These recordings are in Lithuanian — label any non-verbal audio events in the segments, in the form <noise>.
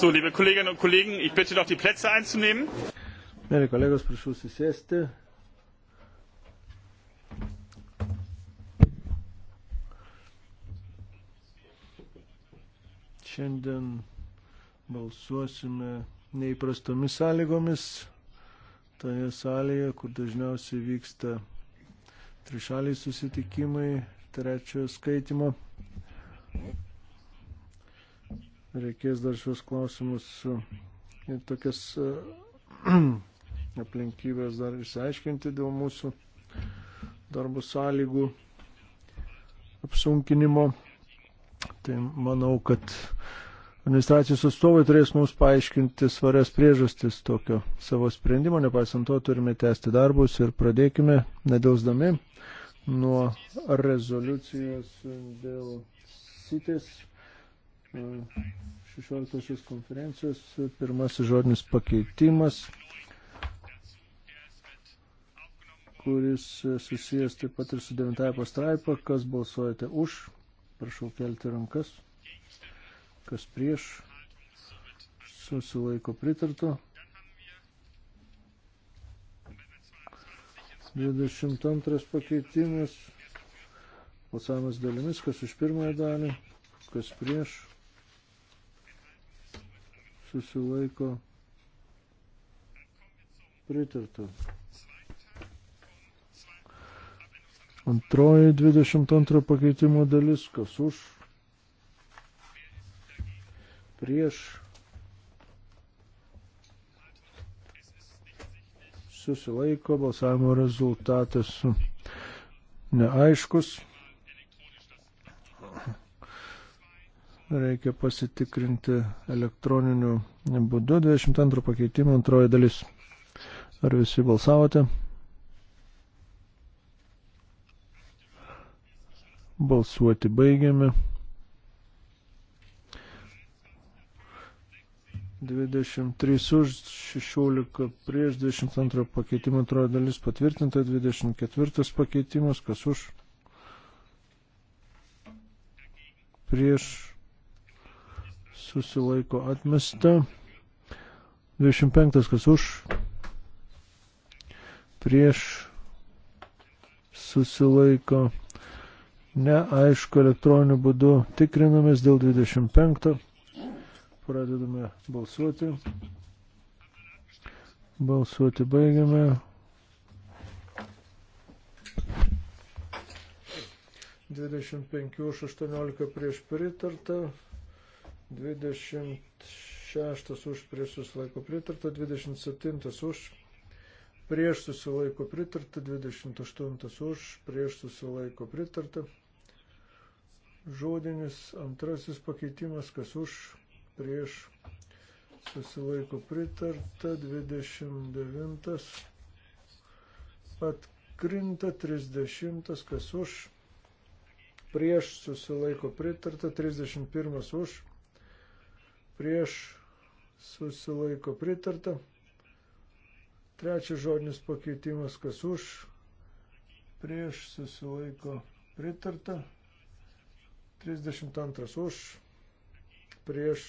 So, liebe Kolleginnen und Kollegen, ich bitte doch die Plätze einzunehmen. Mėly kolegos, prašau susėsti. Šiandien balsuosime neįprastomis sąlygomis toje salėje, kur dažniausiai vyksta trišaliai susitikimai trečiojo skaitimo reikės dar šios klausimus e, ir tokias e, <clears throat> aplinkybės dar išsiaiškinti dėl mūsų darbo sąlygų apsunkinimo. Tai manau, kad administracijos atstovai turės mums paaiškinti svarias priežastis tokio savo sprendimo. Nepaisant to, turime tęsti darbus ir pradėkime nedelsdami nuo rezoliucijos dėl sitės 16 konferencijos pirmasis žodinis pakeitimas, kuris susijęs taip pat ir su 9 pastraipa. Kas balsuojate už? Prašau kelti rankas. Kas prieš? Susilaiko pritarto. 22 pakeitimas. Balsavimas dalimis, kas už pirmąją dalį, kas prieš, susilaiko pritarta. Antroji 22 pakeitimo dalis, kas už, prieš, susilaiko balsavimo rezultatas neaiškus. reikia pasitikrinti elektroniniu būdu. 22 pakeitimo antroji dalis. Ar visi balsavote? Balsuoti baigiame. 23 už 16 prieš 22 pakeitimą antroji dalis patvirtinta, 24 pakeitimas, kas už prieš susilaiko atmesta. 25 kas už, prieš susilaiko neaišku elektroniniu būdu tikrinamės dėl 25. Pradedame balsuoti. Balsuoti baigiame. Dvidešimt penki už aštuoniolika prieš pritartą. 26 už prieš susilaiko pritarta, 27 už prieš susilaiko pritarta, 28 už prieš susilaiko pritarta. Žodinis antrasis pakeitimas, kas už prieš susilaiko pritarta, 29 atkrinta, 30 kas už prieš susilaiko pritarta, 31 už prieš susilaiko pritarta. Trečias žodinis pakeitimas, kas už, prieš susilaiko pritarta. 32 už, prieš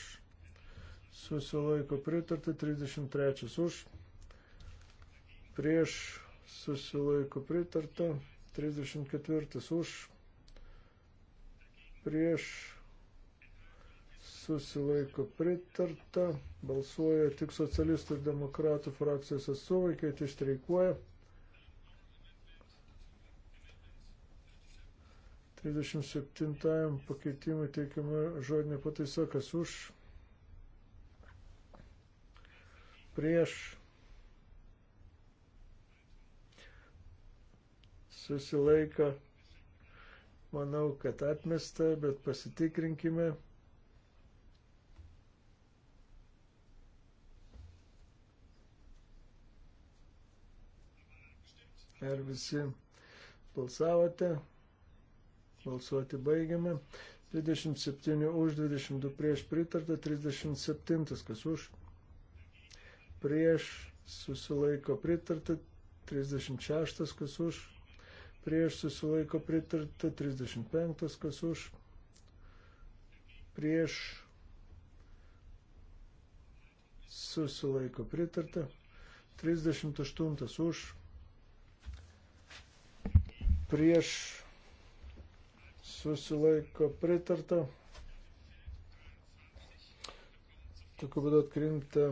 susilaiko pritarta. 33 už, prieš susilaiko pritarta. 34 už, prieš susilaiko pritarta, balsuoja tik socialistų ir demokratų frakcijos atstovai, kai ištreikuoja. 37 pakeitimui teikiama žodinė pataisa, kas už, prieš, susilaiko, manau, kad atmesta, bet pasitikrinkime. Ar visi balsavote? Balsuoti baigiame. 27 už, 22 prieš pritarta, 37 kas už, prieš susilaiko pritarta, 36 kas už, prieš susilaiko pritarta, 35 kas už, prieš susilaiko pritarta, 38 už, prieš susilaiko pritarta. Tokiu būdu atkrinta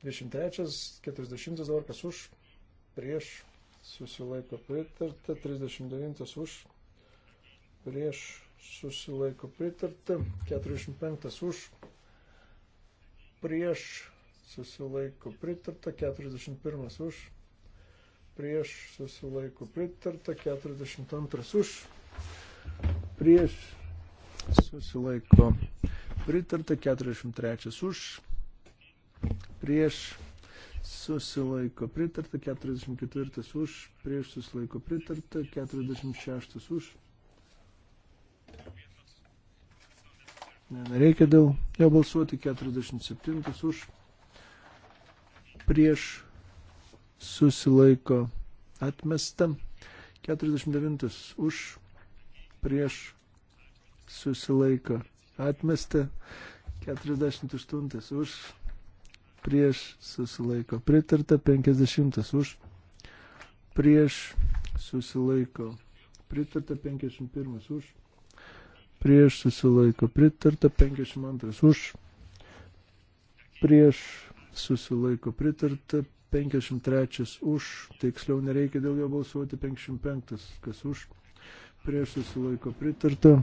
23, 40 dabar kas už, prieš susilaiko pritarta, 39 už, prieš susilaiko pritarta, 45 už, prieš susilaiko pritarta, 41 už prieš susilaiko pritarta, 42 už, prieš susilaiko pritarta, 43 už, prieš susilaiko pritarta, 44 už, prieš susilaiko pritarta, 46 už. Nereikia dėl jo balsuoti, 47 už, prieš susilaiko atmesta. 49 už prieš susilaiko atmesta. 48 už prieš susilaiko pritarta. 50 už prieš susilaiko pritarta. 51 už prieš susilaiko pritarta. 52 už prieš susilaiko pritarta. 53 už, tiksliau nereikia daugiau balsuoti, 55 kas už, prieš susilaiko pritarta,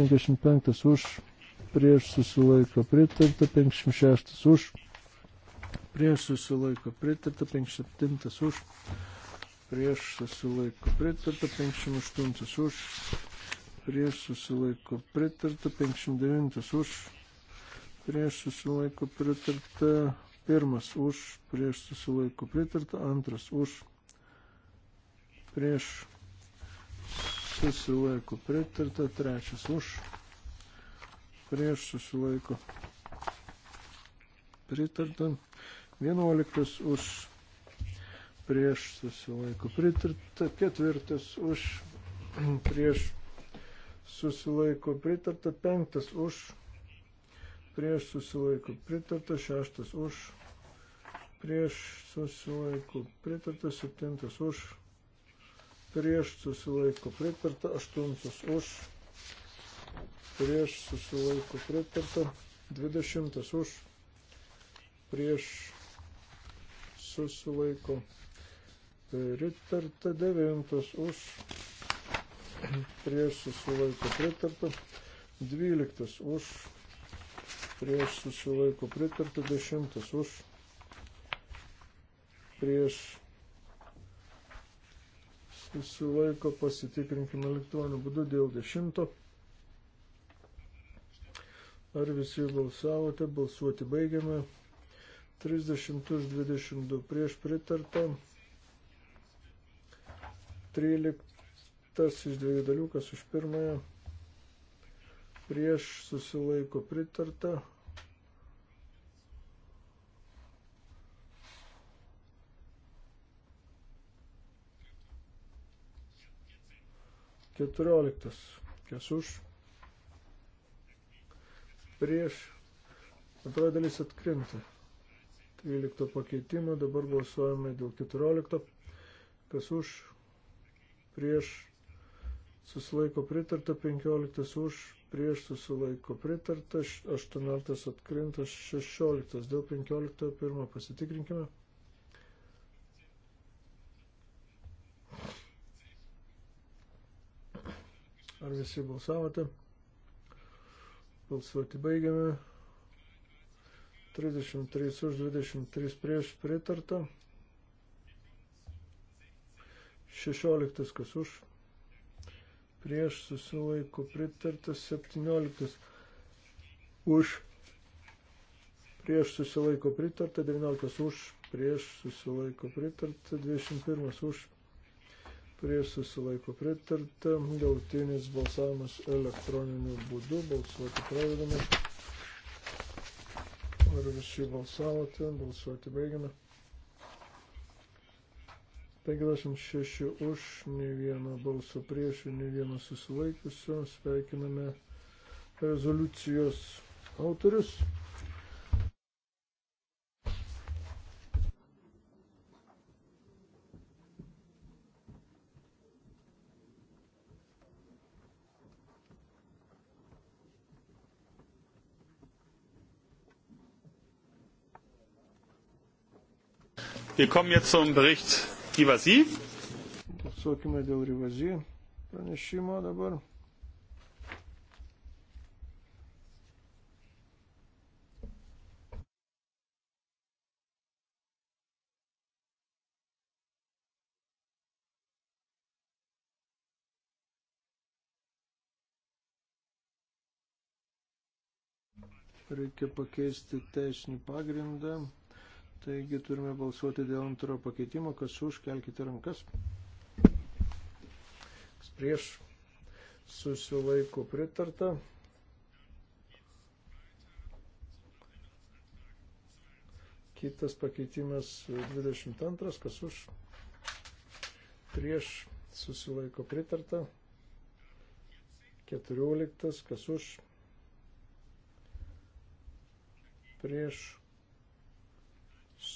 55 už, prieš susilaiko pritarta, 56 už, prieš susilaiko pritarta, 57 už, prieš susilaiko pritarta, 58 už, prieš susilaiko pritarta, 59 už, prieš susilaiko pritarta, Pirmas už, prieš susilaiko pritarta, antras už, prieš susilaiko pritarta, trečias už, prieš susilaiko pritarta, vienuoliktas už, prieš susilaiko pritarta, ketvirtas už, <clears throat> prieš susilaiko pritarta, penktas už, prieš susilaiko pritarta, šeštas už, prieš susilaiko pritarta, septintas už, prieš susilaiko pritarta, aštuntas už, prieš susilaiko pritarta, dvidešimtas už, prieš susilaiko pritarta, devintas už, prieš susilaiko pritarta, dvyliktas už, prieš susilaiko pritarta, prieš susilaiko pritarta, dešimtas už, prieš susilaiko pasitikrinkime elektroniniu būdu dėl dešimto. Ar visi balsavote, balsuoti baigiame. 30 už 22 prieš pritarta. 13 iš dviejų dalių, kas už pirmąją prieš susilaiko pritarta, 14. Kas už? Prieš. Antroji dalis atkrinta. 13 pakeitimo. Dabar balsuojame dėl 14. Kas už? Prieš. Susilaiko pritarta. 15 už. Prieš susilaiko pritarta. 18 atkrinta. 16. Dėl 15 pirmo pasitikrinkime. Ar visi balsavote? Balsuoti baigiame. 33 už 23 prieš pritarta. 16 kas už. Prieš susilaiko pritartas 17 už. Prieš susilaiko pritarta 19 už. Prieš susilaiko pritarta 21 už prieš susilaiko pritarta, galtinis balsavimas elektroniniu būdu, balsuoti pradedame. Ar visi balsavote, balsuoti baigiame. 56 už, ne vieno balso prieš, ne vieno susilaikiusio. Sveikiname rezoliucijos autorius. Wir kommen jetzt zum Bericht Rivasi. Balsuokime dėl Rivasi pranešimo dabar. Reikia pakeisti teisinį pagrindą. Taigi turime balsuoti dėl antro pakeitimo, kas už, kelkite rankas. Kas prieš susilaiko pritarta. Kitas pakeitimas 22, kas už, prieš susilaiko pritarta. 14, kas už, prieš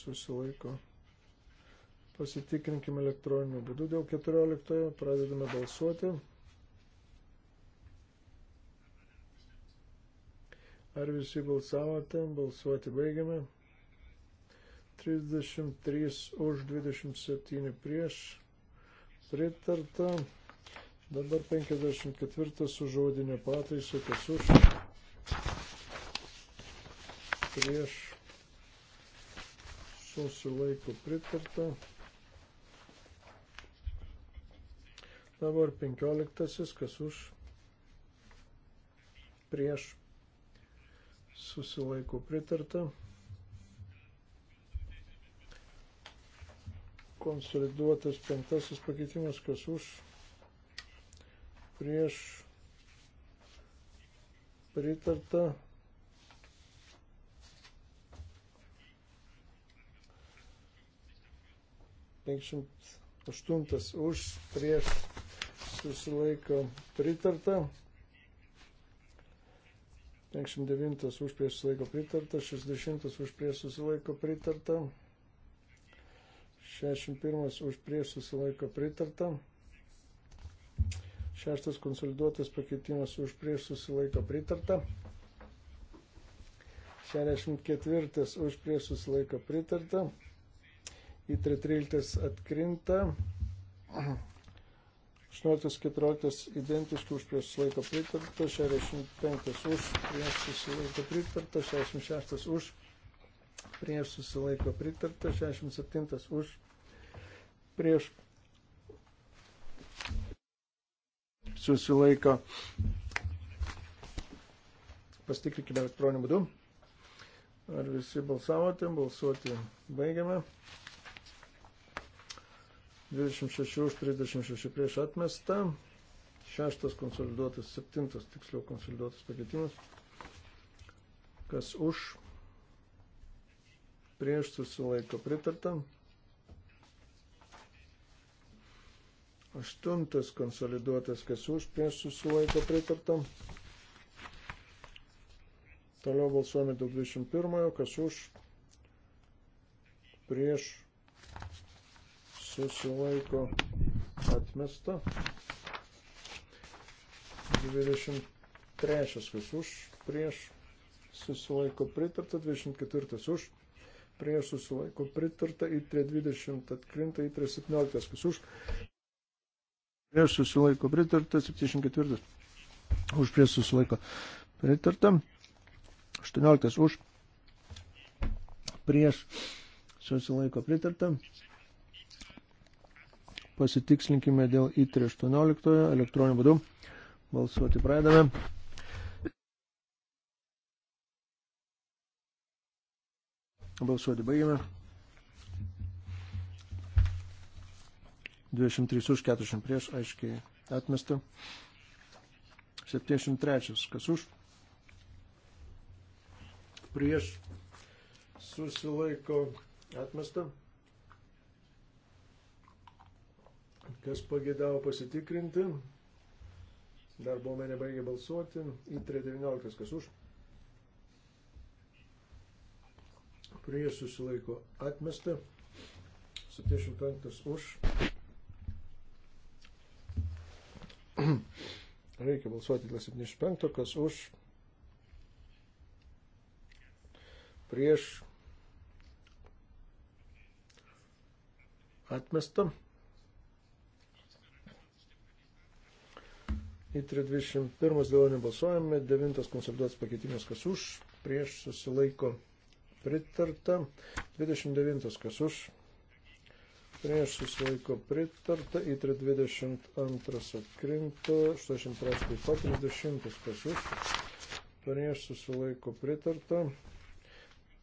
susilaiko. Pasitikrinkime elektroniniu būdu dėl 14. Pradedame balsuoti. Ar visi balsavote? Balsuoti baigiame. 33 už 27 prieš. Pritarta. Dabar 54 su žodinė pataisa, kas už. Prieš susilaiko pritarta. Dabar penkioliktasis, kas už prieš susilaiko pritarta. Konsoliduotas penktasis pakeitimas, kas už prieš pritarta. 58 už, prieš susilaiko pritarta. 59 už prieš susilaiko pritarta, 60 už prieš susilaiko pritarta, 61 už prieš susilaiko pritarta, 6 konsoliduotas pakeitimas už prieš susilaiko pritarta, 64 už prieš susilaiko pritarta, į 13 atkrinta. 18-14 identiški už prieš laiko pritarta, 65 už prieš susilaiko pritarta, 66 už prieš susilaiko pritarta, 67 už prieš susilaiko. Pastikrinkime elektroniniu būdu. Ar visi balsavote? Balsuoti baigiame. 26 už 36 prieš atmestą. Šeštas konsoliduotas, septintas tiksliau konsoliduotas pakeitimas. Kas už prieš susilaiko pritarta. Aštuntas konsoliduotas, kas už prieš susilaiko pritarta. Toliau balsuojame dėl 21, kas už prieš susilaiko atmesta. 23 kas už, prieš susilaiko pritarta, 24 už, prieš susilaiko pritarta, į 320 atkrinta, į 317 kas už, prieš susilaiko pritarta, 74 už, prieš susilaiko pritarta, 18 už, prieš susilaiko pritarta pasitikslinkime dėl I318 elektroniniu būdu. Balsuoti pradame. Balsuoti baigiame. 23 už 40 prieš, aiškiai atmesta. 73 kas už. Prieš susilaiko atmesta. Kas pagėdavo pasitikrinti, dar buvome nebaigę balsuoti, į 319 kas už. Prieš susilaiko atmesta, 75 už. Reikia balsuoti dėl 75, kas už. Prieš atmesta. į 321 dėl nebalsuojame, 9 konsoliduotas pakeitimas kas už, prieš susilaiko pritarta, 29 kas už, prieš susilaiko pritarta, į 322 atkrinta, 83 taip pat, 30 kas už, prieš susilaiko pritarta,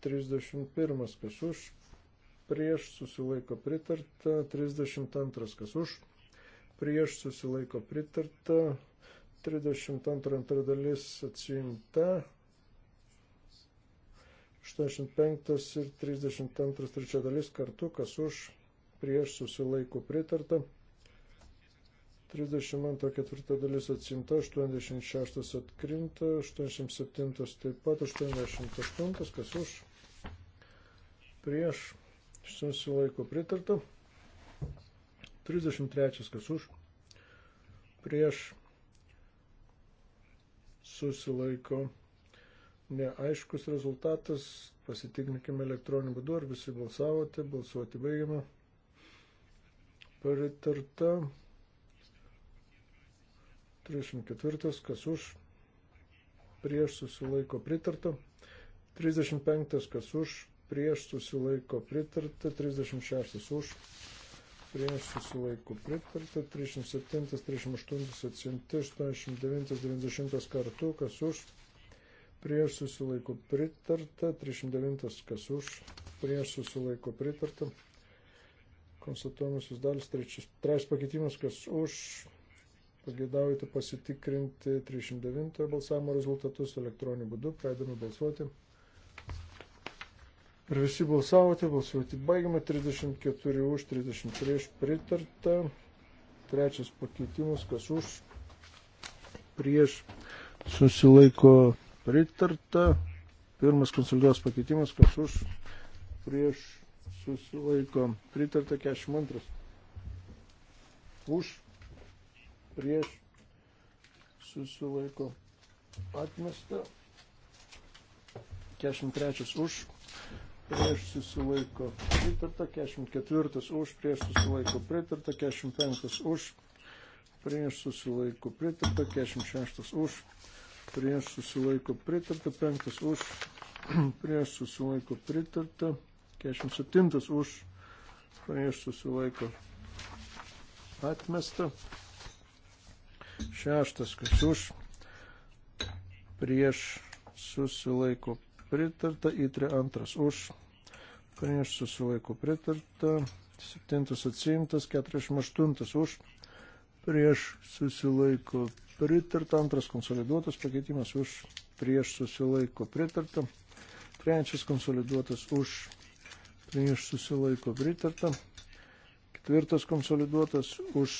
31 kas už, prieš susilaiko pritarta, 32 kas už, prieš susilaiko pritarta, 32 antra dalis atsiimta. 85 ir 32 trečia dalis kartu, kas už prieš susilaiko pritarta. 32 ketvirta dalis atsimta, 86 atkrinta, 87 taip pat, 88, kas už, prieš, susilaiko pritarta, 33 kas už, prieš, susilaiko neaiškus rezultatas. Pasitikrinkime elektroniniu būdu, ar visi balsavote, balsuoti baigiame. Pritarta 34, kas už, prieš susilaiko pritarta. 35, kas už, prieš susilaiko pritarta. 36 už prieš susilaiko pritarta, 307, 308, 7, 89, 90 kartu, kas už, prieš susilaiko pritarta, 309, kas už, prieš susilaiko pritarta, konstatuojamasis dalis, trečias, trečias pakeitimas, kas už, pagėdaujate pasitikrinti 309 balsavimo rezultatus elektroniniu būdu, pradedame balsuoti. Ar visi balsavote, balsuoti baigiame, 34 už, 30 prieš pritarta, trečias pakeitimas, kas už, prieš susilaiko pritarta, pirmas konsoliduos pakeitimas, kas už, prieš susilaiko pritarta, 42 už, prieš susilaiko atmesta, 43 už prieš susilaiko pritarta, 44 už, prieš susilaiko pritarta, 45 už, prieš susilaiko pritarta, 46 už, prieš susilaiko pritarta, 5 už, <clears throat> prieš susilaiko pritarta, 47 už, prieš susilaiko atmesta, 6 kas už, prieš susilaiko pritarta pritarta, įtrė antras už, prieš susilaiko pritarta, septintas atsiimtas, keturiasdešimt aštuntas už, prieš susilaiko pritarta, antras konsoliduotas pakeitimas už, prieš susilaiko pritarta, trečias konsoliduotas už, prieš susilaiko pritarta, ketvirtas konsoliduotas už,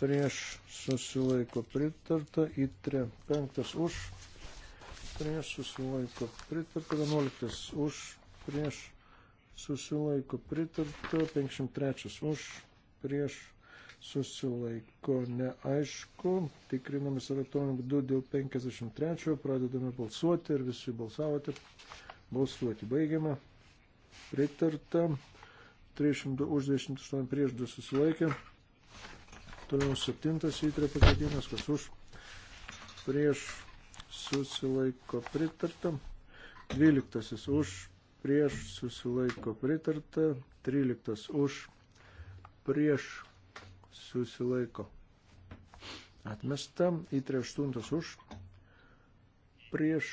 prieš susilaiko pritarta, įtrė penktas už prieš susilaiko pritarta, 11 už, prieš susilaiko pritarta, 53 už, prieš susilaiko neaišku, tikrinamės elektroniniu būdu dėl 53, pradedame balsuoti ir visi balsavote, balsuoti baigiame, pritarta, 302 už 28 prieš 2 susilaikė, toliau 7 įtrė pakeitimas, kas už, prieš susilaiko pritarta. 12 už, prieš susilaiko pritarta. 13 už, prieš susilaiko atmesta. Į 38 už, prieš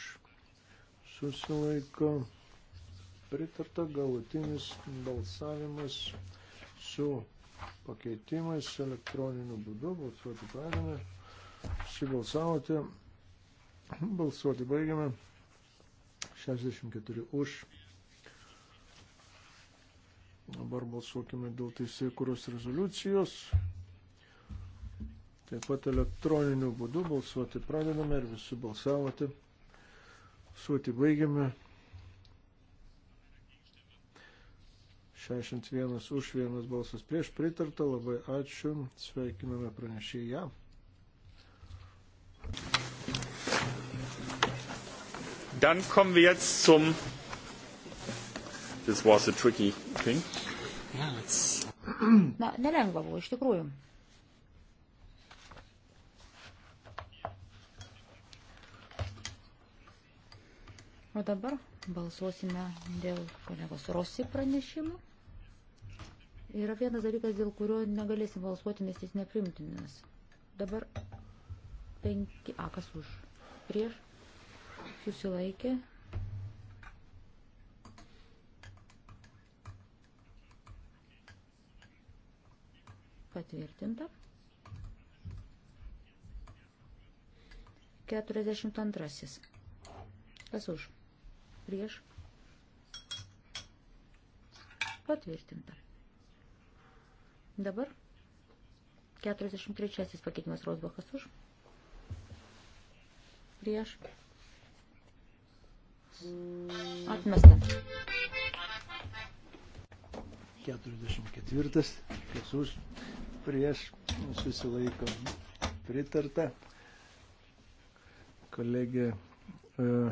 susilaiko pritarta. Galutinis balsavimas su pakeitimais elektroniniu būdu. Balsuoti pradame. Visi balsavote. Balsuoti baigiame. 64 už. Dabar balsuokime dėl teisėkuros rezoliucijos. Taip pat elektroniniu būdu balsuoti pradedame ir visi balsavote. Balsuoti baigiame. 61 už, vienas balsas prieš pritarta. Labai ačiū. Sveikiname pranešėją. Dann kommen wir jetzt zum. This was a tricky thing. Yeah, let's... Na, nelengva buvo, iš tikrųjų. O dabar balsuosime dėl kolegos Rossi pranešimo. Yra vienas dalykas, dėl kurio negalėsim balsuoti, nes jis neprimtinas. Dabar 5 akas už. Prieš susilaikė. Patvirtinta. 42. Kas už? Prieš. Patvirtinta. Dabar 43 pakeitimas Rosbachas už. Prieš. Atmesta. 44. Kas už prieš susilaiko pritarta. Kolegė uh, e,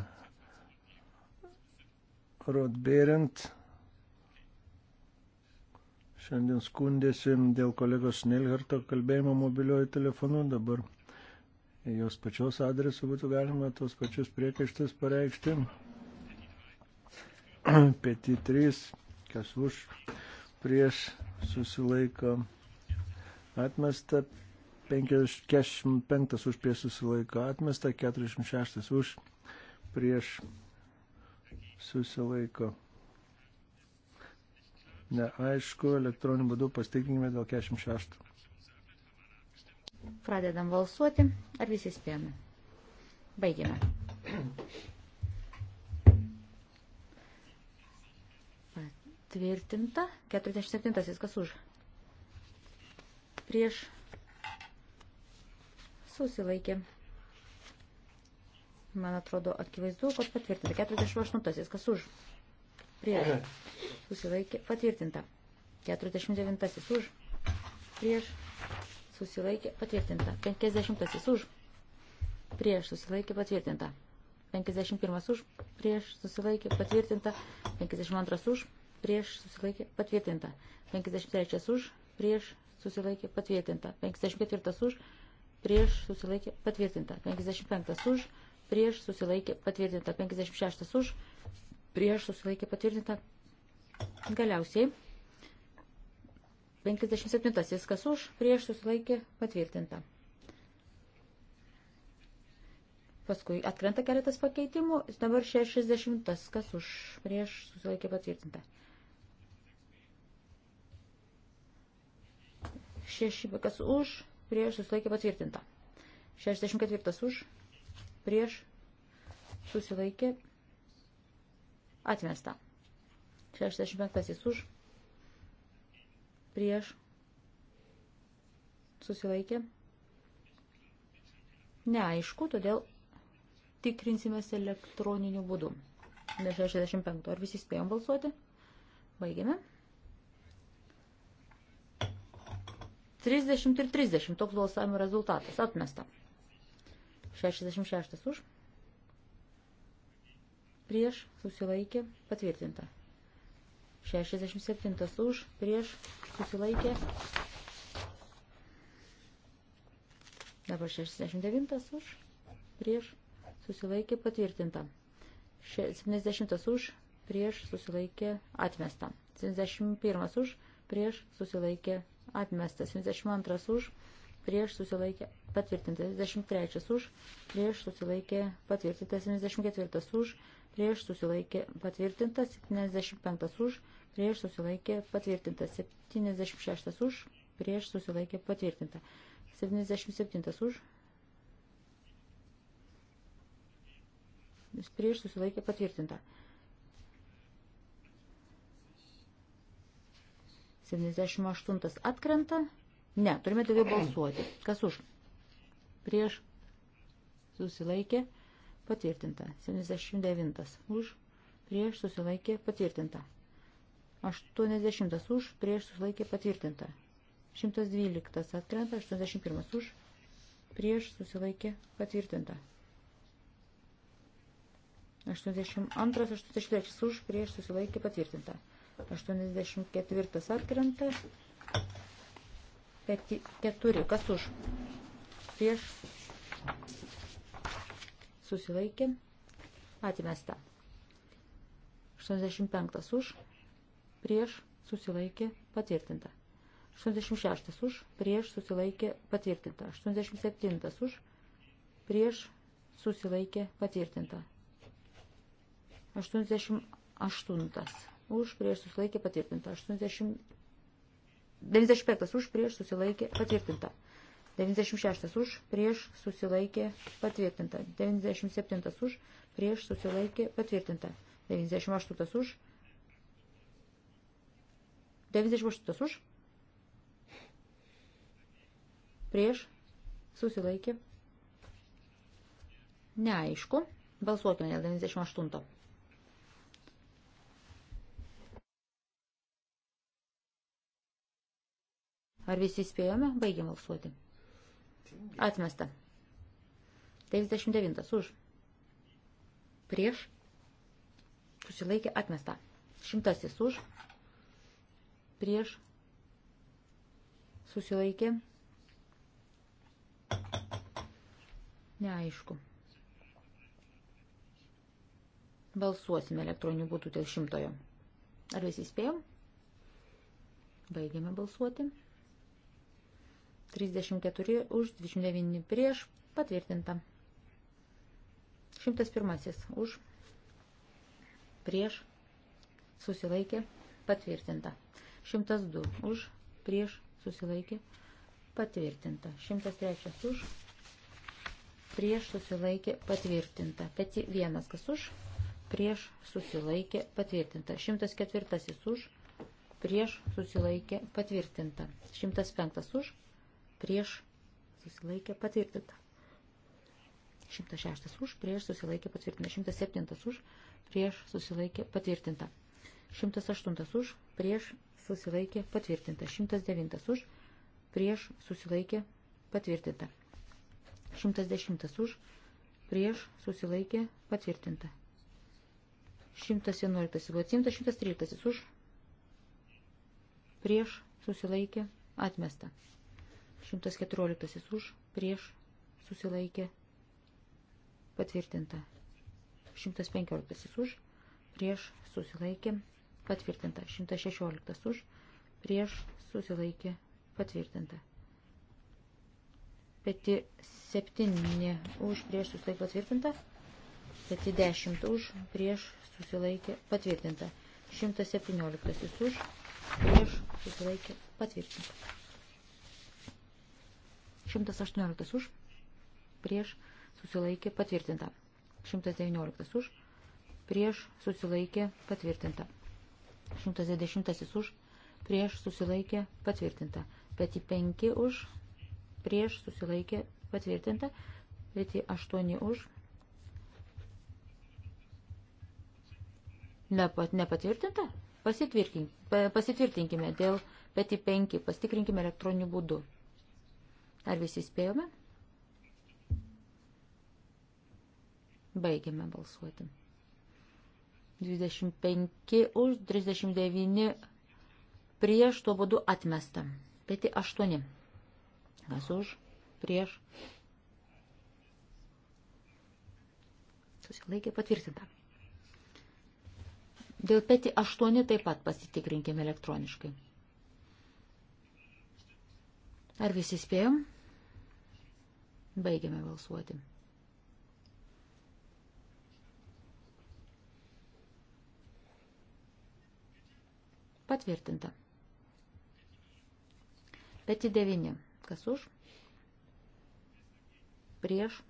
Rodberent šiandien skundėsi dėl kolegos Nelharto kalbėjimo mobiliojų telefonu. Dabar jos pačios adresu būtų galima tos pačius priekaištus pareikšti. <clears throat> peti 3, kas už, prieš susilaiko atmesta, 55 už prieš susilaiko atmesta, 46 už prieš susilaiko. Neaišku, elektroniniu būdu pastikrinkime dėl 46. Pradedam balsuoti, ar visi spėjome. Baigime. <clears throat> Patvirtinta. 47. Kas už? Prieš. Susilaikė. Man atrodo, akivaizdu, kad patvirtinta. 48. Kas už? Prieš. Susilaikė. Patvirtinta. 49. Už. Prieš. Susilaikė. Patvirtinta. 50. Už. Prieš. Susilaikė. Patvirtinta. 51 už, prieš susilaikė, patvirtinta, 52 už, prieš susilaikė patvirtinta. 53 už, prieš susilaikė patvirtinta. 54 už, prieš susilaikė patvirtinta. 55 už, prieš susilaikė patvirtinta. 56 už, prieš susilaikė patvirtinta. Galiausiai 57 kas už, prieš susilaikė patvirtinta. Paskui atkrenta keletas pakeitimų, dabar 60 kas už, prieš susilaikė patvirtinta. 6, kas už, prieš susilaikė patvirtinta. 64 už, prieš susilaikė atmesta. 65 už, prieš susilaikė. Neaišku, todėl tikrinsimės elektroniniu būdu. 65. Ar visi spėjom balsuoti? Baigėme. 30 ir 30 toks balsavimo rezultatas. Atmesta. 66 už. Prieš susilaikė patvirtinta. 67 už. Prieš susilaikė. Dabar 69 už. Prieš susilaikė patvirtinta. 70 už. Prieš susilaikė atmesta. 71 už. Prieš susilaikė atmestas, 72 už, prieš susilaikė patvirtintas, 73 už, prieš susilaikė patvirtintas, 74 už, prieš susilaikė patvirtintas, 75 už, prieš susilaikė patvirtintas, 76 už, prieš susilaikė patvirtinta, 77 už, prieš susilaikė patvirtinta. 78 atkrenta. Ne, turime daugiau balsuoti. Kas už? Prieš. Susilaikė. Patvirtinta. 79 už. Prieš susilaikė. Patvirtinta. 80 už. Prieš susilaikė. Patvirtinta. 112 atkrenta. 81 už. Prieš susilaikė. Patvirtinta. 82, 83 už. Prieš susilaikė. Patvirtinta. 84 atkrenta. 4. Kas už? Prieš. Susilaikė. Atmesta. 85 už. Prieš. Susilaikė. Patvirtinta. 86 už. Prieš. Susilaikė. Patvirtinta. 87 už. Prieš. Susilaikė. Patvirtinta. 88 už prieš susilaikė patvirtinta. 80... 95 už prieš susilaikė patvirtinta. 96 už prieš susilaikė patvirtinta. 97 už prieš susilaikė patvirtinta. 98 už. 98 už. Prieš susilaikė. Neaišku. Balsuokime dėl 98. Ar visi spėjome? Baigiam balsuoti. Atmesta. 99 už. Prieš. Susilaikė atmesta. Šimtasis už. Prieš. Susilaikė. Neaišku. Balsuosime elektroniniu būtų dėl šimtojo. Ar visi spėjom? Baigiame balsuoti. 34 už, 29 prieš, patvirtinta. 101 už, prieš, susilaikė, patvirtinta. 102 už, prieš, susilaikė, patvirtinta. 103 už, prieš, susilaikė, patvirtinta. Peti vienas kas už, prieš, susilaikė, patvirtinta. 104 už, prieš, susilaikė, patvirtinta. 105 už, prieš susilaikė patvirtinta. 106 už, prieš susilaikė patvirtinta. 107 už, prieš susilaikė patvirtinta. 108 už, prieš susilaikė patvirtinta. 109 už, prieš susilaikė patvirtinta. 110 už, prieš susilaikė patvirtinta. 111 buvo atsimta, 113 už, prieš susilaikė atmesta. 114 už, prieš, susilaikė, patvirtinta. 115 už, prieš, susilaikė, patvirtinta. 116 už, prieš, susilaikė, patvirtinta. Peti 7 už, prieš, susilaikė, patvirtinta. Peti 10 už, prieš, susilaikė, patvirtinta. 117 už, prieš, susilaikė, patvirtinta. 118 už, prieš susilaikė patvirtinta. 119 už, prieš susilaikė patvirtinta. 120 už, prieš susilaikė patvirtinta. 55 už, prieš susilaikė patvirtinta. 58 už. Nepat, nepatvirtinta? Pasitvirtinkime dėl peti 5, pasitikrinkime elektroniniu būdu. Ar visi spėjome? Baigiame balsuoti. 25 už, 39 prieš, tuo būdu atmesta. Peti 8. Kas už, prieš. Susilaikė patvirtinta. Dėl peti 8 taip pat pasitikrinkime elektroniškai. Ar visi spėjom? Baigiame balsuoti. Patvirtinta. Peti 9. Kas už? Prieš.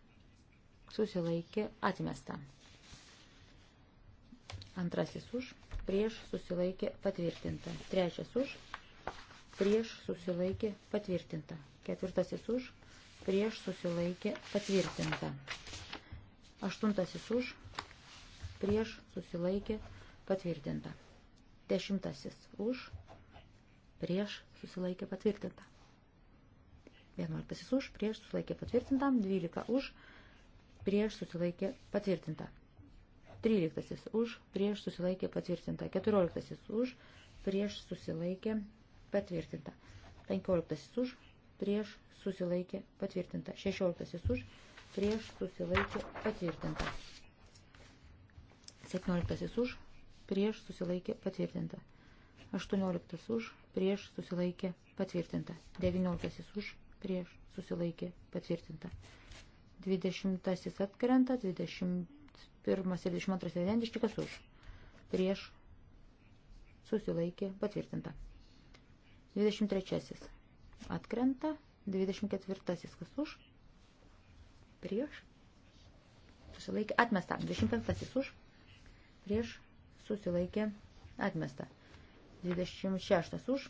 Susilaikė. Atmesta. Antrasis už. Prieš. Susilaikė. Patvirtinta. Trečias už prieš susilaikė patvirtinta. Ketvirtasis už, prieš susilaikė patvirtinta. Aštuntasis už, prieš susilaikė patvirtinta. Dešimtasis už, prieš susilaikė patvirtinta. Vienuoliktasis už, prieš susilaikė patvirtinta. Dvylika už, prieš susilaikė patvirtinta. Tryliktasis už, prieš susilaikė patvirtinta. Keturioliktasis už, prieš susilaikė patvirtinta patvirtinta. 15 už, prieš susilaikė patvirtinta. 16 už, prieš susilaikė patvirtinta. 17 už, prieš susilaikė patvirtinta. 18 už, prieš susilaikė patvirtinta. 19 už, prieš susilaikė patvirtinta. 20 atkrenta, 21 ir 22 identiškas už, prieš susilaikė patvirtinta. 23 atkrenta, 24 kas už, prieš, susilaikė, atmesta, 25 už, prieš, susilaikė, atmesta, 26 už,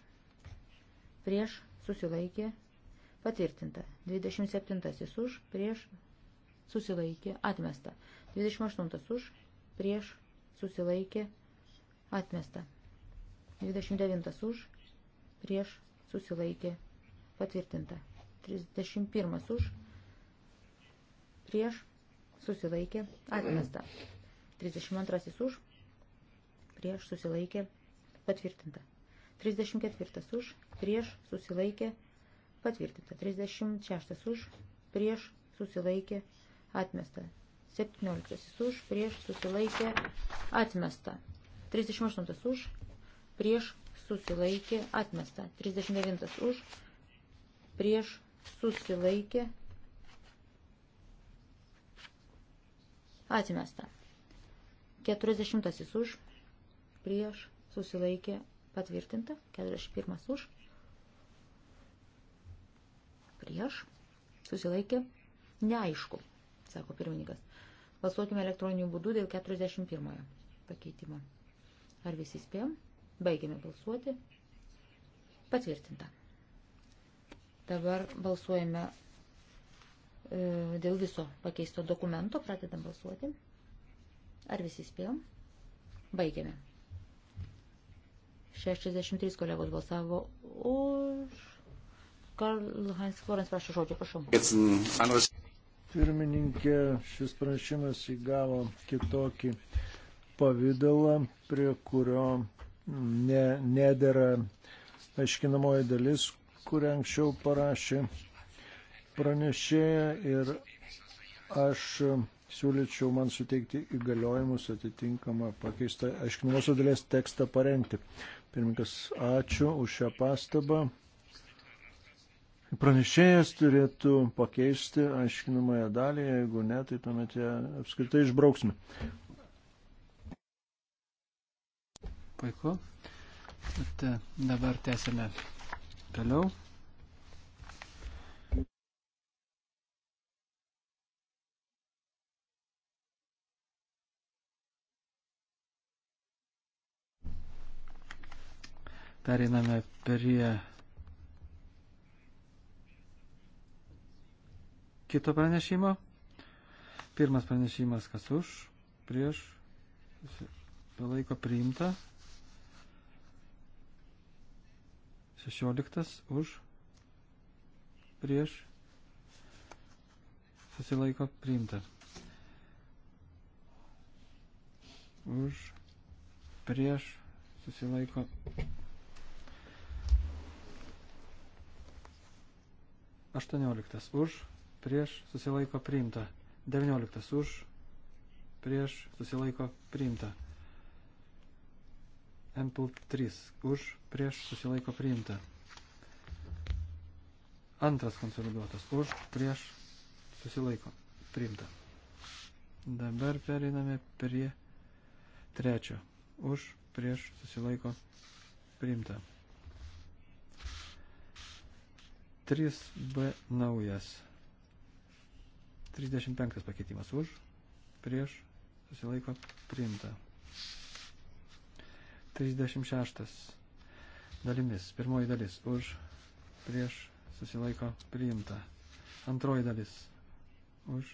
prieš, susilaikė, patvirtinta, 27 už, prieš, susilaikė, atmesta, 28 už, prieš, susilaikė, atmesta, 29 už, prieš susilaikė patvirtinta. 31 už prieš susilaikė atmesta. 32 už prieš susilaikė patvirtinta. 34 už prieš susilaikė patvirtinta. 36 už prieš susilaikė atmesta. 17 už prieš susilaikė atmesta. 38 už prieš susilaikė, atmesta. 39 už, prieš, susilaikė, atmesta. 40 už, prieš, susilaikė, patvirtinta. 41 už, prieš, susilaikė, neaišku, sako pirmininkas. Balsuokime elektroniniu būdu dėl 41 pakeitimo. Ar visi spėjom? Baigėme balsuoti. Patvirtinta. Dabar balsuojame e, dėl viso pakeisto dokumento. Pradedam balsuoti. Ar visi spėjom? Baigėme. 63 kolegos balsavo už. Karl Heinz Florens, prašau žodžio, prašau. Pirmininkė, šis pranešimas įgavo kitokį pavydalą, prie kurio ne, nedėra aiškinamoji dalis, kurią anksčiau parašė pranešėja ir aš siūlyčiau man suteikti įgaliojimus atitinkamą pakeistą aiškinamosios dalies tekstą parengti. Pirmininkas, ačiū už šią pastabą. Pranešėjas turėtų pakeisti aiškinamąją dalį, jeigu ne, tai tuomet ją apskritai išbrauksime. Puiku. Bet dabar tęsime toliau. Periname prie kito pranešimo. Pirmas pranešimas, kas už, prieš, laiko priimta, 16 už, prieš, susilaiko priimta. Už, prieš, susilaiko. Aštuonioliktas už, prieš, susilaiko priimta. Devynioliktas už, prieš, susilaiko priimta. MPL 3 už prieš susilaiko priimta. Antras konsoliduotas už prieš susilaiko priimta. Dabar periname prie trečio. Už prieš susilaiko priimta. 3B naujas. 35 pakeitimas už prieš susilaiko priimta. 36 dalimis. Pirmoji dalis už prieš susilaiko priimta. Antroji dalis už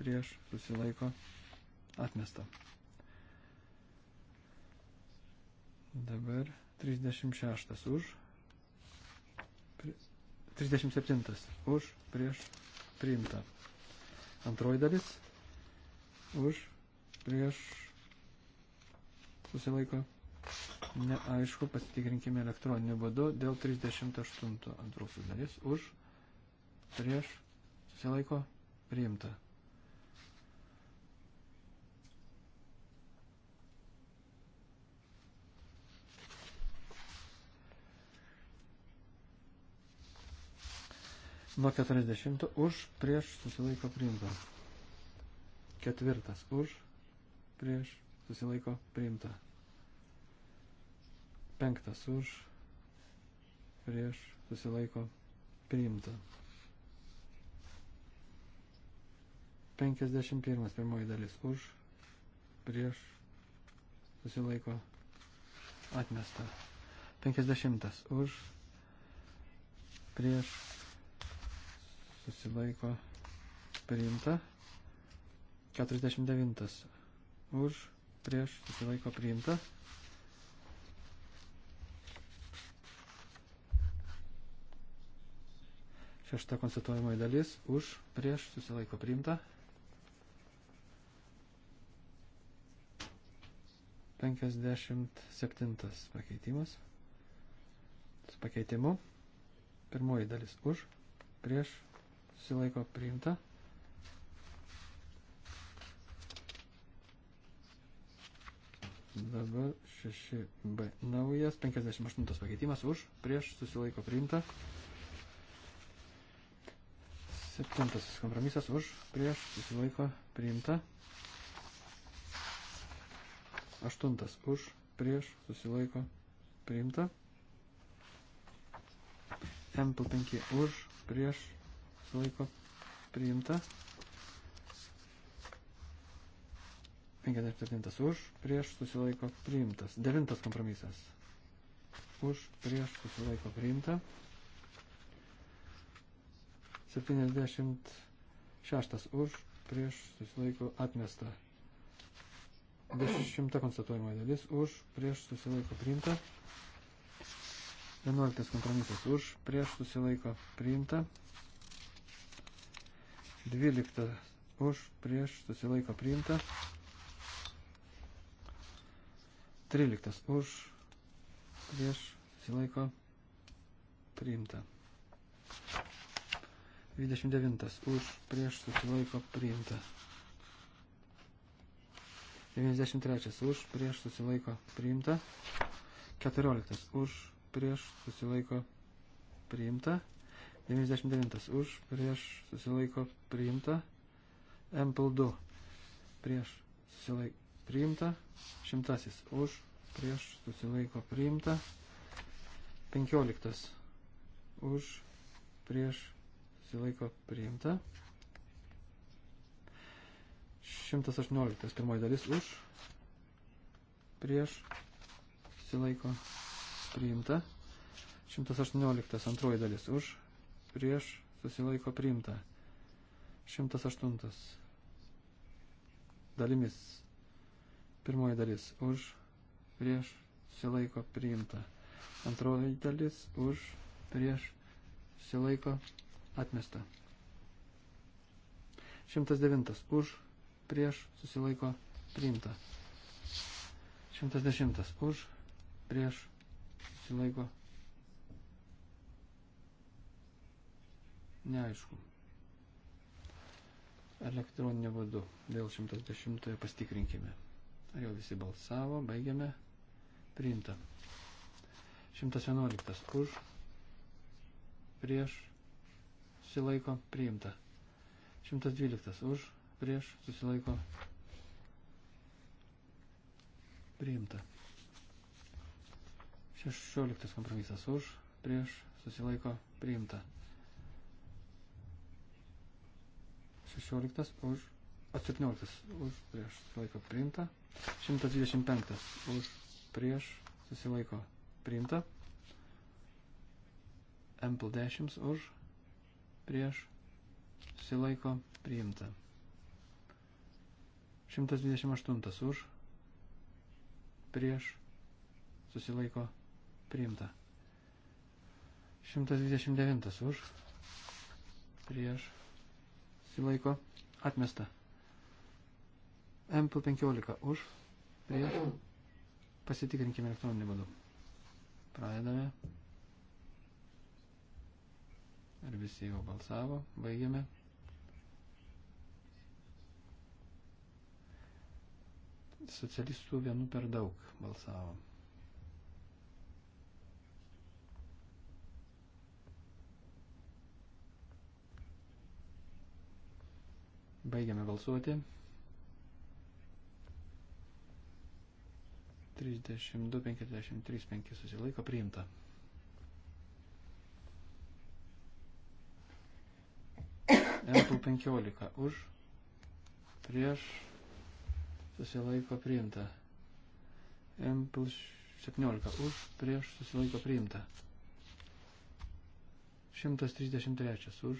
prieš susilaiko atmesta. Dabar 36 už. 37 už prieš priimta. Antroji dalis už prieš susilaiko atmesta Neaišku, pasitikrinkime elektroniniu būdu dėl 38 antrosios dalis už, prieš, susilaiko, priimta. Nuo 40 už, prieš, susilaiko, priimta. Ketvirtas už, prieš, susilaiko, priimta. Penktas už, prieš, susilaiko, priimta. 51 pirmoji dalis už, prieš, susilaiko, atmesta. 50 už, prieš, susilaiko, priimta. 49 už, prieš, susilaiko, priimta. Šešta konstatuojamoji dalis už, prieš, susilaiko priimta. 57 pakeitimas. Su pakeitimu. Pirmoji dalis už, prieš, susilaiko priimta. Dabar 6b naujas, 58 pakeitimas už, prieš, susilaiko priimta. Septintasis kompromisas už, prieš, susilaiko, priimta. Aštuntas už, prieš, susilaiko, priimta. MP5 už, prieš, susilaiko, priimta. 57 už, prieš, susilaiko, priimtas. Devintas kompromisas. Už, prieš, susilaiko, priimta. 76 už, prieš susilaiko atmesta. 10 konstatuojama dalis už, prieš susilaiko priimta. 11 kompromisas už, prieš susilaiko priimta. 12 už, prieš susilaiko priimta. 13 už, prieš susilaiko priimta. 29. Už prieš susilaiko priimta. 93. Už prieš susilaiko priimta. 14. Už prieš susilaiko priimta. 99. Už prieš susilaiko priimta. MPL 2. Prieš susilaiko priimta. 100. Už prieš susilaiko priimta. 15. Už prieš susilaiko priimta. 118 pirmoji dalis už, prieš, susilaiko priimta. 118 antroji dalis už, prieš, susilaiko priimta. 108 dalimis. Pirmoji dalis už, prieš, susilaiko priimta. Antroji dalis už, prieš, susilaiko priimta Atmesta. 109. Už, prieš, susilaiko, priimta. 110. Už, prieš, susilaiko. Neaišku. Elektroninio būdu. Dėl 110 pastikrinkime. Ar jau visi balsavo, baigiame. Priimta. 111. Už, prieš, susilaiko priimta. 112 už, prieš susilaiko priimta. 16 kompromisas už, prieš susilaiko priimta. 16 už, o 17 už, prieš susilaiko priimta. 125 už, prieš susilaiko priimta. Ample 10 už, prieš susilaiko priimta. 128 už prieš susilaiko priimta. 129 už prieš susilaiko atmesta. MP15 už prieš pasitikrinkime elektroninį būdų. Pradedame. Ar visi jau balsavo? Baigiame. Socialistų vienu per daug balsavo. Baigiame balsuoti. 32, 53, 5 susilaiko priimta. MP15 už, prieš, susilaiko priimta. MP17 už, prieš, susilaiko priimta. 133 už,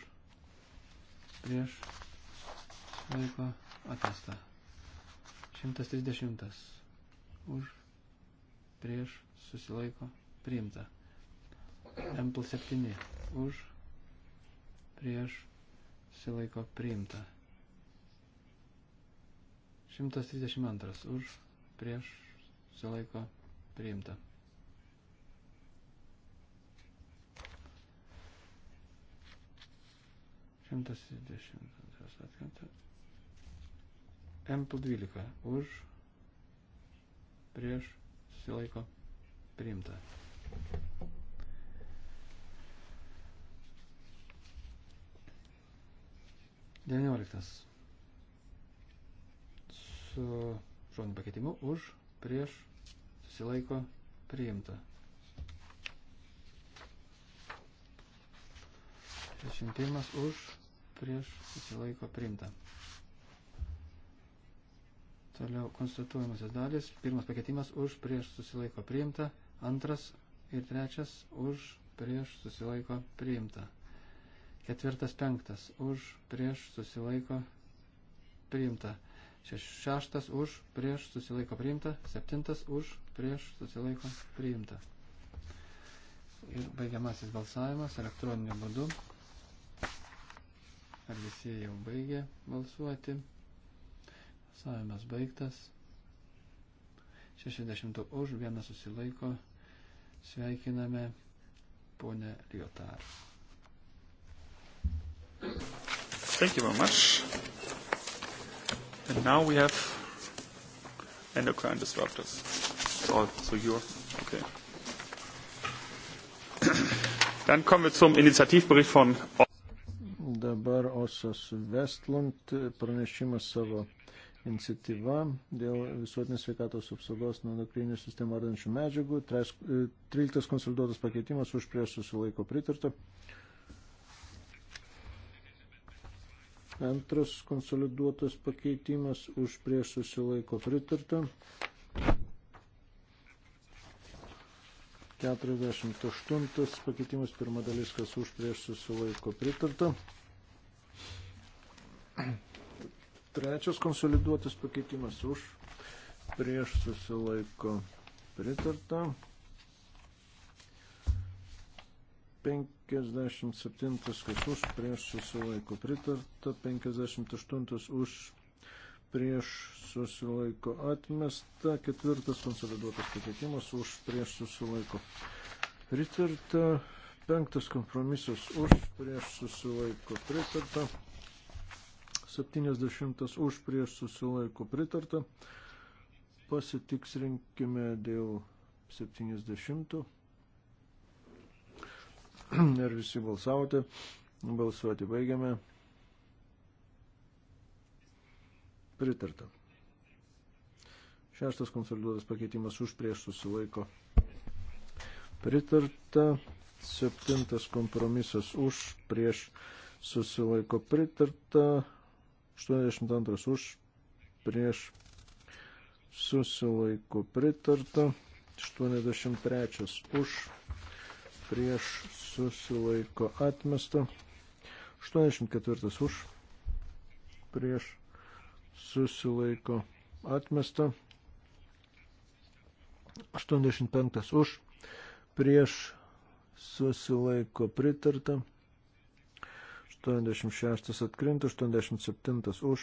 prieš, laiko atmesta. 130 už, prieš, susilaiko priimta. M plus 7 už, prieš, susilaiko priimta. 132 už, prieš, susilaiko priimta. Šimtas dvidešimt antras atkanta. Empl 12 už, prieš, susilaiko priimta. 19. Su žodiniu pakeitimu už, prieš, susilaiko, priimta. 61 už, prieš, susilaiko, priimta. Toliau konstatuojamasis dalis. Pirmas pakeitimas už, prieš, susilaiko, priimta. Antras ir trečias už, prieš, susilaiko, priimta. Ketvirtas penktas už prieš susilaiko priimta. Šeštas už prieš susilaiko priimta. Septintas už prieš susilaiko priimta. Ir baigiamasis balsavimas elektroniniu būdu. Ar visi jau baigė balsuoti? Balsavimas baigtas. 60 už, vienas susilaiko. Sveikiname ponę Liotarą. Thank you very much. And now we have endocrine disruptors. So, so you're okay. <coughs> Dann kommen wir zum Initiativbericht von. Dabar Osas Westlund pranešimas savo iniciatyva dėl visuotinės sveikatos apsaugos nuo endokrininių sistemų ardančių medžiagų. 13 e, konsoliduotas pakeitimas už prieš susilaiko pritarta. Antras konsoliduotas pakeitimas už prieš susilaiko pritarta. 48 pakeitimas pirma dalis, kas už prieš susilaiko pritarta. Trečias konsoliduotas pakeitimas už prieš susilaiko pritarta. 57 kas už prieš susilaiko pritarta, 58 už prieš susilaiko atmesta, ketvirtas konsoliduotas pakeitimas už prieš susilaiko pritarta, penktas kompromisas už prieš susilaiko pritarta, 70 už prieš susilaiko pritarta, pasitiksrinkime dėl 70. Ar <clears throat> visi balsavote? Balsuoti baigiame. Pritarta. Šeštas konsoliduotas pakeitimas už prieš susilaiko. Pritarta. Septintas kompromisas už prieš susilaiko. Pritarta. 82 už prieš susilaiko. Pritarta. 83 už prieš susilaiko atmesta. 84 už, prieš susilaiko atmesta. 85 už, prieš susilaiko pritarta. 86 atkrinta, 87 už,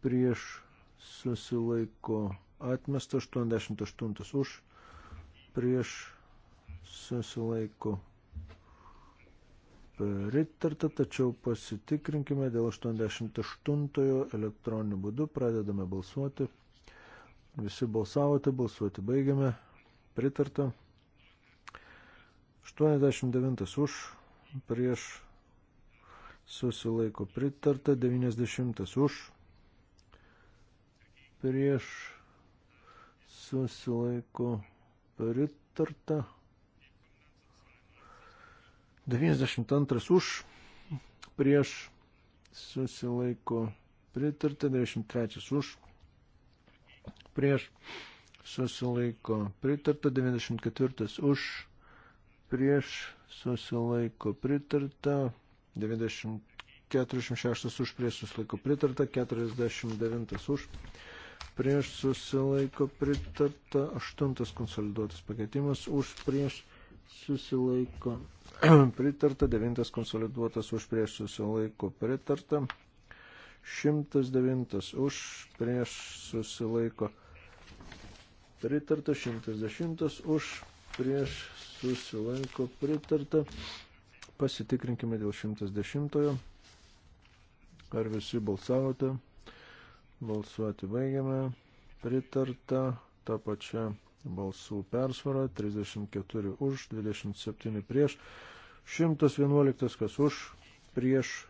prieš susilaiko atmesta, 88 už, prieš susilaiko pritarta, tačiau pasitikrinkime dėl 88-ojo elektroniniu būdu, pradedame balsuoti. Visi balsavote, balsuoti baigiame, pritarta. 89 už, prieš susilaiko pritarta, 90 už, prieš susilaiko pritarta. 92 už, prieš susilaiko pritarta, 93 už, prieš susilaiko pritarta, 94 už, prieš susilaiko pritarta, 90, 46 už, prieš susilaiko pritarta, 49 už, prieš susilaiko pritarta, 8 konsoliduotas pakeitimas už, prieš susilaiko pritarta susilaiko <clears throat> pritarta, 9 konsoliduotas už prieš susilaiko pritarta, 109 už prieš susilaiko pritarta, 110 už prieš susilaiko pritarta. Pasitikrinkime dėl 110. Ar visi balsavote? Balsuoti baigiame. Pritarta tą pačią balsų persvara, 34 už, 27 prieš, 111 kas už, prieš,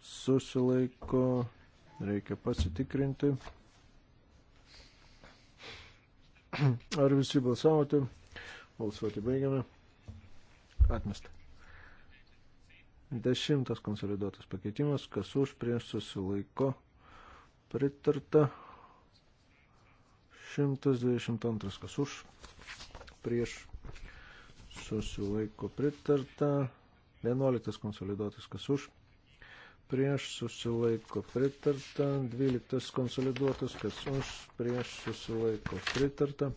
susilaiko, reikia pasitikrinti. Ar visi balsavote? Balsuoti baigiame. Atmesta. Dešimtas konsoliduotas pakeitimas, kas už prieš susilaiko, pritarta. 122 kas už, prieš susilaiko pritarta, 11 konsoliduotas kas už, prieš susilaiko pritarta, 12 konsoliduotas kas už, prieš susilaiko pritarta,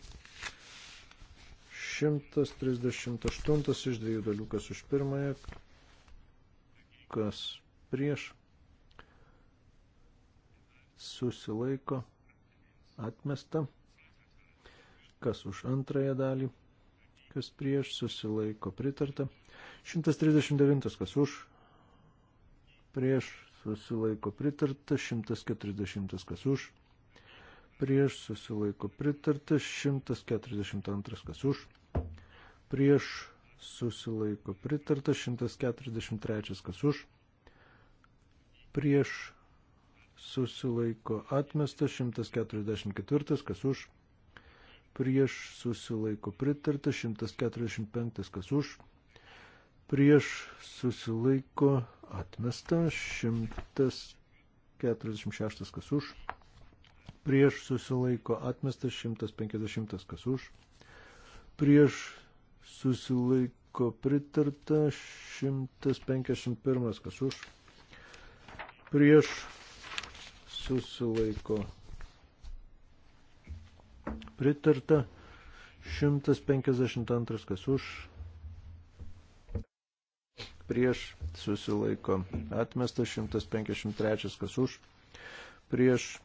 138 iš dviejų dalių kas už pirmąją, kas prieš susilaiko atmesta. Kas už antrąją dalį? Kas prieš? Susilaiko pritarta. 139. Kas už? Prieš susilaiko pritarta. 140. Kas už? Prieš susilaiko pritarta. 142. Kas už? Prieš susilaiko pritarta. 143. Kas už? Prieš susilaiko atmestas 144, kas už prieš susilaiko pritarta, 145 kas už, prieš susilaiko atmesta, 146 kas už, prieš susilaiko atmesta, 150 kas už, prieš susilaiko pritarta, 151 kas už, prieš susilaiko atmesta pritarta. 152 kas už, prieš susilaiko atmestas. 153 kas už, prieš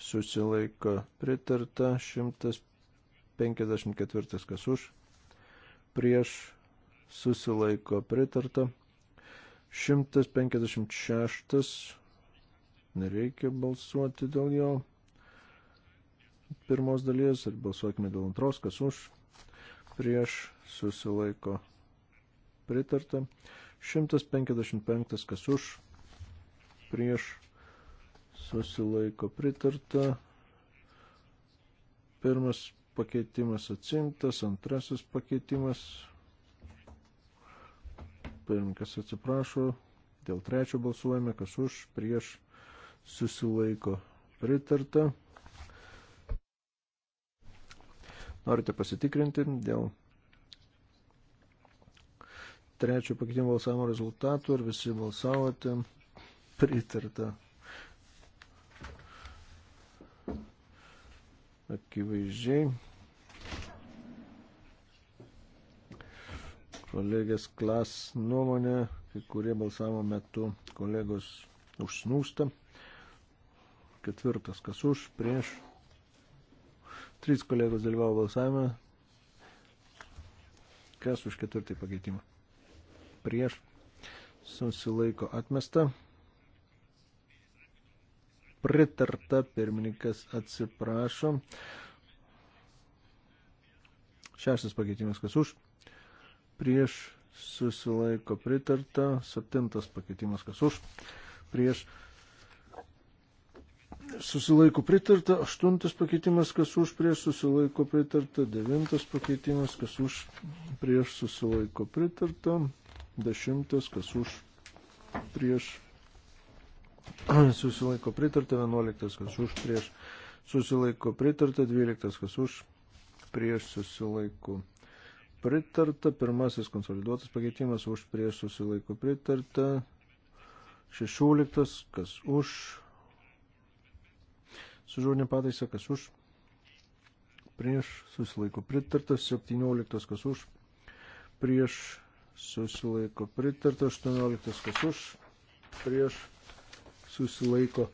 susilaiko pritarta. 154 kas už, prieš susilaiko pritarta. 156 nereikia balsuoti dėl jo pirmos dalies ir balsuokime dėl antros, kas už, prieš, susilaiko pritarta. 155, kas už, prieš, susilaiko pritarta. Pirmas pakeitimas atsimtas, antrasis pakeitimas. Pirmininkas atsiprašo, dėl trečio balsuojame, kas už, prieš, susilaiko pritarta. Norite pasitikrinti dėl trečio pakeitimo balsavimo rezultatų ir visi balsavote pritarta. Akivaizdžiai. Kolegės klas nuomonė, kai kurie balsavimo metu kolegos užsnūsta. Ketvirtas, kas už, prieš, Trys kolegos dalyvavo balsavime. Kas už ketvirtį pakeitimą? Prieš. Susilaiko atmesta. Pritarta. Pirmininkas atsiprašo. Šeštas pakeitimas. Kas už? Prieš. Susilaiko pritarta. Septintas pakeitimas. Kas už? Prieš susilaiko pritarta, aštuntas pakeitimas, kas už prieš susilaiko pritarta, devintas pakeitimas, kas už prieš susilaiko pritarta, dešimtas, kas už prieš susilaiko pritarta, vienuoliktas, kas už prieš susilaiko pritarta, dvyliktas, kas už prieš susilaiko pritarta, pirmasis konsoliduotas pakeitimas už prieš susilaiko pritarta, šešioliktas, kas už su žodinė pataisa, kas už, prieš susilaiko pritartas, 17 kas už, prieš susilaiko pritartas, 18 kas už, prieš susilaiko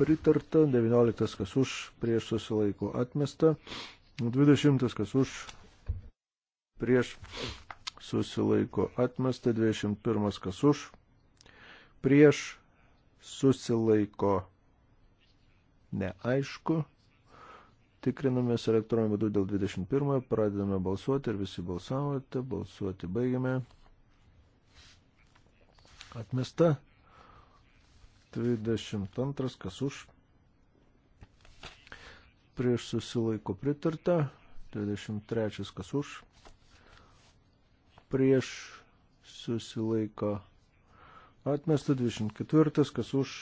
pritarta, 19 kas už, prieš susilaiko atmesta, 20 kas už, prieš susilaiko atmesta, 21 kas už, prieš susilaiko neaišku. Tikrinamės elektroniniu būdu dėl 21, pradedame balsuoti ir visi balsavote, balsuoti baigiame. Atmesta 22, kas už. Prieš susilaiko pritarta 23, kas už. Prieš susilaiko atmesta 24, kas už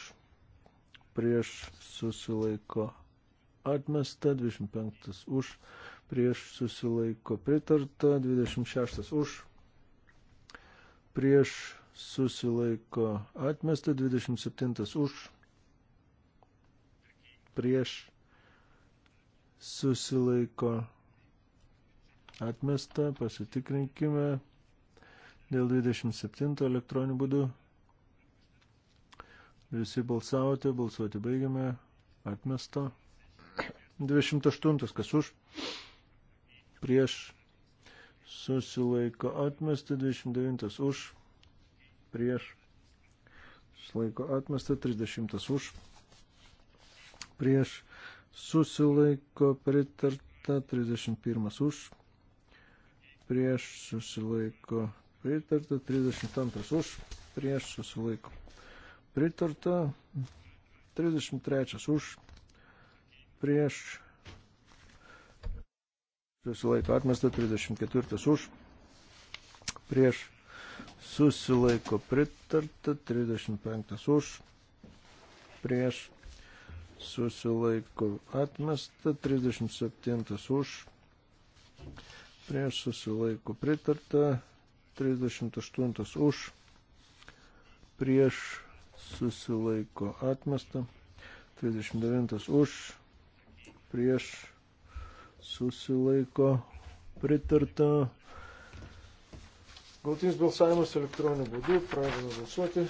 prieš susilaiko atmesta, 25 už, prieš susilaiko pritarta, 26 už, prieš susilaiko atmesta, 27 už, prieš susilaiko atmesta, pasitikrinkime dėl 27 elektroninių būdų Visi balsavote, balsuoti baigiame. Atmesta. 28. Kas už? Prieš. Susilaiko atmesta. 29. Už. Prieš. Susilaiko atmesta. 30. Už. Prieš. Susilaiko pritarta. 31. Už. Prieš. Susilaiko pritarta. 32. Už. Prieš. Susilaiko Pritarta 33 už prieš susilaiko atmesta 34 už prieš susilaiko pritarta 35 už prieš susilaiko atmesta 37 už prieš susilaiko pritarta 38 už prieš susilaiko atmesta. 39 už, prieš susilaiko pritarta. Gautinis balsavimas elektroniniu būdu, pradedame balsuoti.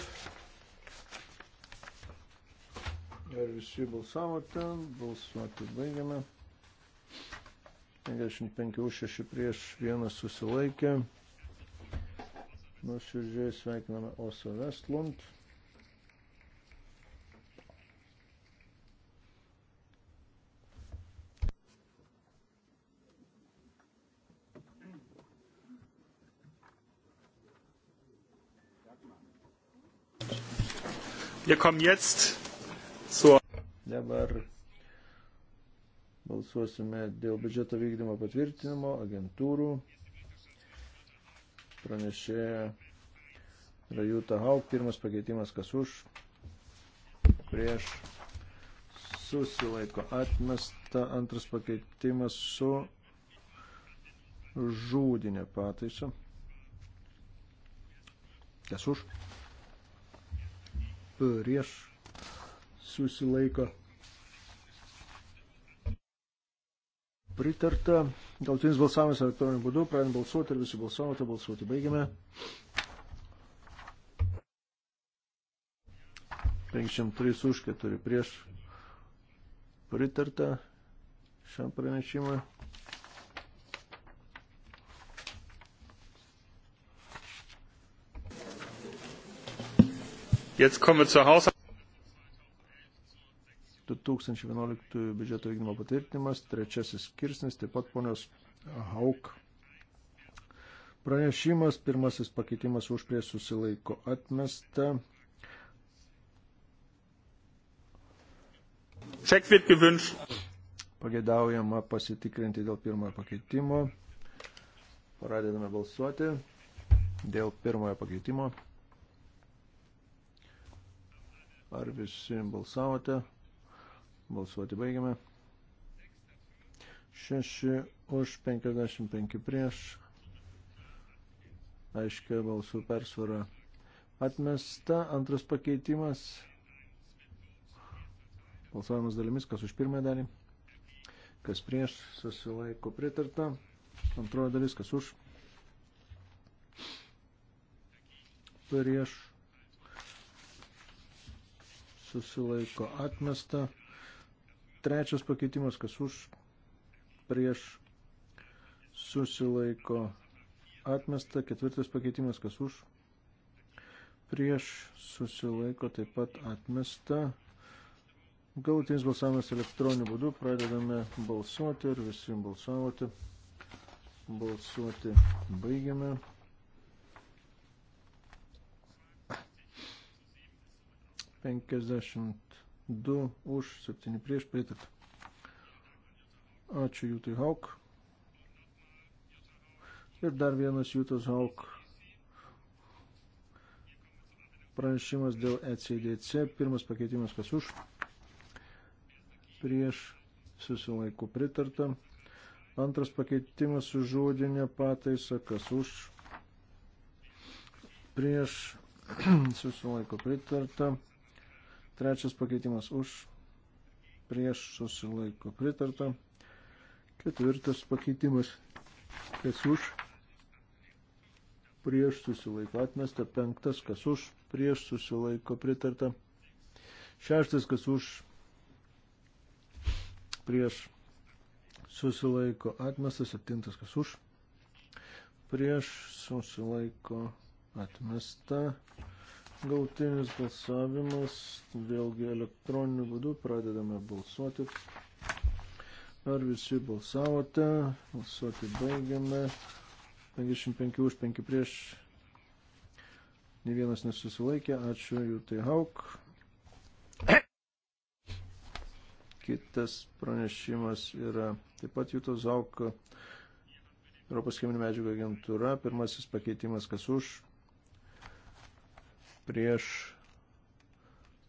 Ar visi balsavote? Balsuoti baigiame. 55 už 6 prieš 1 susilaikė. Nuoširdžiai sveikiname Osa Vestlund. Wir kommen jetzt zur. Dabar balsuosime dėl biudžeto vykdymo patvirtinimo agentūrų. Pranešėja Rajuta Hauk, pirmas pakeitimas kas už, prieš susilaiko atmesta, antras pakeitimas su žūdinė pataisa. Kas už? prieš susilaiko pritarta. Galtinis balsavimas elektroniniu būdu, pradėm balsuoti ir visi balsavote, balsuoti baigiame. 503 už 4 prieš pritarta šiam pranešimui. Jetzt kommen wir zur Haushalt. 2011 biudžeto vykdymo patvirtinimas, trečiasis skirsnis, taip pat ponios Hauk. Pranešimas, pirmasis pakeitimas už prie susilaiko atmesta. Check wird gewünscht. Pageidaujama pasitikrinti dėl pirmojo pakeitimo. Pradedame balsuoti dėl pirmojo pakeitimo. Ar visi balsavote? Balsuoti baigiame. 6 už 55 prieš. Aiškia balsų persvara. Atmesta antras pakeitimas. Balsavimas dalimis, kas už pirmąją dalį, kas prieš, susilaiko pritarta. Antroji dalis, kas už. Prieš susilaiko atmesta. Trečias pakeitimas, kas už, prieš, susilaiko atmesta. Ketvirtas pakeitimas, kas už, prieš, susilaiko taip pat atmesta. Galutinis balsavimas elektroniniu būdu, pradedame balsuoti ir visi balsavote. Balsuoti baigiame. 52 už, 7 prieš pritartą. Ačiū Jūtai Hauk. Ir dar vienas Jūtas Hauk pranešimas dėl ECDC. Pirmas pakeitimas kas už. Prieš susilaikų pritarta. Antras pakeitimas su žodinė pataisa, kas už prieš <clears throat> susilaiko pritarta. Trečias pakeitimas už, prieš susilaiko pritarta. Ketvirtas pakeitimas, kas už, prieš susilaiko atmesta. Penktas, kas už, prieš susilaiko pritarta. Šeštas, kas už, prieš susilaiko atmestas. Septintas, kas už, prieš susilaiko atmesta. Gautinis balsavimas, vėlgi elektroniniu būdu pradedame balsuoti. Ar visi balsavote? Balsuoti baigiame. 55 už 5 prieš. Ne vienas nesusilaikė. Ačiū Jūtai Hauk. Kitas pranešimas yra taip pat Jūtos Hauk. Europos cheminių medžiagų agentūra. Pirmasis pakeitimas, kas už prieš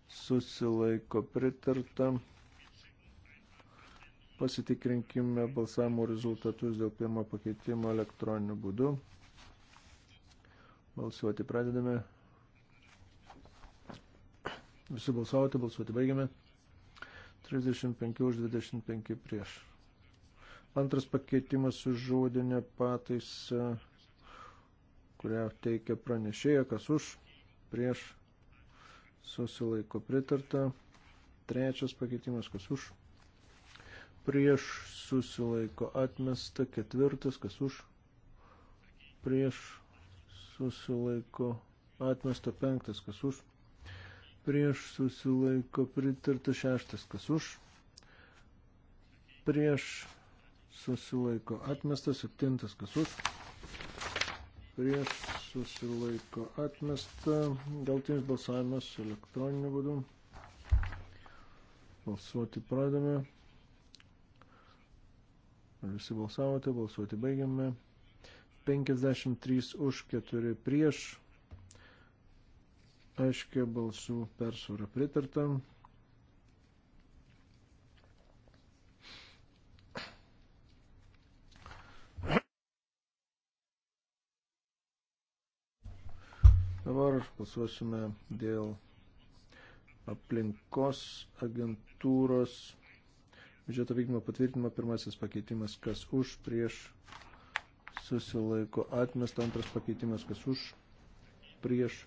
susilaiko pritarta. Pasitikrinkime balsavimo rezultatus dėl pirmo pakeitimo elektroniniu būdu. Balsuoti pradedame. Visi balsavote, balsuoti baigiame. 35 už 25 prieš. Antras pakeitimas su žodinė pataisa, kurią teikia pranešėja, kas už prieš susilaiko pritarta. Trečias pakeitimas, kas už prieš susilaiko atmesta. Ketvirtas, kas už prieš susilaiko atmesta. Penktas, kas už prieš susilaiko pritarta. Šeštas, kas už prieš susilaiko atmestas. Septintas, kas už prieš susilaiko atmesta. Galtinis balsavimas elektroniniu būdu. Balsuoti pradame. Ar visi balsavote, balsuoti baigiame. 53 už 4 prieš. Aiškia balsų persvara pritartam. Dabar balsuosime dėl aplinkos agentūros biudžeto vykdymo patvirtinimo pirmasis pakeitimas, kas už, prieš, susilaiko atmesta, antras pakeitimas, kas už, prieš,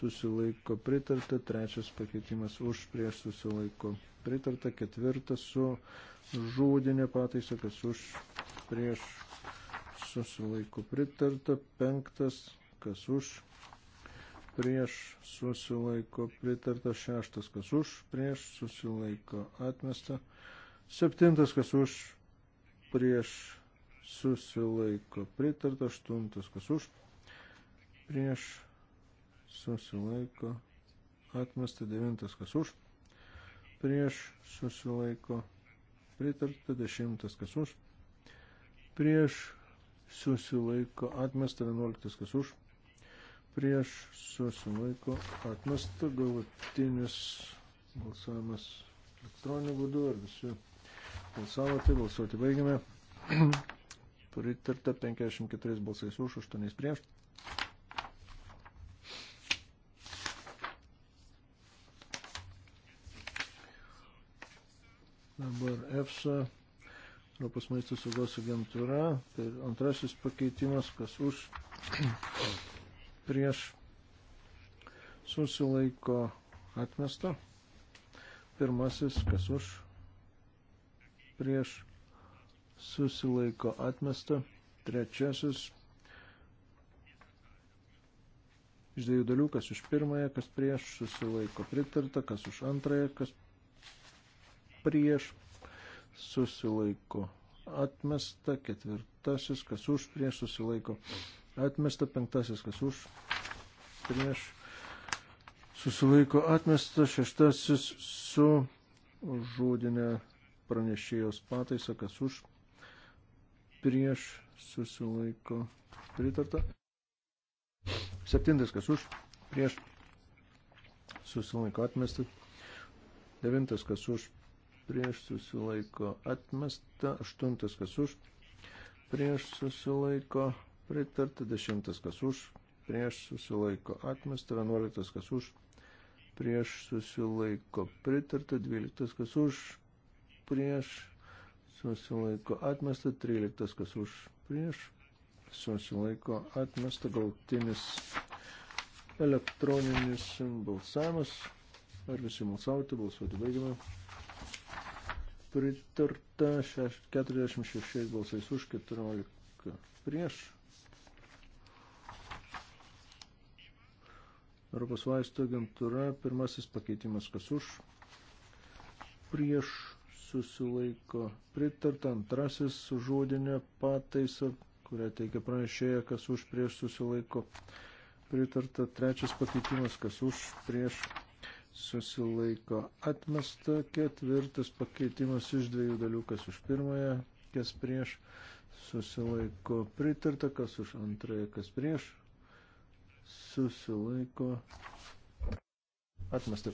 susilaiko pritarta, trečias pakeitimas už, prieš, susilaiko pritarta, ketvirtas su žūdinė pataisa, kas už, prieš, susilaiko pritarta, penktas, kas už, prieš susilaiko pritarta, šeštas kas už, prieš susilaiko atmesta, septintas kas už, prieš susilaiko pritarta, aštuntas kas už, prieš susilaiko atmesta, devintas kas už, prieš susilaiko pritarta, dešimtas kas už, prieš susilaiko atmesta, vienuoliktas kas už, prieš susilaiko atmesta, prieš susilaiko atmesta galutinis balsavimas elektroniniu būdu ar visi balsavote, balsuoti baigiame. <clears throat> Pritarta 54 balsais už, 8 prieš. Dabar EFSA, Europos maisto saugos agentūra, tai antrasis pakeitimas, kas už <clears throat> prieš susilaiko atmesta. Pirmasis, kas už, prieš susilaiko atmesta. Trečiasis, iš dviejų dalių, kas už pirmąją, kas prieš susilaiko pritarta, kas už antrąją, kas prieš susilaiko atmesta. Ketvirtasis, kas už, prieš susilaiko atmesta atmesta, penktasis kas už, prieš, susilaiko atmesta, šeštasis su žodinė pranešėjos pataisa, kas už, prieš, susilaiko pritarta. Septintas kas už, prieš, susilaiko atmesta. Devintas kas už, prieš susilaiko atmesta, aštuntas kas už, prieš susilaiko pritarta, 10 kas už, prieš susilaiko atmesta, 11 kas už, prieš susilaiko pritarta, 12 kas už, prieš susilaiko atmesta, 13 kas už, prieš susilaiko atmesta, gautinis elektroninis balsavimas. Ar visi balsavote, balsuoti baigiame. Pritarta 46 balsais už 14 prieš Europos vaisto agentūra, pirmasis pakeitimas kas už, prieš susilaiko pritarta, antrasis žodinė pataisa, kurią teikia pranešėja, kas už, prieš susilaiko pritarta, trečias pakeitimas kas už, prieš susilaiko atmesta, ketvirtas pakeitimas iš dviejų dalių, kas už pirmąją, kas prieš susilaiko pritarta, kas už antrąją, kas prieš susilaiko atmesti.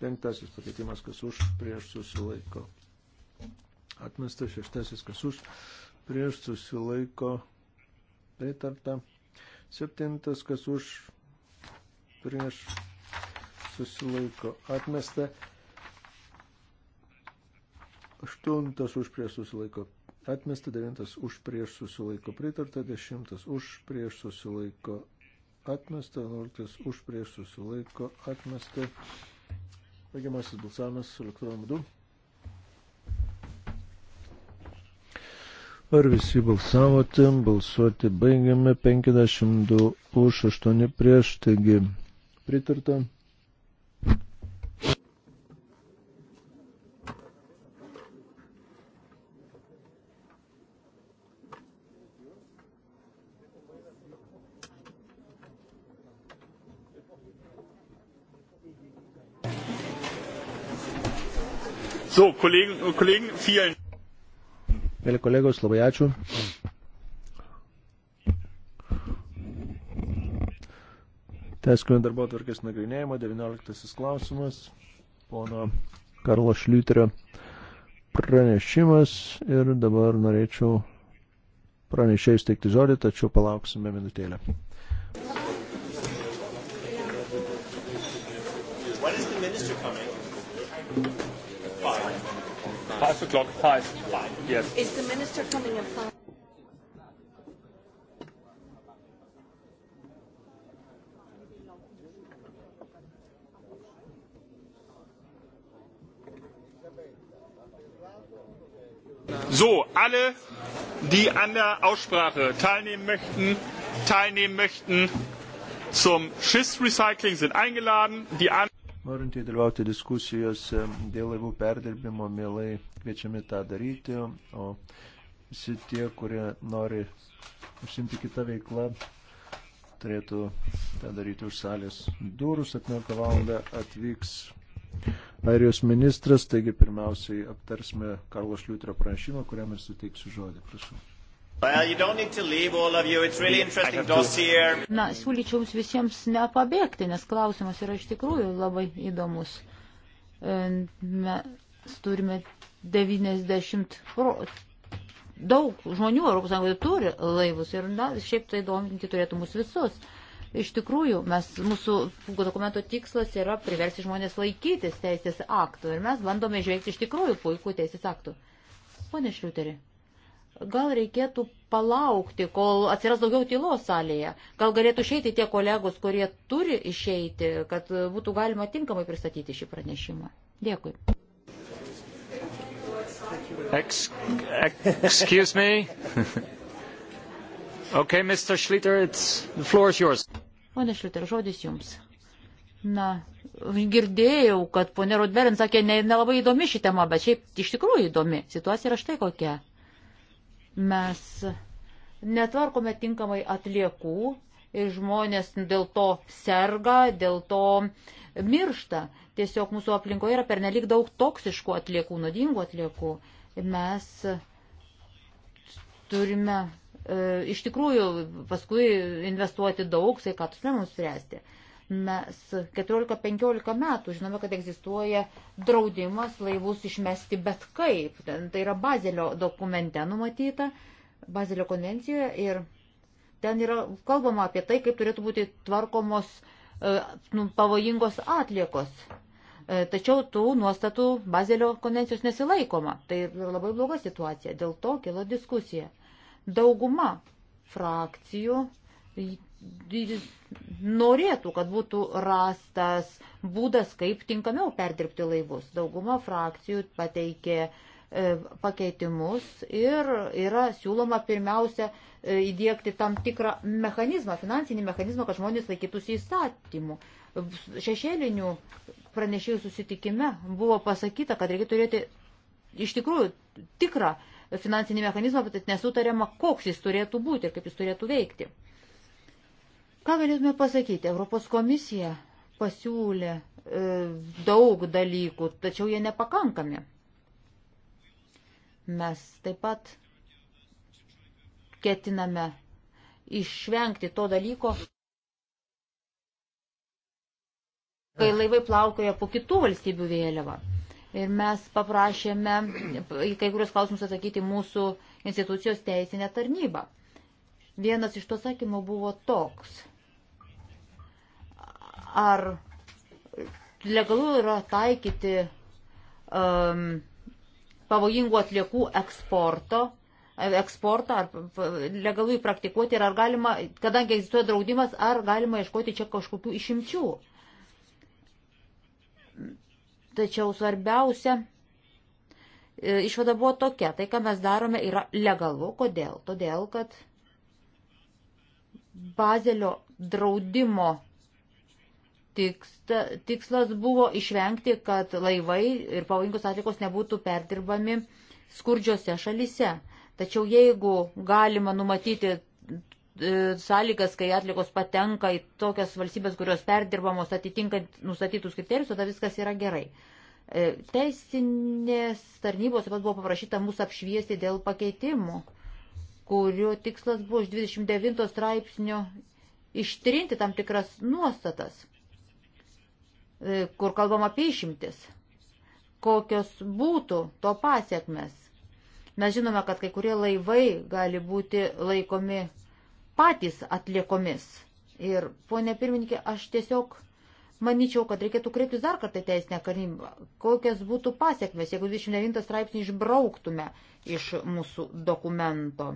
Penktasis pakeitimas, kas už, prieš susilaiko. Atmestas šeštasis, kas už, prieš susilaiko. Pritarta. Septintas, kas už, prieš susilaiko. Atmesta. Aštuntas už prieš susilaiko atmesta, devintas už prieš susilaiko pritarta, dešimtas už prieš susilaiko atmesta, vienuoliktas už prieš susilaiko atmesta. Baigiamasis balsavimas su elektroniniu būdu. Ar visi balsavote, balsuoti baigiame 52 už 8 prieš, taigi pritarta. So, Kolleginnen und Kollegen, vielen Mėly kolegos, labai ačiū. Teskime darbo atvarkės nagrinėjimą. 19 klausimas. Pono Karlo Šliuterio pranešimas. Ir dabar norėčiau pranešėjus teikti žodį, tačiau palauksime minutėlę. When is the minister coming? Five. Five o'clock. Five. Five. Yes. Is the minister coming in five? So, alle, die an der Aussprache teilnehmen möchten, teilnehmen möchten zum Schiffsrecycling sind eingeladen. Die an Norintieji dalyvauti diskusijose dėl laivų perdirbimo, mielai kviečiami tą daryti, o visi tie, kurie nori užsimti kitą veiklą, turėtų tą daryti už salės durų. 17 val. atvyks Airijos ministras, taigi pirmiausiai aptarsime Karlo Šliutrio pranešimą, kuriam ir suteiksiu žodį. Prašau. Really Na, siūlyčiau jums visiems nepabėgti, nes klausimas yra iš tikrųjų labai įdomus. E, mes turime 90 daug žmonių ES turi laivus ir na, šiaip tai dominti turėtų mus visus. Iš tikrųjų, mes, mūsų dokumento tikslas yra priversti žmonės laikytis teisės aktų ir mes bandome žvelgti iš tikrųjų puikų teisės aktų. Pone Šriuterį. Gal reikėtų palaukti, kol atsiras daugiau tylos salėje. Gal galėtų išeiti tie kolegos, kurie turi išeiti, kad būtų galima tinkamai pristatyti šį pranešimą. Dėkui. Ex excuse me. <laughs> okay, Mr. Schlitter, it's, the floor is yours. Pone Šliuter, žodis jums. Na, girdėjau, kad ponė Rodberin sakė, ne, nelabai įdomi ši tema, bet šiaip iš tikrųjų įdomi. Situacija yra štai kokia. Mes netvarkome tinkamai atliekų ir žmonės dėl to serga, dėl to miršta. Tiesiog mūsų aplinkoje yra pernelik daug toksiškų atliekų, nuodingų atliekų. Mes turime e, iš tikrųjų paskui investuoti daug sveikatos problemams spręsti. E, Mes 14-15 metų žinome, kad egzistuoja draudimas laivus išmesti bet kaip. Tai yra Bazelio dokumente numatyta, Bazelio konvencijoje ir ten yra kalbama apie tai, kaip turėtų būti tvarkomos e, nu, pavojingos atliekos. E, tačiau tų nuostatų Bazelio konvencijos nesilaikoma. Tai labai bloga situacija. Dėl to kilo diskusija. Dauguma frakcijų norėtų, kad būtų rastas būdas, kaip tinkamiau perdirbti laivus. Dauguma frakcijų pateikė e, pakeitimus ir yra siūloma pirmiausia e, įdėkti tam tikrą mechanizmą, finansinį mechanizmą, kad žmonės laikytųsi įstatymų. Šešėlinių pranešėjų susitikime buvo pasakyta, kad reikia turėti iš tikrųjų tikrą finansinį mechanizmą, bet nesutarėma, koks jis turėtų būti ir kaip jis turėtų veikti. Ką galėtume pasakyti? Europos komisija pasiūlė e, daug dalykų, tačiau jie nepakankami. Mes taip pat ketiname išvengti to dalyko, kai laivai plaukioja po kitų valstybių vėliavą. Ir mes paprašėme į kai kurios klausimus atsakyti mūsų institucijos teisinę tarnybą. Vienas iš to sakymų buvo toks – ar legalu yra taikyti um, pavojingų atliekų eksporto, eksportą, ar legalu jį praktikuoti ir ar galima, kadangi egzistuoja draudimas, ar galima iškoti čia kažkokių išimčių. Tačiau svarbiausia e, išvada buvo tokia, tai ką mes darome yra legalu. Kodėl? Todėl, kad bazelio draudimo tiksta, tikslas buvo išvengti, kad laivai ir pavojingos atlikos nebūtų perdirbami skurdžiose šalise. Tačiau jeigu galima numatyti e, sąlygas, kai atlikos patenka į tokias valstybės, kurios perdirbamos atitinkant nustatytus kriterijus, tada viskas yra gerai. E, teisinės tarnybos taip pat buvo paprašyta mūsų apšviesti dėl pakeitimų, kurio tikslas buvo iš 29 straipsnio ištrinti tam tikras nuostatas. E, kur kalbam apie išimtis. Kokios būtų to pasiekmes? Mes žinome, kad kai kurie laivai gali būti laikomi patys atliekomis. Ir, ponė pirmininkė, aš tiesiog manyčiau, kad reikėtų kreiptis dar kartą teisinę tarnybą. Kokias būtų pasiekmes, jeigu 29 straipsnį išbrauktume iš mūsų dokumento?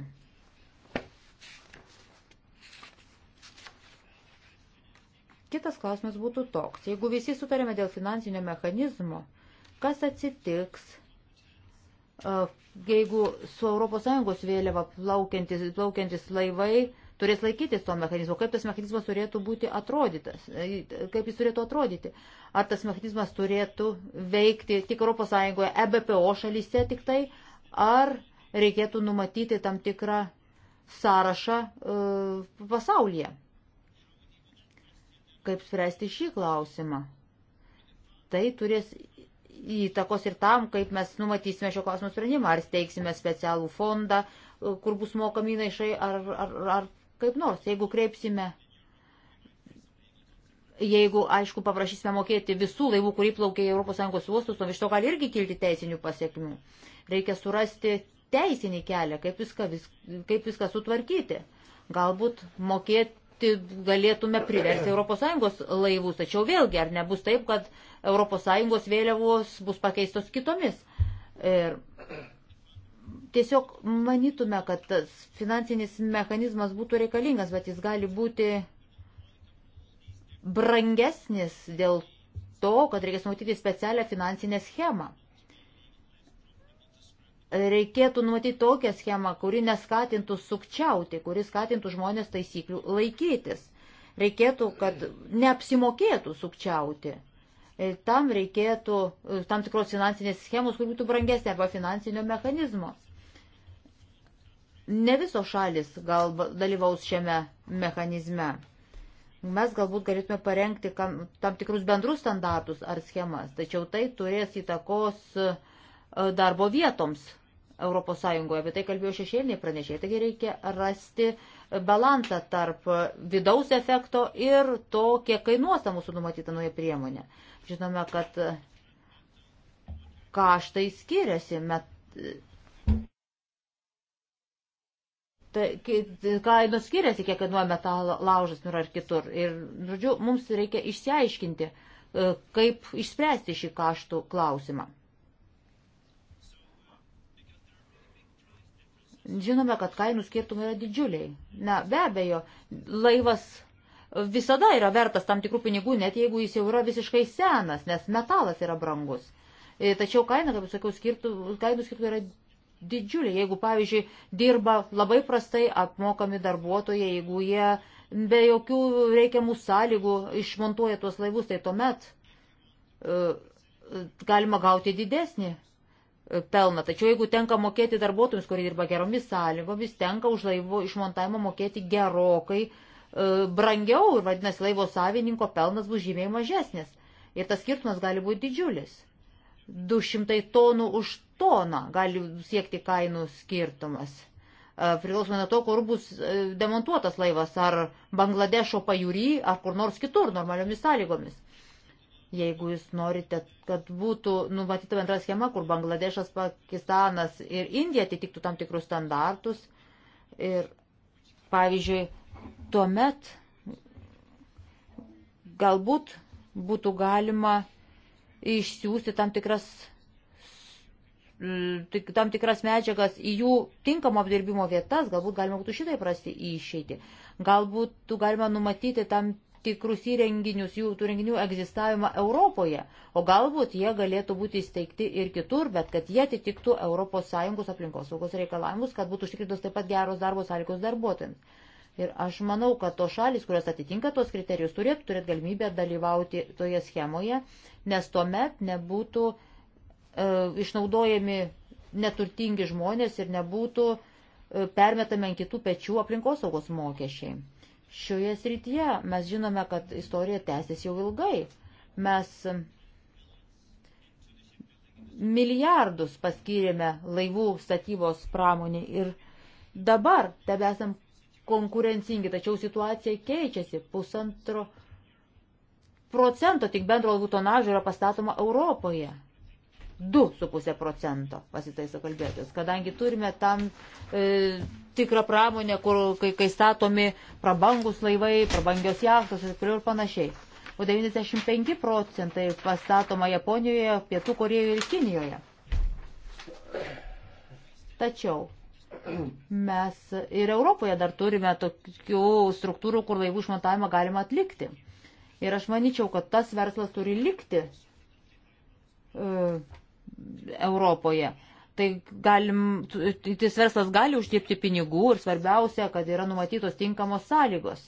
Kitas klausimas būtų toks. Jeigu visi sutarėme dėl finansinio mechanizmo, kas atsitiks, jeigu su ES vėliava plaukiantis, plaukiantis laivai turės laikytis to mechanizmo, kaip tas mechanizmas turėtų būti atrodytas, e, kaip jis turėtų atrodyti. Ar tas mechanizmas turėtų veikti tik ES, EBPO šalyse tik tai, ar reikėtų numatyti tam tikrą sąrašą e, pasaulyje kaip spręsti šį klausimą. Tai turės įtakos ir tam, kaip mes numatysime šio klausimo sprendimą, ar steigsime specialų fondą, kur bus mokami įnaišai, ar, ar, ar kaip nors, jeigu kreipsime. Jeigu, aišku, paprašysime mokėti visų laivų, kurį plaukia į ES uostus, to iš to gali irgi kilti teisinių pasiekmių. Reikia surasti teisinį kelią, kaip viską, vis, kaip viską sutvarkyti. Galbūt mokėt, galėtume priversti ES laivus, tačiau vėlgi ar nebus taip, kad ES vėliavos bus pakeistos kitomis. Ir tiesiog manytume, kad tas finansinis mechanizmas būtų reikalingas, bet jis gali būti brangesnis dėl to, kad reikės matyti specialią finansinę schemą reikėtų numatyti tokią schemą, kuri neskatintų sukčiauti, kuri skatintų žmonės taisyklių laikytis. Reikėtų, kad neapsimokėtų sukčiauti. Ir e, tam reikėtų e, tam tikros finansinės schemos, kur būtų brangesnė arba finansinio mechanizmo. Ne visos šalis gal dalyvaus šiame mechanizme. Mes galbūt galėtume parengti kam, tam tikrus bendrus standartus ar schemas, tačiau tai turės įtakos uh, E, darbo vietoms ES. Apie tai kalbėjo šešėliniai pranešėjai. Taigi reikia rasti balansą tarp vidaus efekto ir to, kiek kainuos ta mūsų numatyta nauja priemonė. Žinome, kad kaštai skiriasi. Met... Tai kainos skiriasi, kiek kainuoja metalo laužas ir ar kitur. Ir, žodžiu, mums reikia išsiaiškinti, e, kaip išspręsti šį kaštų klausimą. Žinome, kad kainų skirtumai yra didžiuliai. Na, be abejo, laivas visada yra vertas tam tikrų pinigų, net jeigu jis jau yra visiškai senas, nes metalas yra brangus. E, tačiau kaina, kaip sakiau, skirtų, kainų skirtumai yra didžiuliai. Jeigu, pavyzdžiui, dirba labai prastai apmokami darbuotojai, jeigu jie be jokių reikiamų sąlygų išmontuoja tuos laivus, tai tuomet e, galima gauti didesnį pelną. Tačiau jeigu tenka mokėti darbuotojams, kurie dirba geromis sąlygomis, tenka už laivo išmontavimą mokėti gerokai e, brangiau ir vadinasi laivo savininko pelnas bus žymiai mažesnis. Ir tas skirtumas gali būti didžiulis. 200 tonų už toną gali siekti kainų skirtumas. E, Priklausomai nuo to, kur bus e, demontuotas laivas, ar Bangladešo pajūry, ar kur nors kitur normaliomis sąlygomis jeigu jūs norite, kad būtų numatyta bendra schema, kur Bangladešas, Pakistanas ir Indija atitiktų tam tikrus standartus. Ir, pavyzdžiui, tuomet galbūt būtų galima išsiųsti tam tikras tam tikras medžiagas į jų tinkamo apdirbimo vietas, galbūt galima būtų šitai prasti išeiti. Galbūt galima numatyti tam tikrus įrenginius, jų tų renginių egzistavimą Europoje, o galbūt jie galėtų būti įsteigti ir kitur, bet kad jie atitiktų ES aplinkosaugos reikalavimus, kad būtų užtikrintos taip pat geros darbo sąlygos darbuotojams. Ir aš manau, kad tos šalis, kurios atitinka tos kriterijus, turėtų turėti galimybę dalyvauti toje schemoje, nes tuomet nebūtų e, išnaudojami neturtingi žmonės ir nebūtų e, permetami ant kitų pečių aplinkosaugos mokesčiai šioje srityje. Mes žinome, kad istorija tęsis jau ilgai. Mes milijardus paskyrėme laivų statybos pramonį ir dabar tebesam konkurencingi, tačiau situacija keičiasi. Pusantro procento tik bendro laivų tonažo yra pastatoma Europoje. 2,5 procento, pasitaiso kalbėtojas, kadangi turime tam e, tikrą pramonę, kur kai, kai statomi prabangus laivai, prabangios jachtos ir kuriuo ir panašiai. O 95 procentai pastatoma Japonijoje, Pietų Korejoje ir Kinijoje. Tačiau mes ir Europoje dar turime tokių struktūrų, kur laivų išmontavimą galima atlikti. Ir aš manyčiau, kad tas verslas turi likti. E, Europoje. Tai galim, tai tas verslas gali uždirbti pinigų ir svarbiausia, kad yra numatytos tinkamos sąlygos.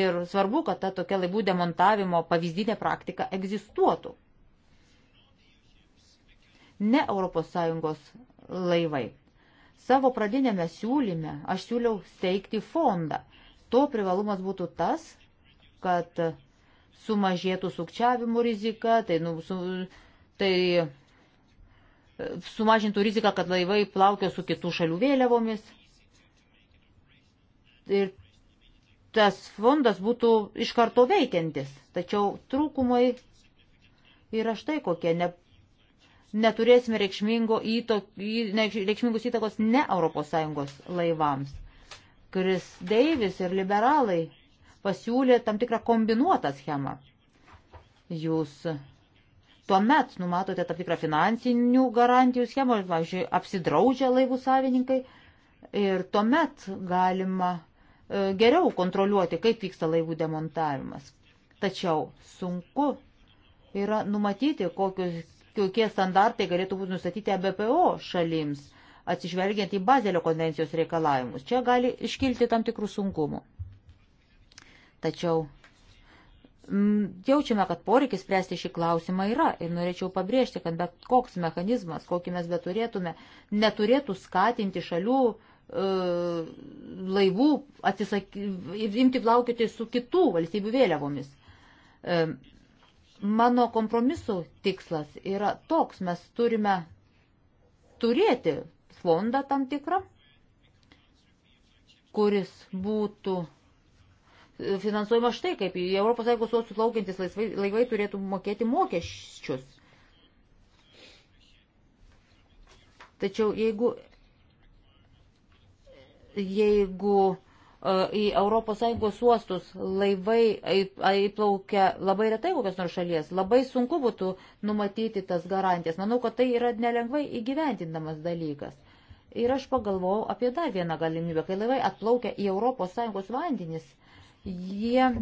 Ir svarbu, kad ta tokia laivų demontavimo pavyzdinė praktika egzistuotų. Ne ES laivai. Savo pradinėme siūlyme aš siūliau steigti fondą. To privalumas būtų tas, kad sumažėtų sukčiavimų rizika, tai, nu, su, tai sumažintų riziką, kad laivai plaukio su kitų šalių vėliavomis. Ir tas fondas būtų iš karto veikiantis. Tačiau trūkumai yra štai kokie. Ne, neturėsime įto, ne, reikšmingus įtakos ne ES laivams. Kris Deivis ir liberalai pasiūlė tam tikrą kombinuotą schemą. Jūs tuomet numatote tam tikrą finansinių garantijų schemą, pavyzdžiui, apsidraudžia laivų savininkai ir tuomet galima e, geriau kontroliuoti, kaip vyksta laivų demontavimas. Tačiau sunku yra numatyti, kokius, kokie standartai galėtų būti nustatyti ABPO e šalims, atsižvelgiant į Bazelio konvencijos reikalavimus. Čia gali iškilti tam tikrų sunkumų. Tačiau jaučiame, kad poreikis spręsti šį klausimą yra ir norėčiau pabrėžti, kad bet koks mechanizmas, kokį mes beturėtume, neturėtų skatinti šalių e, laivų atsisaky, imti plaukioti su kitų valstybių vėliavomis. E, mano kompromisų tikslas yra toks, mes turime turėti fondą tam tikrą, kuris būtų finansuojama štai kaip. Į ES uostus plaukiantis laivai turėtų mokėti mokesčius. Tačiau jeigu, jeigu e, į ES uostus laivai įplaukia labai retai kokios nors šalies. Labai sunku būtų numatyti tas garantijas. Manau, kad tai yra nelengvai įgyventindamas dalykas. Ir aš pagalvojau apie dar vieną galimybę, kai laivai atplaukia į ES vandenis, jie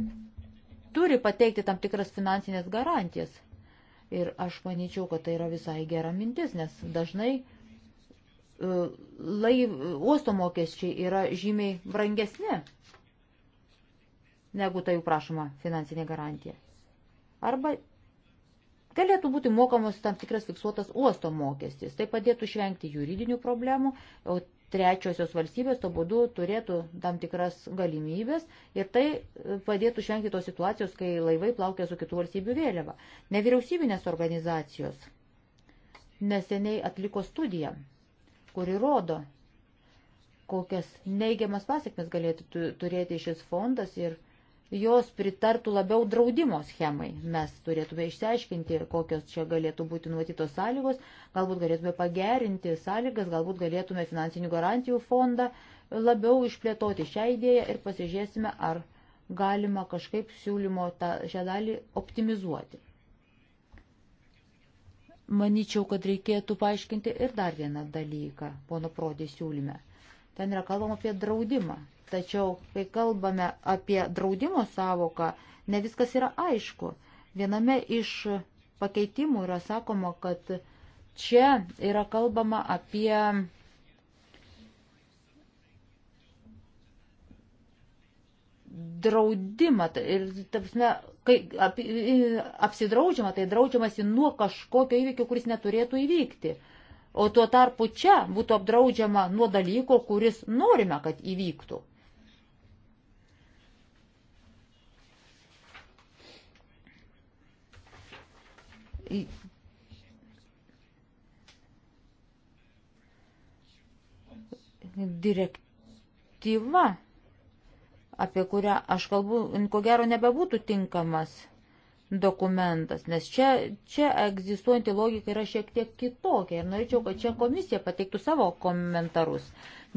turi pateikti tam tikras finansinės garantijas. Ir aš manyčiau, kad tai yra visai gera mintis, nes dažnai uh, laiv, uosto mokesčiai yra žymiai brangesni negu tai jų prašoma finansinė garantija. Arba galėtų būti mokamos tam tikras fiksuotas uosto mokestis. Tai padėtų išvengti juridinių problemų, o trečiosios valstybės to būdu turėtų tam tikras galimybės ir tai e, padėtų švengti tos situacijos, kai laivai plaukia su kitų valstybių vėliava. Nevyriausybinės organizacijos neseniai atliko studiją, kuri rodo, kokias neigiamas pasiekmes galėtų turėti šis fondas ir jos pritartų labiau draudimo schemai. Mes turėtume išsiaiškinti, kokios čia galėtų būti numatytos sąlygos, galbūt galėtume pagerinti sąlygas, galbūt galėtume finansinių garantijų fondą labiau išplėtoti šią idėją ir pasižiūrėsime, ar galima kažkaip siūlymo tą, šią dalį optimizuoti. Maničiau, kad reikėtų paaiškinti ir dar vieną dalyką, pono Prodė siūlyme. Ten yra kalbama apie draudimą. Tačiau, kai kalbame apie draudimo savoką, ne viskas yra aišku. Viename iš pakeitimų yra sakoma, kad čia yra kalbama apie draudimą. Tai ir, tapsme, kai ap, apsidraudžiama, tai draudžiamasi nuo kažkokio įvykio, kuris neturėtų įvykti. O tuo tarpu čia būtų apdraudžiama nuo dalyko, kuris norime, kad įvyktų. Direktyva, apie kurią aš kalbu, ko gero nebebūtų tinkamas dokumentas, nes čia, čia egzistuojanti logika yra šiek tiek kitokia ir norėčiau, kad čia komisija pateiktų savo komentarus.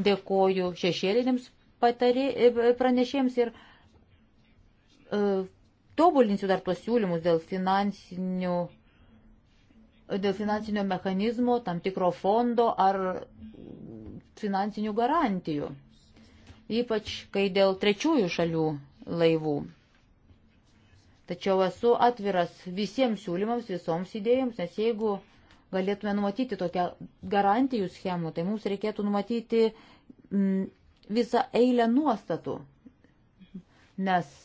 Dėkoju šešėlinėms e, pranešėjams ir uh, tobulinsiu dar tuos siūlymus dėl finansinių uh, dėl finansinio mechanizmo, tam tikro fondo ar finansinių garantijų, ypač kai dėl trečiųjų šalių laivų. Tačiau esu atviras visiems siūlymams, visoms idėjams, nes jeigu galėtume numatyti tokią garantijų schemų, tai mums reikėtų numatyti m, mm, visą eilę nuostatų, nes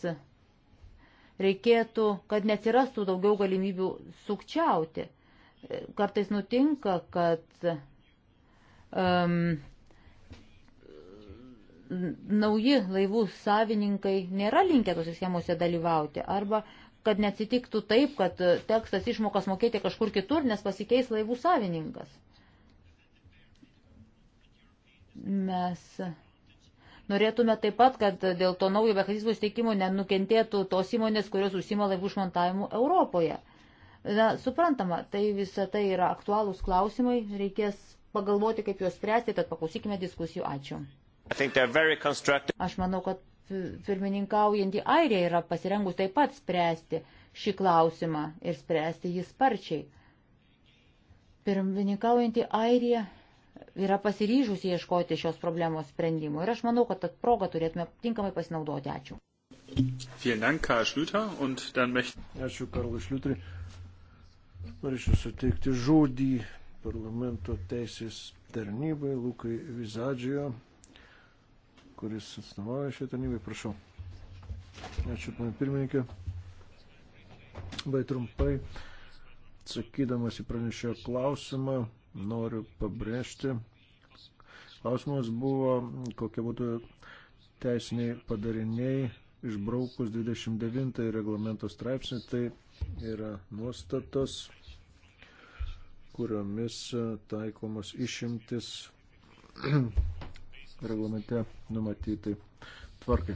reikėtų, kad neatsirastų daugiau galimybių sukčiauti kartais nutinka, kad um, nauji laivų savininkai nėra linkę tose schemose dalyvauti arba kad neatsitiktų taip, kad tekstas išmokas mokėti kažkur kitur, nes pasikeis laivų savininkas. Mes norėtume taip pat, kad dėl to naujo mechanizmo steikimo nenukentėtų tos įmonės, kurios užsima laivų išmontavimu Europoje. Na, suprantama, tai visa tai yra aktualūs klausimai, reikės pagalvoti, kaip juos spręsti, tad paklausykime diskusijų. Ačiū. Aš manau, kad pirmininkaujantį Airiją yra pasirengus taip pat spręsti šį klausimą ir spręsti jį sparčiai. Pirmininkaujantį Airiją yra pasiryžusi ieškoti šios problemos sprendimų ir aš manau, kad tą progą turėtume tinkamai pasinaudoti. Ačiū. Ačiū, Karlas Šliuteris. Norėčiau suteikti žodį parlamento teisės tarnybai Lukai Vizadžio, kuris atstovauja šią tarnybą. Prašau. Ačiū, pana pirmininkė. Bai trumpai, atsakydamas į pranešėjo klausimą, noriu pabrėžti. Klausimas buvo, kokie būtų teisiniai padariniai išbraukus 29 reglamento straipsnį, tai yra nuostatos kuriomis e, taikomos išimtis <clears throat> reglamente numatytai tvarkai.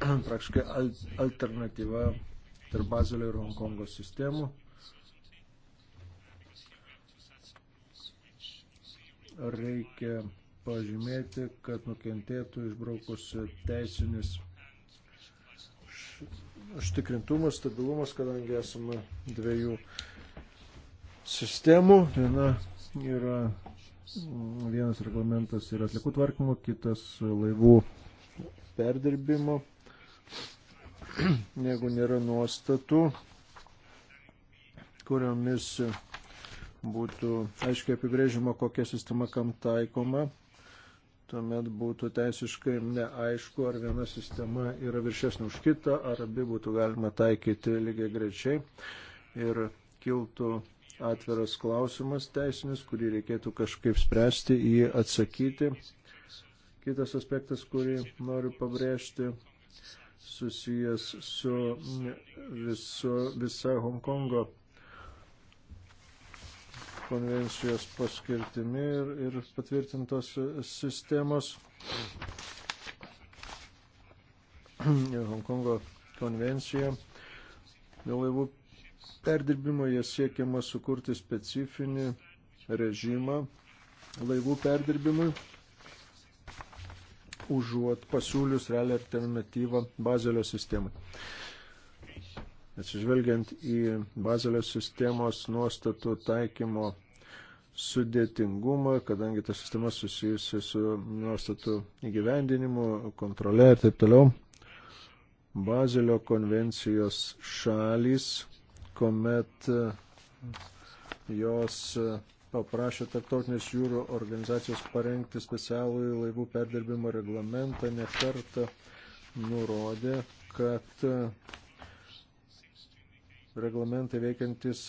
Praktiškai al alternatyva tarp Bazilio ir Hongkongo sistemų. Reikia pažymėti, kad nukentėtų išbraukus teisinis užtikrintumas, stabilumas, kadangi esame dviejų sistemų. Viena yra, vienas reglamentas yra atlikų tvarkymo, kitas laivų perdirbimo. <clears throat> Jeigu nėra nuostatų, kuriomis būtų aiškiai apibrėžima, kokia sistema kam taikoma, tuomet būtų teisiškai neaišku, ar viena sistema yra viršesnė už kitą, ar abi būtų galima taikyti lygiai grečiai. Ir kiltų atviras klausimas teisinis, kurį reikėtų kažkaip spręsti, jį atsakyti. Kitas aspektas, kurį noriu pabrėžti, susijęs su viso, visa Hongkongo konvencijos paskirtimi ir, ir patvirtintos sistemos. <clears throat> Hongkongo konvencija dėl laivų perdirbimo jie siekiama sukurti specifinį režimą laivų perdirbimui, užuot pasiūlius realią alternatyvą bazelio sistemai. Atsižvelgiant į bazelio sistemos nuostatų taikymo sudėtingumą, kadangi ta sistema susijusi su nuostatų įgyvendinimu, kontrole ir taip toliau. Bazelio konvencijos šalys, kuomet jos paprašė tarptautinės jūrų organizacijos parengti specialų laivų perdirbimo reglamentą, nekartą nurodė, kad reglamentai veikiantis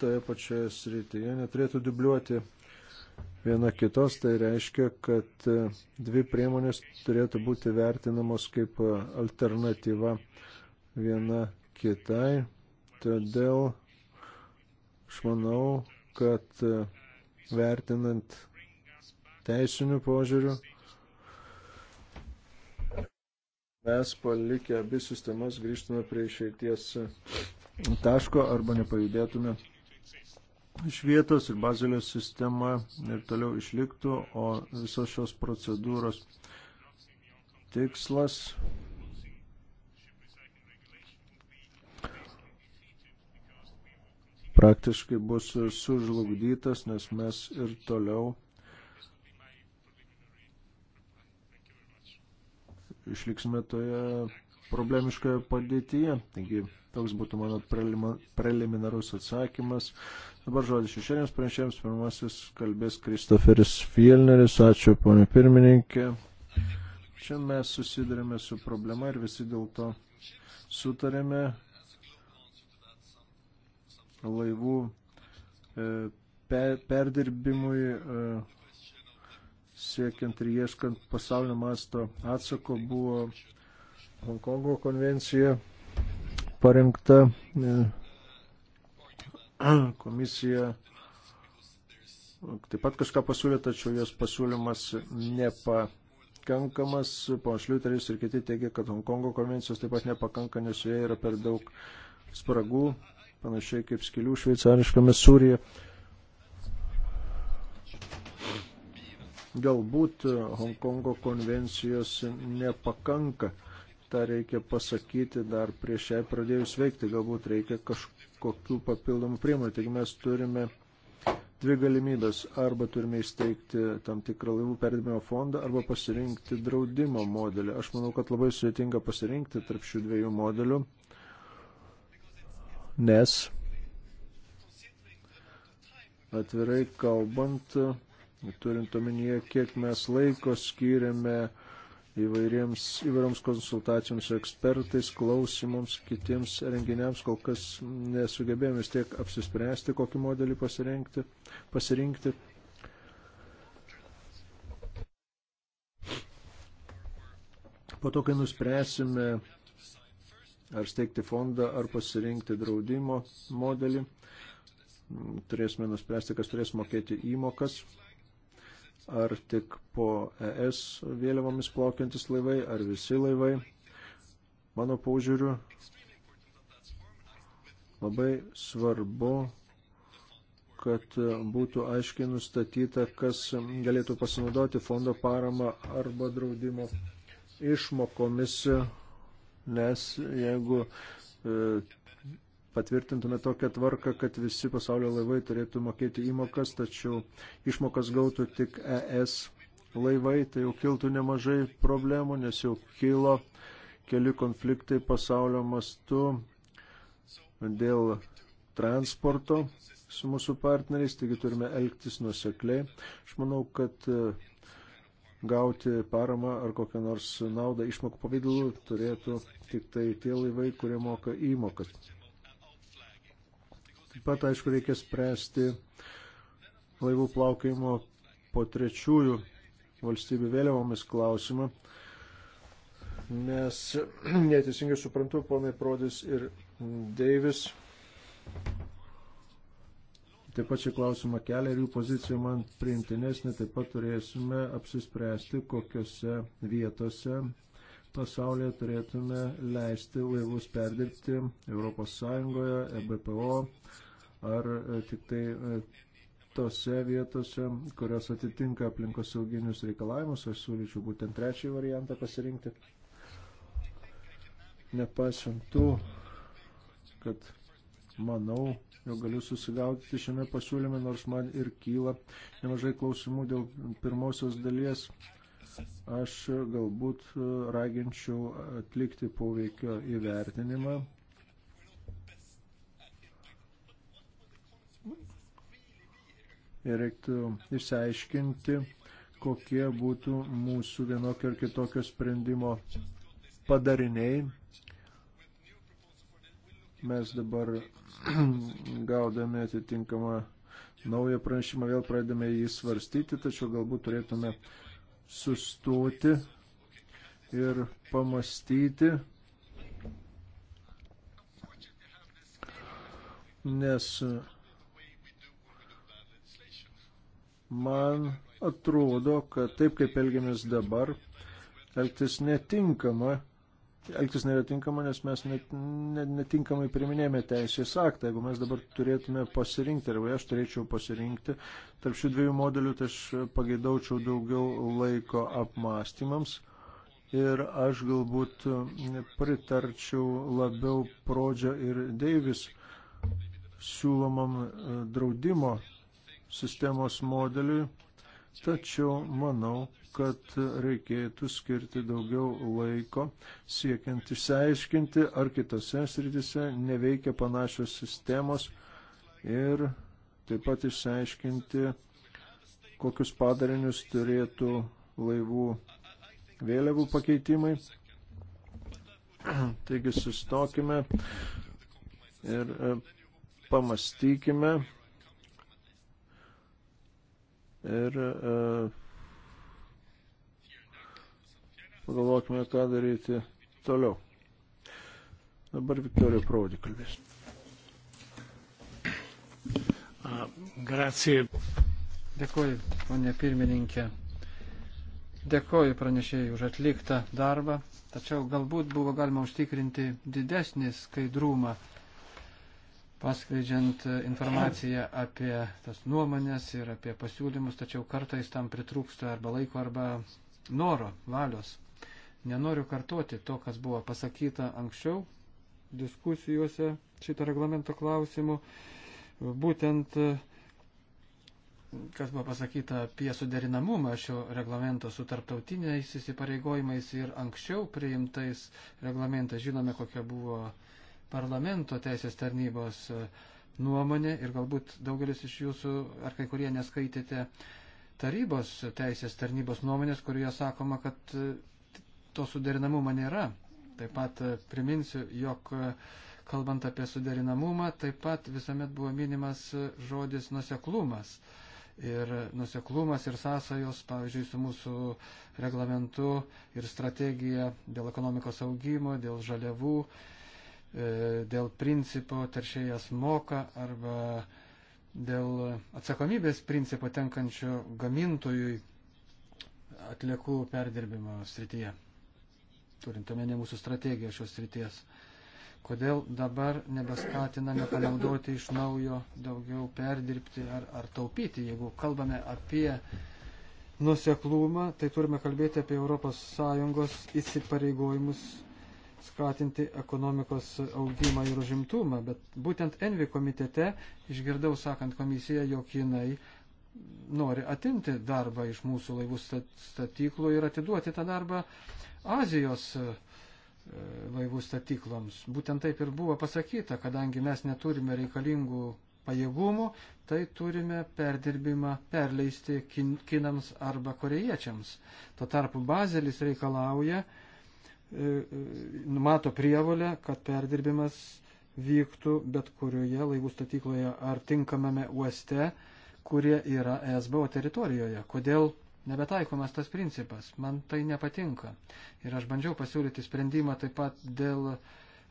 toje pačioje srityje neturėtų dubliuoti viena kitos, tai reiškia, kad e, dvi priemonės turėtų būti vertinamos kaip alternatyva viena kitai. Todėl aš manau, kad e, vertinant teisinių požiūrių, mes palikę abi sistemas grįžtume prie išeities taško arba nepajudėtume iš vietos ir bazilio sistema ir toliau išliktų, o visos šios procedūros tikslas praktiškai bus sužlugdytas, nes mes ir toliau išliksime toje problemiškoje padėtyje. Taigi, Toks būtų mano preliminarus atsakymas. Dabar žodis šešėlėms pranešėjams. Pirmasis kalbės Kristoferis Fielneris. Ačiū, ponė pirmininkė. Čia mes susidurėme su problema ir visi dėl to sutarėme laivų e, perdirbimui e, siekiant ir ieškant pasaulinio masto atsako buvo Hongkongo konvencija parengta. E, komisija taip pat kažką pasiūlė, tačiau jos pasiūlymas nepakankamas. Ponas Liuteris ir kiti teigia, kad Hongkongo konvencijos taip pat nepakanka, nes joje yra per daug spragų, panašiai kaip skilių šveicariškame Sūrijoje. Galbūt Hongkongo konvencijos nepakanka tą reikia pasakyti dar prieš jai pradėjus veikti, galbūt reikia kažkokių papildomų priemonių. Taigi mes turime dvi galimybės. Arba turime įsteigti tam tikrą laivų perdėmimo fondą, arba pasirinkti draudimo modelį. Aš manau, kad labai sudėtinga pasirinkti tarp šių dviejų modelių, nes atvirai kalbant, turint omenyje, kiek mes laiko skiriame įvairiems, įvairioms konsultacijoms su ekspertais, klausimams, kitiems renginiams, kol kas nesugebėjome vis tiek apsispręsti, kokį modelį pasirinkti. pasirinkti. Po to, kai nuspręsime, ar steigti fondą, ar pasirinkti draudimo modelį, turėsime nuspręsti, kas turės mokėti įmokas ar tik po ES vėliavomis plaukiantis laivai, ar visi laivai. Mano paužiūriu, labai svarbu, kad būtų aiškiai nustatyta, kas galėtų pasinaudoti fondo paramą arba draudimo išmokomis, nes jeigu e, patvirtintume tokią tvarką, kad visi pasaulio laivai turėtų mokėti įmokas, tačiau išmokas gautų tik ES laivai, tai jau kiltų nemažai problemų, nes jau kilo keli konfliktai pasaulio mastu dėl transporto su mūsų partneriais, taigi turime elgtis nusekliai. Aš manau, kad e, gauti paramą ar kokią nors naudą išmokų pavydalų turėtų tik tai tie laivai, kurie moka įmokas. Taip pat, aišku, reikia spręsti laivų plaukimo po trečiųjų valstybių vėliavomis klausimą, nes <clears throat> neteisingai suprantu, ponai Prodis ir Deivis. Taip pat šį klausimą kelia ir jų pozicija man priimtinesnė, taip pat turėsime apsispręsti, kokiuose vietose pasaulyje turėtume leisti laivus perdirbti ES, EBPO e ar e, tik tai e, tose vietose, kurios atitinka aplinkosauginius reikalavimus. Aš siūlyčiau būtent trečiąjį variantą pasirinkti. Nepaisant to, kad manau, jau galiu susigaudyti šiame pasiūlyme, nors man ir kyla nemažai klausimų dėl pirmosios dalies aš galbūt raginčiau atlikti poveikio įvertinimą. Ir reiktų išsiaiškinti, kokie būtų mūsų vienokio ir kitokio sprendimo padariniai. Mes dabar <clears throat> gaudami atitinkamą naują pranešimą vėl pradedame jį svarstyti, tačiau galbūt turėtume uh, sustoti ir pamastyti, nes man atrodo, kad taip kaip elgiamės dabar, elgtis netinkama elgtis netinkama, nes mes net, net, netinkamai priminėjame teisės aktą. Jeigu mes dabar turėtume pasirinkti, arba aš turėčiau pasirinkti, tarp šių dviejų modelių, tai aš pageidaučiau daugiau laiko apmąstymams. Ir aš galbūt pritarčiau labiau Prodžio ir Deivis siūlomam e, draudimo sistemos modeliui, tačiau manau, kad reikėtų skirti daugiau laiko siekiant išsiaiškinti, ar kitose srityse neveikia panašios sistemos ir taip pat išsiaiškinti, kokius padarinius turėtų laivų vėliavų pakeitimai. <clears throat> Taigi sustokime ir e, pamastykime ir uh, pagalvokime, ką daryti toliau. Dabar Viktorija Praudį kalbės. Gracija. Dėkuoju, ponė pirmininkė. Dėkuoju pranešėjai už atliktą darbą, tačiau galbūt buvo galima užtikrinti didesnį skaidrumą, paskleidžiant informaciją apie tas nuomonės ir apie pasiūlymus, tačiau kartais tam pritrūksta arba laiko, arba noro, valios. Nenoriu kartoti to, kas buvo pasakyta anksčiau diskusijose šito reglamento klausimu. Būtent, kas buvo pasakyta apie suderinamumą šio reglamento su tarptautiniais įsipareigojimais ir anksčiau priimtais reglamentais. Žinome, kokia buvo parlamento teisės tarnybos e, nuomonė ir galbūt daugelis iš jūsų ar kai kurie neskaitėte tarybos teisės tarnybos nuomonės, kurioje sakoma, kad e, to suderinamumą nėra. Taip pat e, priminsiu, jog e, kalbant apie suderinamumą, taip pat visuomet buvo minimas e, žodis nuseklumas. Ir nuseklumas ir sąsajos, pavyzdžiui, su mūsų reglamentu ir strategija dėl ekonomikos augimo, dėl žaliavų, dėl principo teršėjas moka arba dėl atsakomybės principo tenkančio gamintojui atliekų perdirbimo srityje turintame ne mūsų strategiją šios ryties. Kodėl dabar nebeskatiname panaudoti iš naujo, daugiau perdirbti ar, ar taupyti? Jeigu kalbame apie nuseklumą, tai turime kalbėti apie ES įsipareigojimus skatinti ekonomikos augimą ir užimtumą. Bet būtent Envi komitete išgirdau sakant komisiją, jog jinai nori atimti darbą iš mūsų laivų statyklų ir atiduoti tą darbą Azijos e, laivų statykloms. Būtent taip ir buvo pasakyta, kadangi mes neturime reikalingų pajėgumų, tai turime perdirbimą perleisti kin, kinams arba korejiečiams. Tuo tarpu bazelis reikalauja, numato e, e, prievolę, kad perdirbimas vyktų bet kurioje laivų statykloje ar tinkamame uoste, kurie yra SBO teritorijoje. Kodėl nebetaikomas tas principas. Man tai nepatinka. Ir aš bandžiau pasiūlyti sprendimą taip pat dėl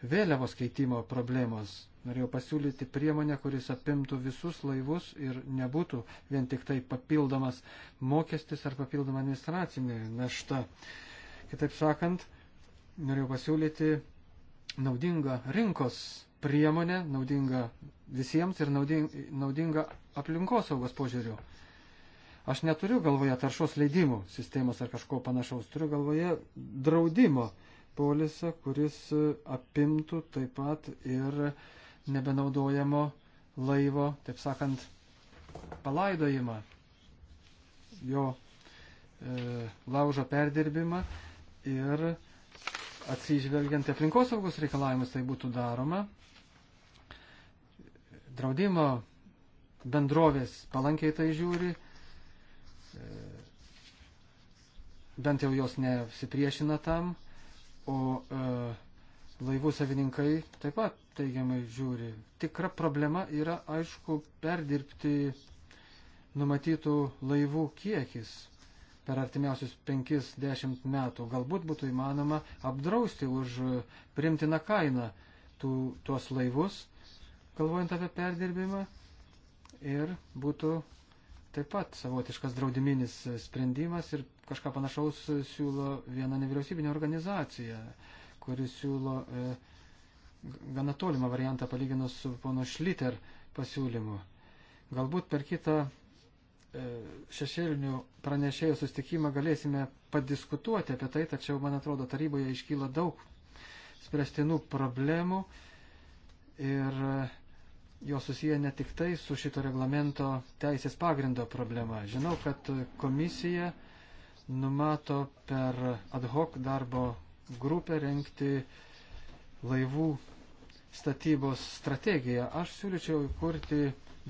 vėliavos keitimo problemos. Norėjau pasiūlyti priemonę, kuris apimtų visus laivus ir nebūtų vien tik tai papildomas mokestis ar papildoma administracinė našta. Kitaip sakant, norėjau pasiūlyti naudingą rinkos priemonę, naudingą visiems ir naudingą aplinkosaugos požiūrių. Aš neturiu galvoje taršos leidimų sistemos ar kažko panašaus, turiu galvoje draudimo polisą, kuris apimtų taip pat ir nebenaudojamo laivo, taip sakant, palaidojimą, jo e, laužo perdirbimą ir atsižvelgiant aplinkosaugos reikalavimus tai būtų daroma. Draudimo bendrovės palankiai tai žiūri, E, bent jau jos nesipriešina tam, o e, laivų savininkai taip pat teigiamai žiūri. Tikra problema yra, aišku, perdirbti numatytų laivų kiekis per artimiausius 5-10 metų. Galbūt būtų įmanoma apdrausti už primtiną kainą tų, tuos laivus, galvojant apie perdirbimą, ir būtų taip pat savotiškas draudiminis sprendimas ir kažką panašaus siūlo viena nevyriausybinė organizacija, kuri siūlo e, gana tolimą variantą palyginus su pono Šliter pasiūlymu. Galbūt per kitą e, šešėlinių pranešėjų sustikimą galėsime padiskutuoti apie tai, tačiau, man atrodo, taryboje iškyla daug spręstinų problemų ir e, jos susiję ne tik tai su šito reglamento teisės pagrindo problema. Žinau, kad komisija numato per ad hoc darbo grupę renkti laivų statybos strategiją. Aš siūlyčiau įkurti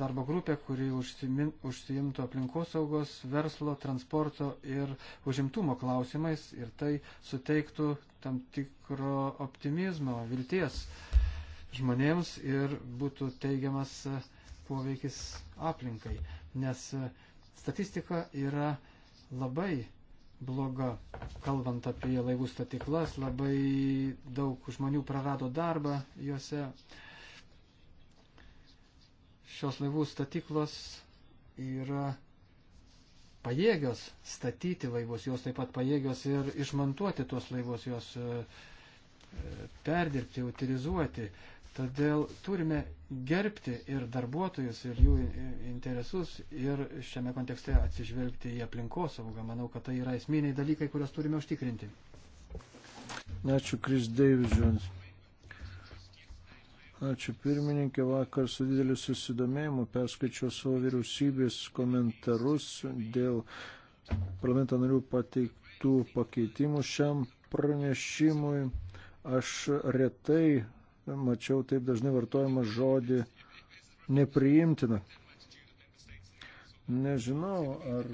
darbo grupę, kuri užsimin, užsiimtų aplinkosaugos, verslo, transporto ir užimtumo klausimais ir tai suteiktų tam tikro optimizmo, vilties uh, žmonėms ir būtų teigiamas e, poveikis aplinkai, nes e, statistika yra labai bloga, kalbant apie laivų statiklas, labai daug žmonių prarado darbą juose. Šios laivų statiklos yra pajėgios statyti laivus, jos taip pat pajėgios ir išmantuoti tuos laivus, jos e, perdirbti, utilizuoti. Todėl turime gerbti ir darbuotojus, ir jų interesus, ir šiame kontekste atsižvelgti į aplinkosaugą. Manau, kad tai yra esminiai dalykai, kuriuos turime užtikrinti. Ačiū, Kris Deividžons. Ačiū pirmininkė, vakar su dideliu susidomėjimu perskaičiau savo vyriausybės komentarus dėl parlamento narių pateiktų pakeitimų šiam pranešimui. Aš retai mačiau taip dažnai vartojama žodį nepriimtina. Nežinau, ar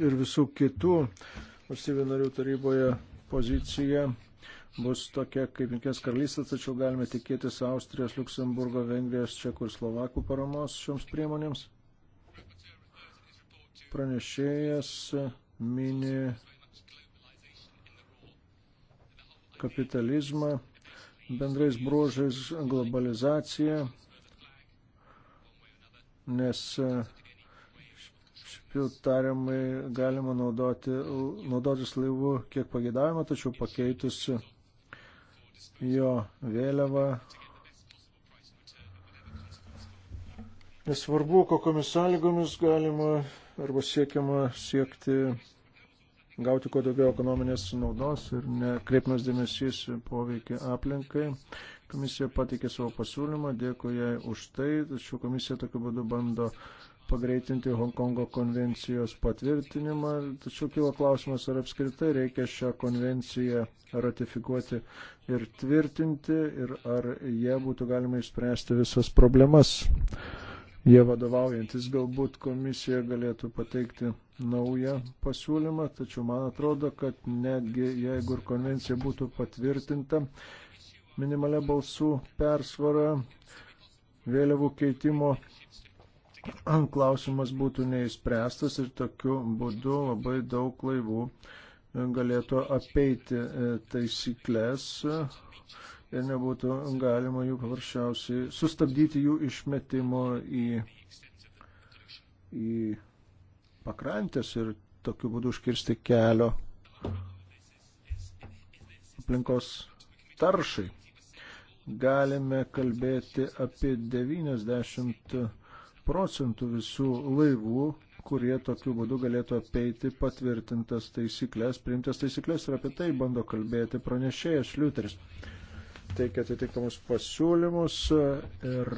ir visų kitų valstybių narių taryboje pozicija bus tokia kaip Junkės karalystės, tačiau galime tikėtis Austrijos, Luksemburgo, Vengrijos, Čekų ir Slovakų paramos šioms priemonėms. Pranešėjas mini kapitalizmą bendrais bruožais globalizacija, nes e, šiaip jau tariamai galima naudoti, naudotis laivu kiek pagėdavimo, tačiau pakeitus jo vėliavą Nesvarbu, kokiamis sąlygomis galima arba siekiama siekti gauti kuo daugiau ekonominės naudos ir nekreipnas dėmesys poveikia aplinkai. Komisija pateikė savo pasiūlymą, dėkui jai už tai, tačiau komisija tokiu būdu bando pagreitinti Hongkongo konvencijos patvirtinimą, tačiau kilo klausimas, ar apskritai reikia šią konvenciją ratifikuoti ir tvirtinti ir ar jie būtų galima išspręsti visas problemas jie vadovaujantis galbūt komisija galėtų pateikti naują pasiūlymą, tačiau man atrodo, kad netgi jeigu ir konvencija būtų patvirtinta minimalia balsų persvara, vėliavų keitimo klausimas būtų neįspręstas ir tokiu būdu labai daug laivų galėtų apeiti e, taisyklės ir nebūtų galima jų paprasčiausiai sustabdyti jų išmetimo į, į pakrantės ir tokiu būdu užkirsti kelio aplinkos taršai. Galime kalbėti apie 90 procentų visų laivų, kurie tokiu būdu galėtų apeiti patvirtintas taisyklės, priimtas taisyklės ir apie tai bando kalbėti pranešėjas Liuteris teikia atitiktamus pasiūlymus ir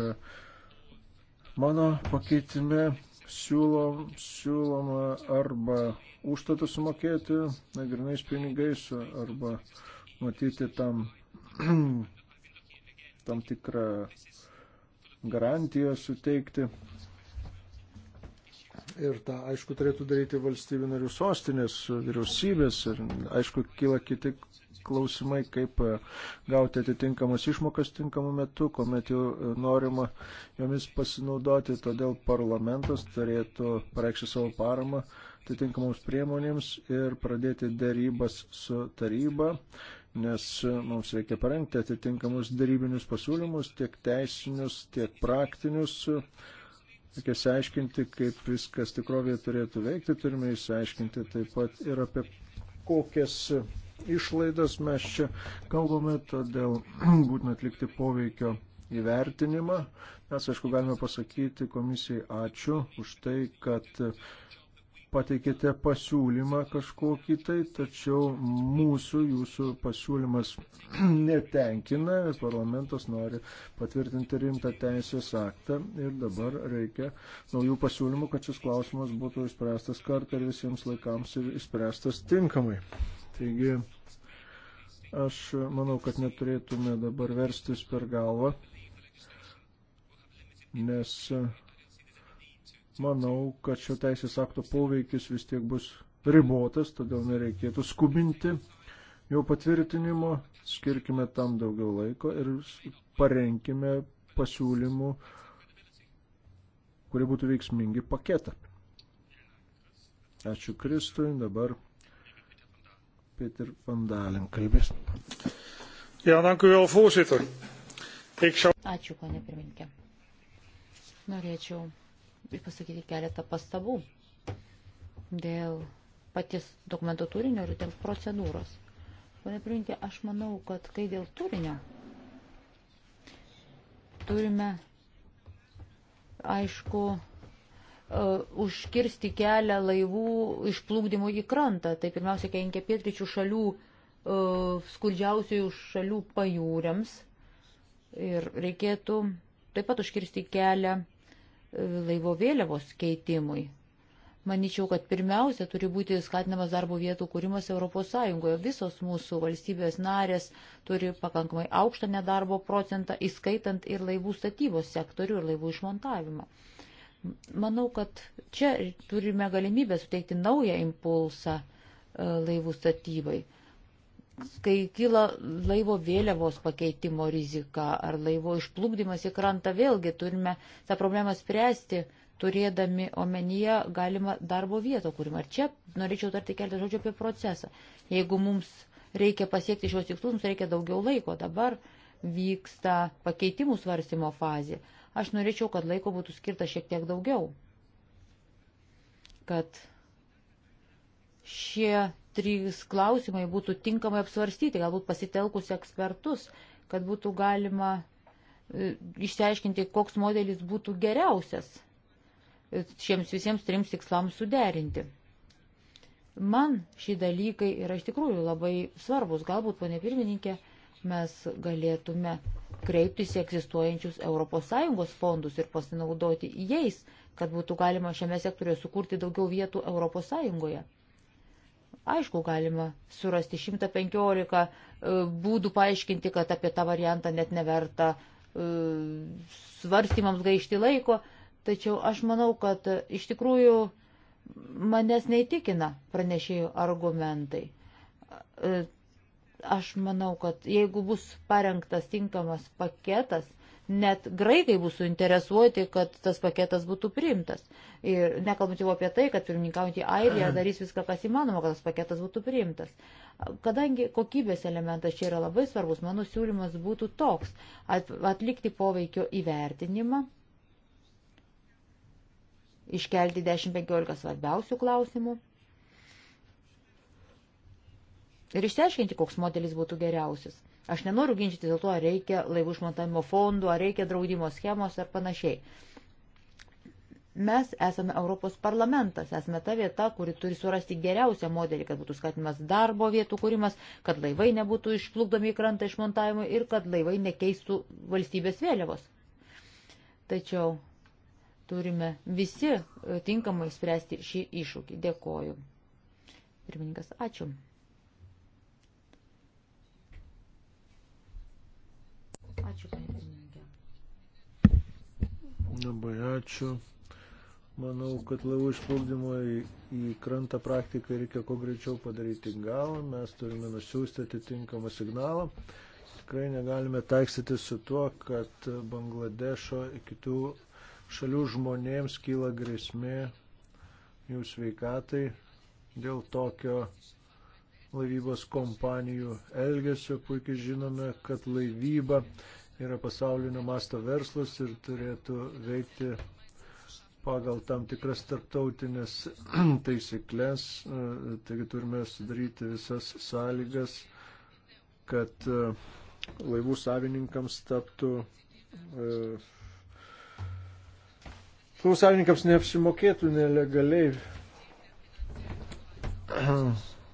mano pakeitime siūlo, siūloma arba užtatą sumokėti nagrinais pinigais arba matyti tam, <clears throat> tam tikrą garantiją suteikti. Ir tą, aišku, turėtų daryti valstybių narių sostinės, vyriausybės ir, aišku, kyla kiti klausimai, kaip e, gauti atitinkamas išmokas tinkamu metu, kuomet jau e, norima jomis pasinaudoti, todėl parlamentas turėtų pareikšti savo paramą atitinkamoms priemonėms ir pradėti dėrybas su taryba nes e, mums reikia parengti atitinkamus darybinius pasiūlymus, tiek teisinius, tiek praktinius. Reikia įsiaiškinti, kaip viskas tikrovėje turėtų veikti, turime įsiaiškinti taip pat ir apie kokias išlaidas mes čia kalbame, todėl <clears throat> būtina atlikti poveikio įvertinimą. Mes, aišku, galime pasakyti komisijai ačiū už tai, kad pateikėte pasiūlymą kažkokį tai, tačiau mūsų, jūsų pasiūlymas <clears throat> netenkina, parlamentas nori patvirtinti rimtą teisės aktą ir dabar reikia naujų pasiūlymų, kad šis klausimas būtų išspręstas kartą ir visiems laikams ir išspręstas tinkamai. Taigi aš manau, kad neturėtume dabar verstis per galvą, nes manau, kad šio teisės akto poveikis vis tiek bus ribotas, todėl nereikėtų skubinti jo patvirtinimo, skirkime tam daugiau laiko ir parenkime pasiūlymų, kurie būtų veiksmingi paketą. Ačiū Kristui, dabar Peter van Dalen kalbės. Ja, dank u wel, voorzitter. Ik zou... Ačiū, ponė pirmininkė. Norėčiau pasakyti keletą pastabų dėl paties dokumento turinio ir dėl procedūros. Pone Prinkė, aš manau, kad kai dėl turinio turime, aišku, uh, užkirsti kelią laivų išplukdymų į krantą. Tai pirmiausia kenkia pietryčių šalių, uh, e, skurdžiausių šalių pajūriams. Ir reikėtų taip pat užkirsti kelią e, laivo vėliavos keitimui. Maničiau, kad pirmiausia turi būti skatinamas darbo vietų kūrimas ES. Visos mūsų valstybės narės turi pakankamai aukštą nedarbo procentą, įskaitant ir laivų statybos sektorių ir laivų išmontavimą. Manau, kad čia turime galimybę suteikti naują impulsą e, laivų statybai. Kai kyla laivo vėliavos pakeitimo rizika ar laivo išplukdymas į krantą, vėlgi turime tą problemą spręsti, turėdami omenyje galima darbo vieto kūrimą. Ir čia norėčiau tarti keletą žodžių apie procesą. Jeigu mums reikia pasiekti šios tikslus, mums reikia daugiau laiko. Dabar vyksta pakeitimų svarstymo fazė. Aš norėčiau, kad laiko būtų skirta šiek tiek daugiau, kad šie trys klausimai būtų tinkamai apsvarstyti, galbūt pasitelkus ekspertus, kad būtų galima e, išsiaiškinti, koks modelis būtų geriausias e, šiems visiems trims tikslams suderinti. Man šie dalykai yra iš tikrųjų labai svarbus. Galbūt, ponė pirmininkė, mes galėtume kreiptis į egzistuojančius ES fondus ir pasinaudoti jais, kad būtų galima šiame sektoriuje sukurti daugiau vietų ES. Aišku, galima surasti 115 e, būdų paaiškinti, kad apie tą variantą net neverta e, svarstymams gaišti laiko, tačiau aš manau, kad iš tikrųjų manęs neįtikina pranešėjų argumentai e, Aš manau, kad jeigu bus parengtas tinkamas paketas, net graikai bus suinteresuoti, kad tas paketas būtų priimtas. Ir nekalbant jau apie tai, kad pirmininkaujantį Airiją <clears throat> darys viską, kas įmanoma, kad tas paketas būtų priimtas. Kadangi kokybės elementas čia yra labai svarbus, mano siūlymas būtų toks - atlikti poveikio įvertinimą, iškelti 10-15 svarbiausių klausimų ir išsiaiškinti, koks modelis būtų geriausias. Aš nenoriu ginčyti dėl to, ar reikia laivų išmontavimo fondų, ar reikia draudimo schemos ar panašiai. Mes esame Europos parlamentas, esame ta vieta, kuri turi surasti geriausią modelį, kad būtų skatimas darbo vietų kūrimas, kad laivai nebūtų išplukdomi į krantą išmontavimui ir kad laivai nekeistų valstybės vėliavos. Tačiau turime visi e, tinkamai spręsti šį iššūkį. Dėkoju. Pirmininkas, ačiū. Labai ačiū. Manau, kad laivų išplukdymo į, į krantą praktiką reikia kuo greičiau padaryti galą. Mes turime nusiųsti atitinkamą signalą. Tikrai negalime taiksyti su tuo, kad Bangladešo ir kitų šalių žmonėms kyla grėsmė jų sveikatai dėl tokio laivybos kompanijų elgesio. Puikiai žinome, kad laivyba yra pasaulinio masto verslus ir turėtų veikti pagal tam tikras tarptautinės <clears throat> taisyklės. E, taigi turime sudaryti visas sąlygas, kad e, laivų savininkams taptų. E, laivų savininkams neapsimokėtų nelegaliai <clears throat>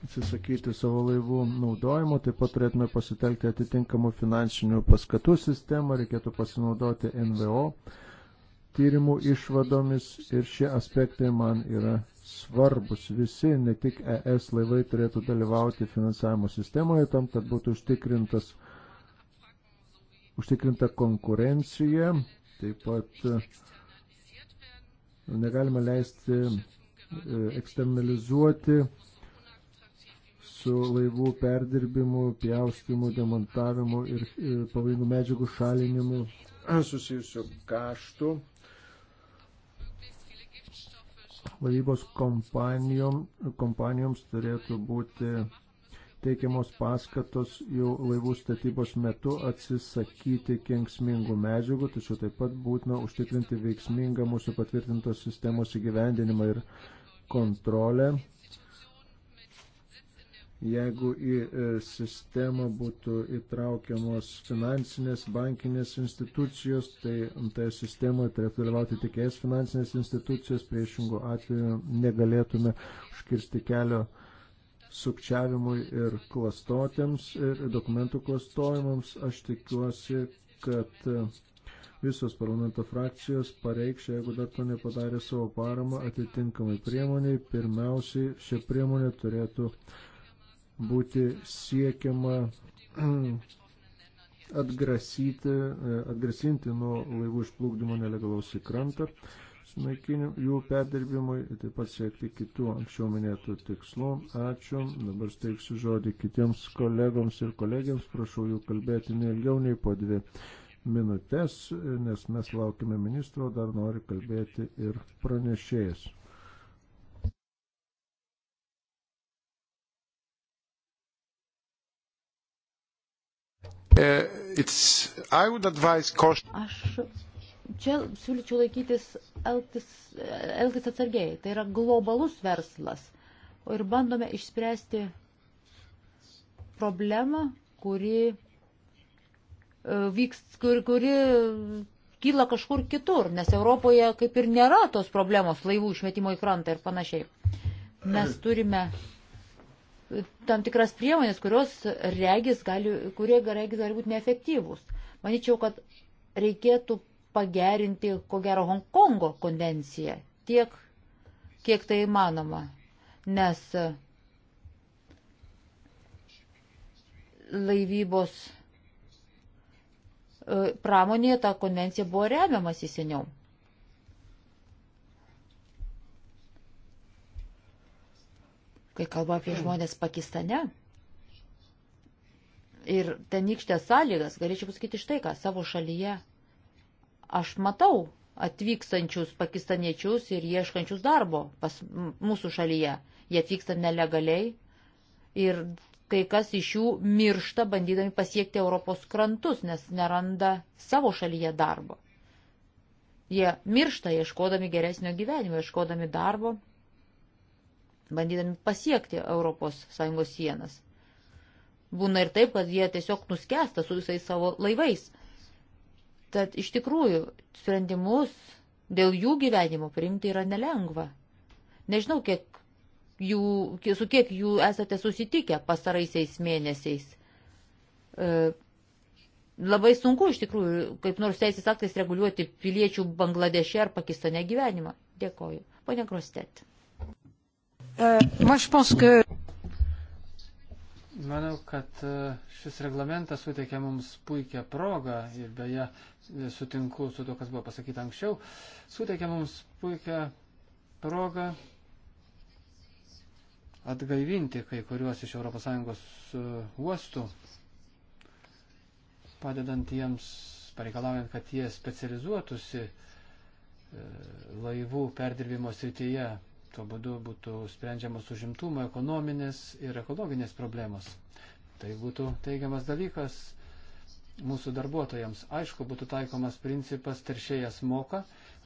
atsisakyti savo laivų naudojimo, taip pat turėtume pasitelkti atitinkamų finansinių paskatų sistemą, reikėtų pasinaudoti NVO tyrimų išvadomis ir šie aspektai man yra svarbus. Visi, ne tik ES laivai turėtų dalyvauti finansavimo sistemoje tam, kad būtų užtikrintas, užtikrinta konkurencija, taip pat e, negalima leisti e, eksternalizuoti su laivų perdirbimu, pjaustimu, demontavimu ir pavojingų medžiagų šalinimu susijusių kaštų. Laivybos kompanijom, kompanijoms turėtų būti teikiamos paskatos jau laivų statybos metu atsisakyti kenksmingų medžiagų, tačiau taip pat būtina užtikrinti veiksmingą mūsų patvirtintos sistemos įgyvendinimą ir kontrolę jeigu į e, sistemą būtų įtraukiamos finansinės, bankinės institucijos, tai toje tai sistemoje turėtų dalyvauti tik es finansinės institucijos, priešingų atveju negalėtume užkirsti kelio sukčiavimui ir klastotėms ir dokumentų klastojimams. Aš tikiuosi, kad e, visos parlamento frakcijos pareikš, jeigu dar to nepadarė savo paramą atitinkamai priemoniai, pirmiausiai šią priemonę turėtų būti siekiama atgrasyti, atgrasinti nuo laivų išplukdymo nelegalaus į krantą, sunaikinimui, jų perdirbimui, taip pat siekti kitų anksčiau minėtų tikslų. Ačiū. Dabar steiksiu žodį kitiems kolegoms ir kolegiams. Prašau jų kalbėti ne ilgiau nei po dvi minutės, nes mes laukime ministro, dar nori kalbėti ir pranešėjas. Uh, Aš čia siūlyčiau laikytis elgtis, elgtis atsargiai. Tai yra globalus verslas. Ir bandome išspręsti problemą, kuri, e, vyks, kur, kuri kyla kažkur kitur, nes Europoje kaip ir nėra tos problemos laivų išmetimo į krantą ir panašiai. Mes turime tam tikras priemonės, kurios regis gali, kurie regis gali būti neefektyvūs. Maničiau, kad reikėtų pagerinti, ko gero, Hongkongo konvenciją tiek, kiek tai įmanoma. Nes laivybos e, pramonėje ta konvencija buvo remiamas į seniau. kai kalba apie žmonės Pakistane ir tenykštės sąlygas, galėčiau pasakyti štai ką, savo šalyje aš matau atvykstančius pakistaniečius ir ieškančius darbo pas mūsų šalyje. Jie atvyksta nelegaliai ir kai kas iš jų miršta bandydami pasiekti Europos krantus, nes neranda savo šalyje darbo. Jie miršta ieškodami geresnio gyvenimo, ieškodami darbo bandydami pasiekti ES sienas. Būna ir taip, kad jie tiesiog nuskesta su visais savo laivais. Tad iš tikrųjų sprendimus dėl jų gyvenimo priimti yra nelengva. Nežinau, kiek jų, su kiek jų esate susitikę pasaraisiais mėnesiais. E, labai sunku iš tikrųjų, kaip nors teisės aktais reguliuoti piliečių Bangladeše ar Pakistane gyvenimą. Dėkoju. Pone Grostet. Uh, Manau, kad uh, šis reglamentas suteikia mums puikią progą ir beje sutinku su to, kas buvo pasakyta anksčiau, suteikia mums puikią progą atgaivinti kai kuriuos iš ES uh, uostų, padedant jiems, pareikalaujant, kad jie specializuotųsi laivų perdirbimo srityje, Tuo būdu būtų sprendžiamos užimtumo, ekonominės ir ekologinės problemos. Tai būtų teigiamas dalykas mūsų darbuotojams. Aišku, būtų taikomas principas teršėjas moka,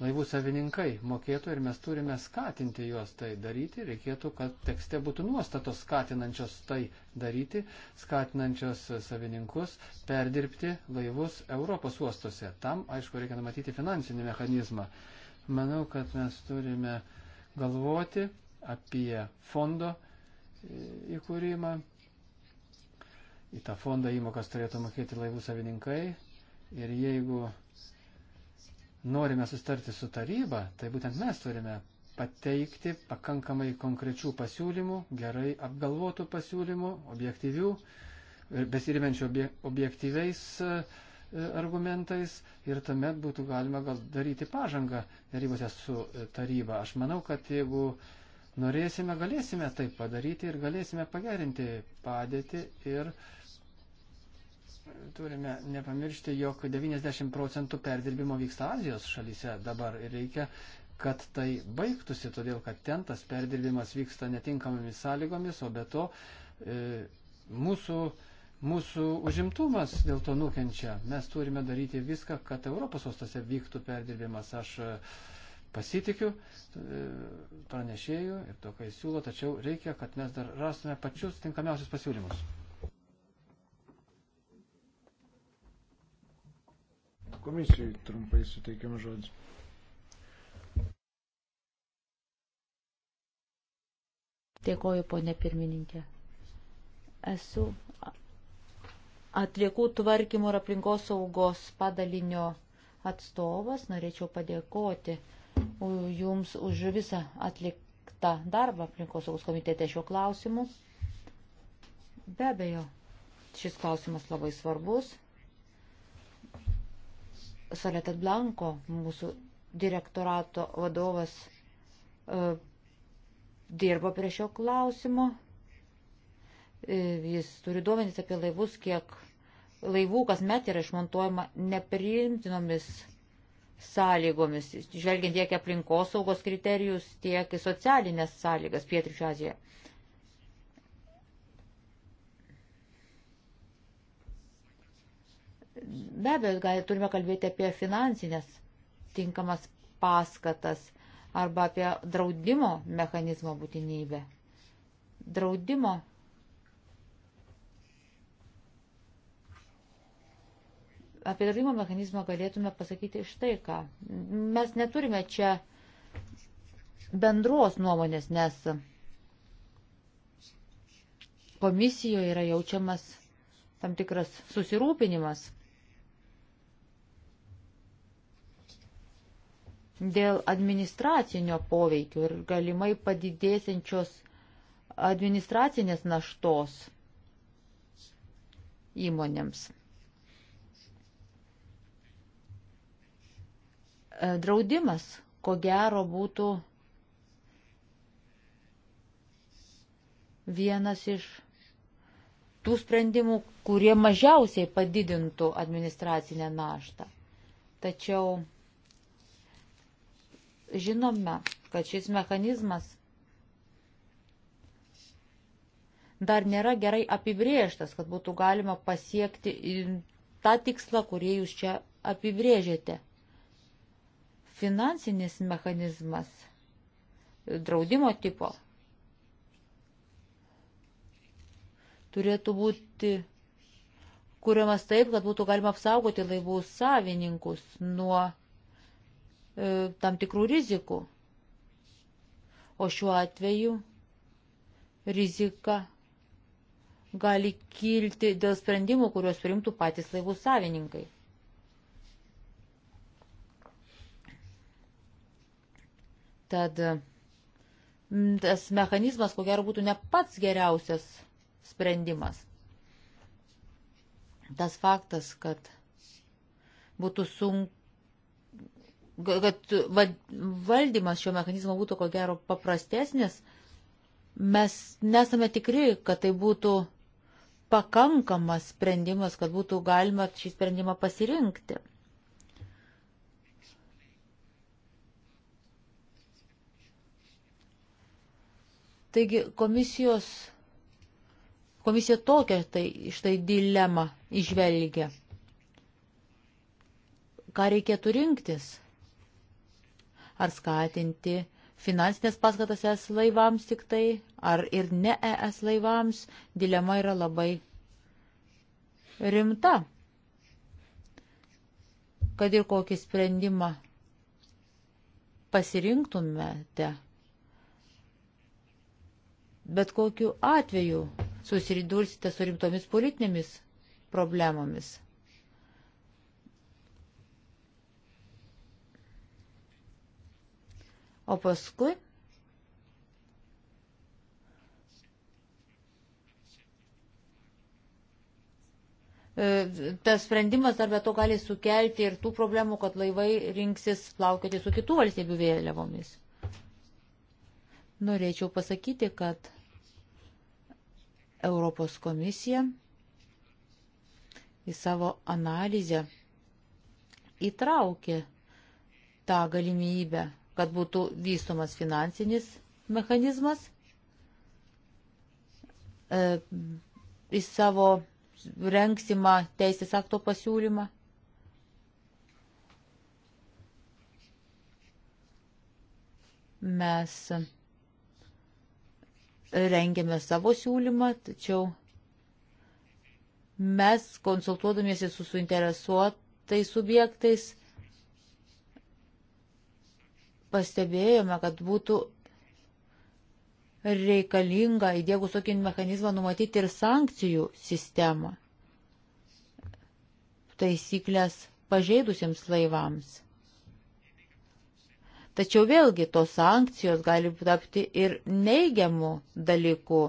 laivų savininkai mokėtų ir mes turime skatinti juos tai daryti. Reikėtų, kad tekste būtų nuostatos skatinančios tai daryti, skatinančios savininkus perdirbti laivus Europos uostuose. Tam, aišku, reikia numatyti finansinį mechanizmą. Manau, kad mes turime galvoti apie fondo įkūrimą. Į tą fondą įmokas turėtų mokėti laivų savininkai. Ir jeigu norime sustarti su taryba, tai būtent mes turime pateikti pakankamai konkrečių pasiūlymų, gerai apgalvotų pasiūlymų, objektyvių, besirimenčių objektyviais uh, E, argumentais ir tuomet būtų galima gal daryti pažangą darybose su e, taryba. Aš manau, kad jeigu norėsime, galėsime tai padaryti ir galėsime pagerinti padėtį ir turime nepamiršti, jog 90 procentų perdirbimo vyksta Azijos šalyse dabar ir reikia kad tai baigtųsi, todėl kad ten tas perdirbimas vyksta netinkamomis sąlygomis, o be to e, mūsų e, Mūsų užimtumas dėl to nukenčia. Mes turime daryti viską, kad Europos ostose vyktų perdirbimas. Aš e, pasitikiu e, pranešėjų ir to, ką jis siūlo, tačiau reikia, kad mes dar rastume pačius tinkamiausius pasiūlymus. Komisijai trumpai suteikiam žodžiu. Dėkoju, ponė pirmininkė. Esu atliekų tvarkymo ir aplinkos saugos padalinio atstovas. Norėčiau padėkoti Jums už visą atliktą darbą aplinkos saugos komitete šiuo klausimu. Be abejo, šis klausimas labai svarbus. Soletat Blanko, mūsų direktorato vadovas, e, dirbo prie šio klausimo E, jis turi duomenys apie laivus, kiek laivų kasmet yra išmontuojama nepriimtinomis sąlygomis, žvelgiant tiek aplinkosaugos kriterijus, tiek į socialinės sąlygas Pietričio Azijoje. Be abejo, gal, turime kalbėti apie finansinės tinkamas paskatas arba apie draudimo mechanizmo būtinybę. Draudimo apie draudimo mechanizmą galėtume pasakyti štai ką. Mes neturime čia bendros nuomonės, nes komisijoje yra jaučiamas tam tikras susirūpinimas dėl administracinio poveikio ir galimai padidėsiančios administracinės naštos įmonėms. E, draudimas, ko gero, būtų vienas iš tų sprendimų, kurie mažiausiai padidintų administracinę naštą. Tačiau žinome, kad šis mechanizmas dar nėra gerai apibrėžtas, kad būtų galima pasiekti tą tikslą, kurį jūs čia apibrėžėte. Finansinis mechanizmas draudimo tipo turėtų būti kuriamas taip, kad būtų galima apsaugoti laivų savininkus nuo e, tam tikrų rizikų. O šiuo atveju rizika gali kilti dėl sprendimų, kuriuos priimtų patys laivų savininkai. Tad mm, tas mechanizmas, ko gero, būtų ne pats geriausias sprendimas. Tas faktas, kad būtų sunku kad valdymas šio mechanizmo būtų ko gero paprastesnis, mes nesame tikri, kad tai būtų pakankamas sprendimas, kad būtų galima šį sprendimą pasirinkti. Taigi komisijos, komisija tokią tai, štai dilemą išvelgia. Ką reikėtų rinktis? Ar skatinti finansinės paskatas es laivams tik tai, ar ir ne es laivams, dilema yra labai rimta. Kad ir kokį sprendimą pasirinktumėte bet kokiu atveju susidursite su rimtomis politinėmis problemomis. O paskui e, tas sprendimas dar be to gali sukelti ir tų problemų, kad laivai rinksis plaukėti su kitų valstybių vėliavomis. Norėčiau pasakyti, kad Europos komisija į savo analizę įtraukė tą galimybę, kad būtų vystomas finansinis mechanizmas e, į savo renksimą teisės akto pasiūlymą. Mes rengėme savo siūlymą, tačiau mes konsultuodamiesi su suinteresuotais subjektais pastebėjome, kad būtų reikalinga įdėgus tokį mechanizmą numatyti ir sankcijų sistemą taisyklės pažeidusiems laivams. Tačiau vėlgi tos sankcijos gali tapti ir neigiamų dalykų,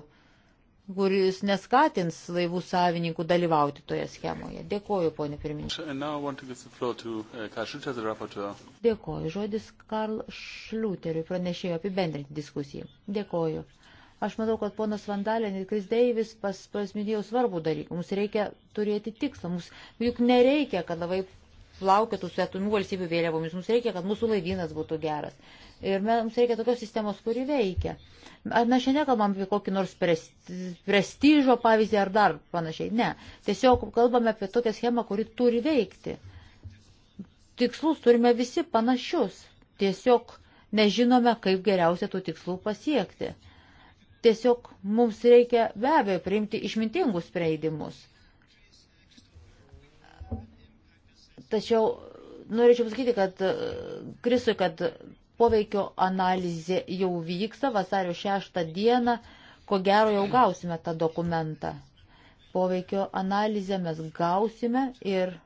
kuris neskatins laivų savininkų dalyvauti toje schemoje. Dėkoju, ponė pirmininkė. Uh, Dėkoju, žodis Karl Šliuteriui pranešėjo apibendrinti diskusiją. Dėkoju. Aš manau, kad ponas Vandalin ir Kris Deivis pas, pasminėjo svarbų dalyką. Mums reikia turėti tikslą. Mums juk nereikia, kad labai plaukėtų su etumų valstybių vėliavomis. Mums reikia, kad mūsų laivynas būtų geras. Ir mums reikia tokios sistemos, kuri veikia. Ar mes šiandien kalbam apie kokį nors prestižo pavyzdį ar dar panašiai? Ne. Tiesiog kalbame apie tokią schemą, kuri turi veikti. Tikslus turime visi panašius. Tiesiog nežinome, kaip geriausia tų tikslų pasiekti. Tiesiog mums reikia be abejo priimti išmintingus sprendimus Tačiau norėčiau pasakyti, kad e, Krisui, kad poveikio analizė jau vyksta vasario 6 dieną, ko gero jau gausime tą dokumentą. Poveikio analizę mes gausime ir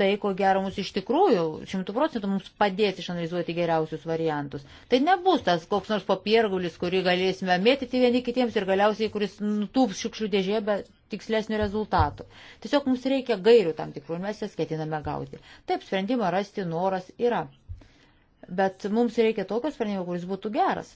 tai, ko gero, mums iš tikrųjų šimtų procentų mums padės išanalizuoti geriausius variantus. Tai nebus tas koks nors papirgulis, kurį galėsime mėtyti vieni kitiems ir galiausiai, kuris nutūps šiukšlių dėžė be tikslesnių rezultatų. Tiesiog mums reikia gairių tam tikrų ir mes jas ketiname gauti. Taip, sprendimą rasti noras yra. Bet mums reikia tokio sprendimo, kuris būtų geras,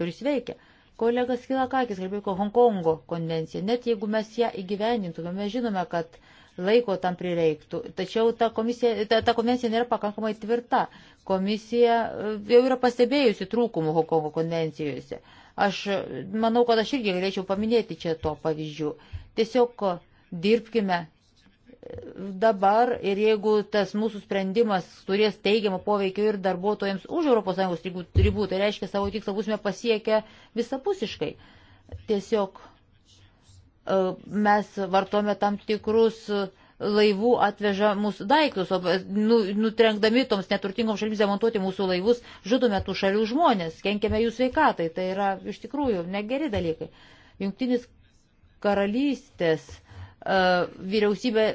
kuris veikia. Kolegas Kilakakis kalbėjo Hongkongo konvenciją. Net jeigu mes ją įgyvenintume, mes žinome, kad uh, laiko tam prireiktų. Tačiau ta, komisija, ta, ta konvencija nėra pakankamai tvirta. Komisija e, jau yra pastebėjusi trūkumų Hokongo konvencijose. Aš manau, kad aš irgi galėčiau paminėti čia to pavyzdžių. Tiesiog dirbkime e, dabar ir jeigu tas mūsų sprendimas turės teigiamą poveikį ir darbuotojams už ES ribų, tai reiškia savo tikslą būsime pasiekę visapusiškai. Tiesiog E, mes vartome tam tikrus laivų atveža mūsų daiktus, o nu, nutrenkdami toms neturtingoms šalims demontuoti mūsų laivus, žudome tų šalių žmonės, kenkiame jų sveikatai. Tai yra iš tikrųjų negeri dalykai. Jungtinis karalystės e, vyriausybė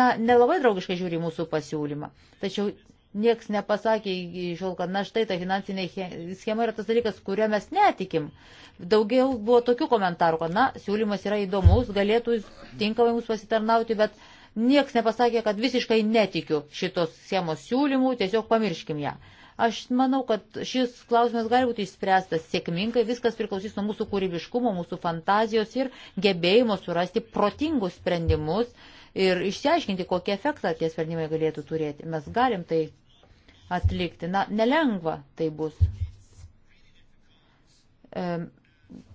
na, nelabai draugiškai žiūri mūsų pasiūlymą. Tačiau Niekas nepasakė iki šiol, kad na štai ta finansinė schema yra tas dalykas, kurio mes netikim. Daugiau buvo tokių komentarų, kad na, siūlymas yra įdomus, galėtų tinkamai mums pasitarnauti, bet niekas nepasakė, kad visiškai netikiu šitos schemos siūlymų, tiesiog pamirškim ją. Aš manau, kad šis klausimas gali būti išspręstas sėkmingai, viskas priklausys nuo mūsų kūrybiškumo, mūsų fantazijos ir gebėjimo surasti protingus sprendimus ir išsiaiškinti, kokį efektą tie sprendimai galėtų turėti. Mes galim tai atlikti. Na, nelengva tai bus. E,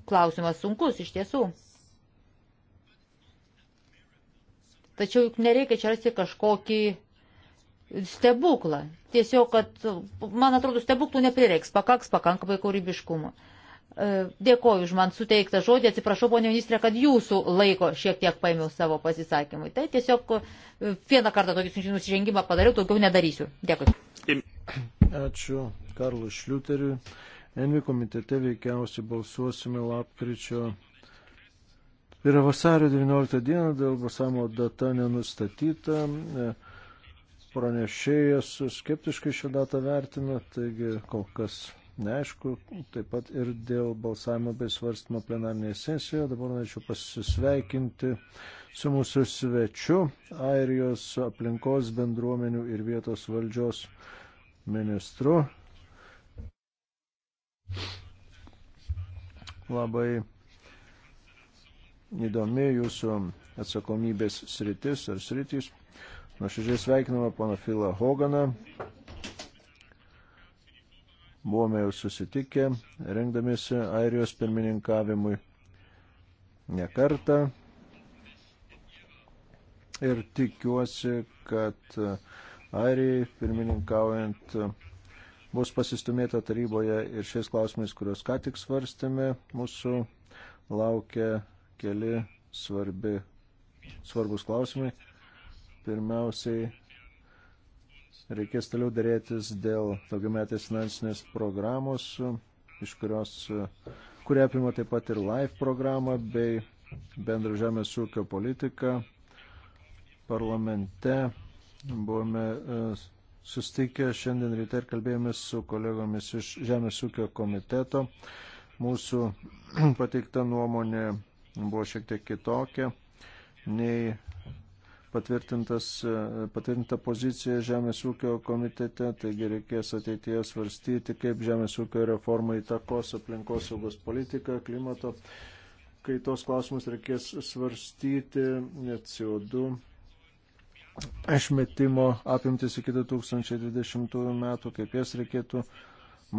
klausimas sunkus iš tiesų. Tačiau juk nereikia čia rasti kažkokį stebuklą. Tiesiog, kad, man atrodo, stebuklų neprireiks, pakaks pakankamai kūrybiškumo. Dėkoju už man suteiktą žodį, atsiprašau, ponė ministrė, kad jūsų laiko šiek tiek paėmiau savo pasisakymui. Tai tiesiog vieną kartą tokį nusižengimą padariau, daugiau nedarysiu. Dėkui. Ačiū Karlu Šliuteriu. Envi komitete veikiausiai balsuosime lapkričio Ir vasario 19 dieną dėl balsavimo data nenustatyta. Pranešėjas skeptiškai šią datą vertina, taigi kol kas neaišku. Taip pat ir dėl balsavimo bei svarstymo plenarnėje sesijoje. Dabar norėčiau pasisveikinti su mūsų svečiu Airijos aplinkos bendruomenių ir vietos valdžios ministru. Labai įdomi jūsų atsakomybės sritis ar sritis. Nuoširdžiai sveikiname pana Filą Hoganą. Buvome jau susitikę, rengdamėsi Airijos pirmininkavimui ne kartą. Ir tikiuosi, kad uh, Airijai, pirmininkaujant, e, bus pasistumėta taryboje ir šiais klausimais, kuriuos ką tik svarstėme, mūsų laukia keli svarbi, svarbus klausimai. Pirmiausiai, reikės toliau dėrėtis dėl daugiametės finansinės programos, iš kurios, kuria apima taip pat ir LIFE programą bei bendra žemės ūkio politika parlamente Buvome e, sustikę šiandien ryte ir kalbėjomės su kolegomis iš Žemės ūkio komiteto. Mūsų <clears throat> pateikta nuomonė buvo šiek tiek kitokia nei e, patvirtinta pozicija Žemės ūkio komitete, taigi reikės ateityje svarstyti, kaip Žemės ūkio reforma įtakos aplinkosaugos politiką, klimato kaitos klausimus reikės svarstyti, CO2 išmetimo apimtis iki 2020 metų, kaip jas reikėtų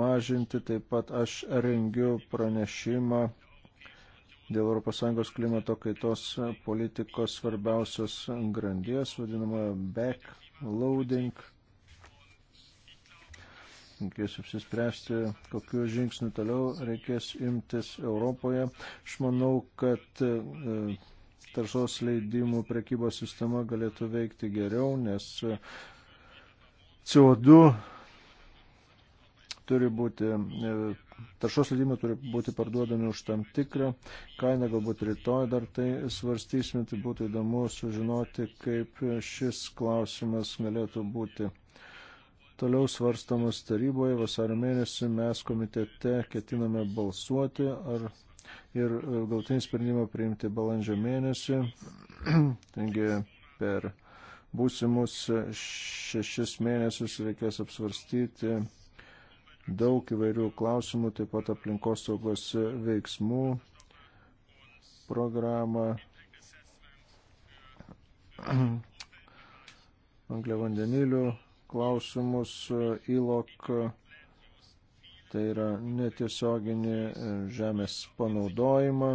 mažinti. Taip pat aš rengiu pranešimą dėl ES klimato kaitos politikos svarbiausios grandies, vadinamojo backloading. Reikės apsispręsti, kokiu žingsniu toliau reikės imtis Europoje. Aš manau, kad e, taršos leidimų prekybos sistema galėtų veikti geriau, nes CO2 turi būti, e, taršos leidimai turi būti parduodami už tam tikrą kainą, galbūt rytoj dar tai svarstysime, tai būtų įdomu sužinoti, kaip šis klausimas galėtų būti toliau svarstamas taryboje vasario mėnesį mes komitete ketiname balsuoti, ar ir e, galtinį sprendimą priimti balandžio mėnesį. <clears throat> Taigi per būsimus šešis mėnesius reikės apsvarstyti daug įvairių klausimų, taip pat aplinkos saugos veiksmų programą, <clears throat> angliavandenilių klausimus, įlok e, tai yra netiesioginį e, žemės panaudojimą,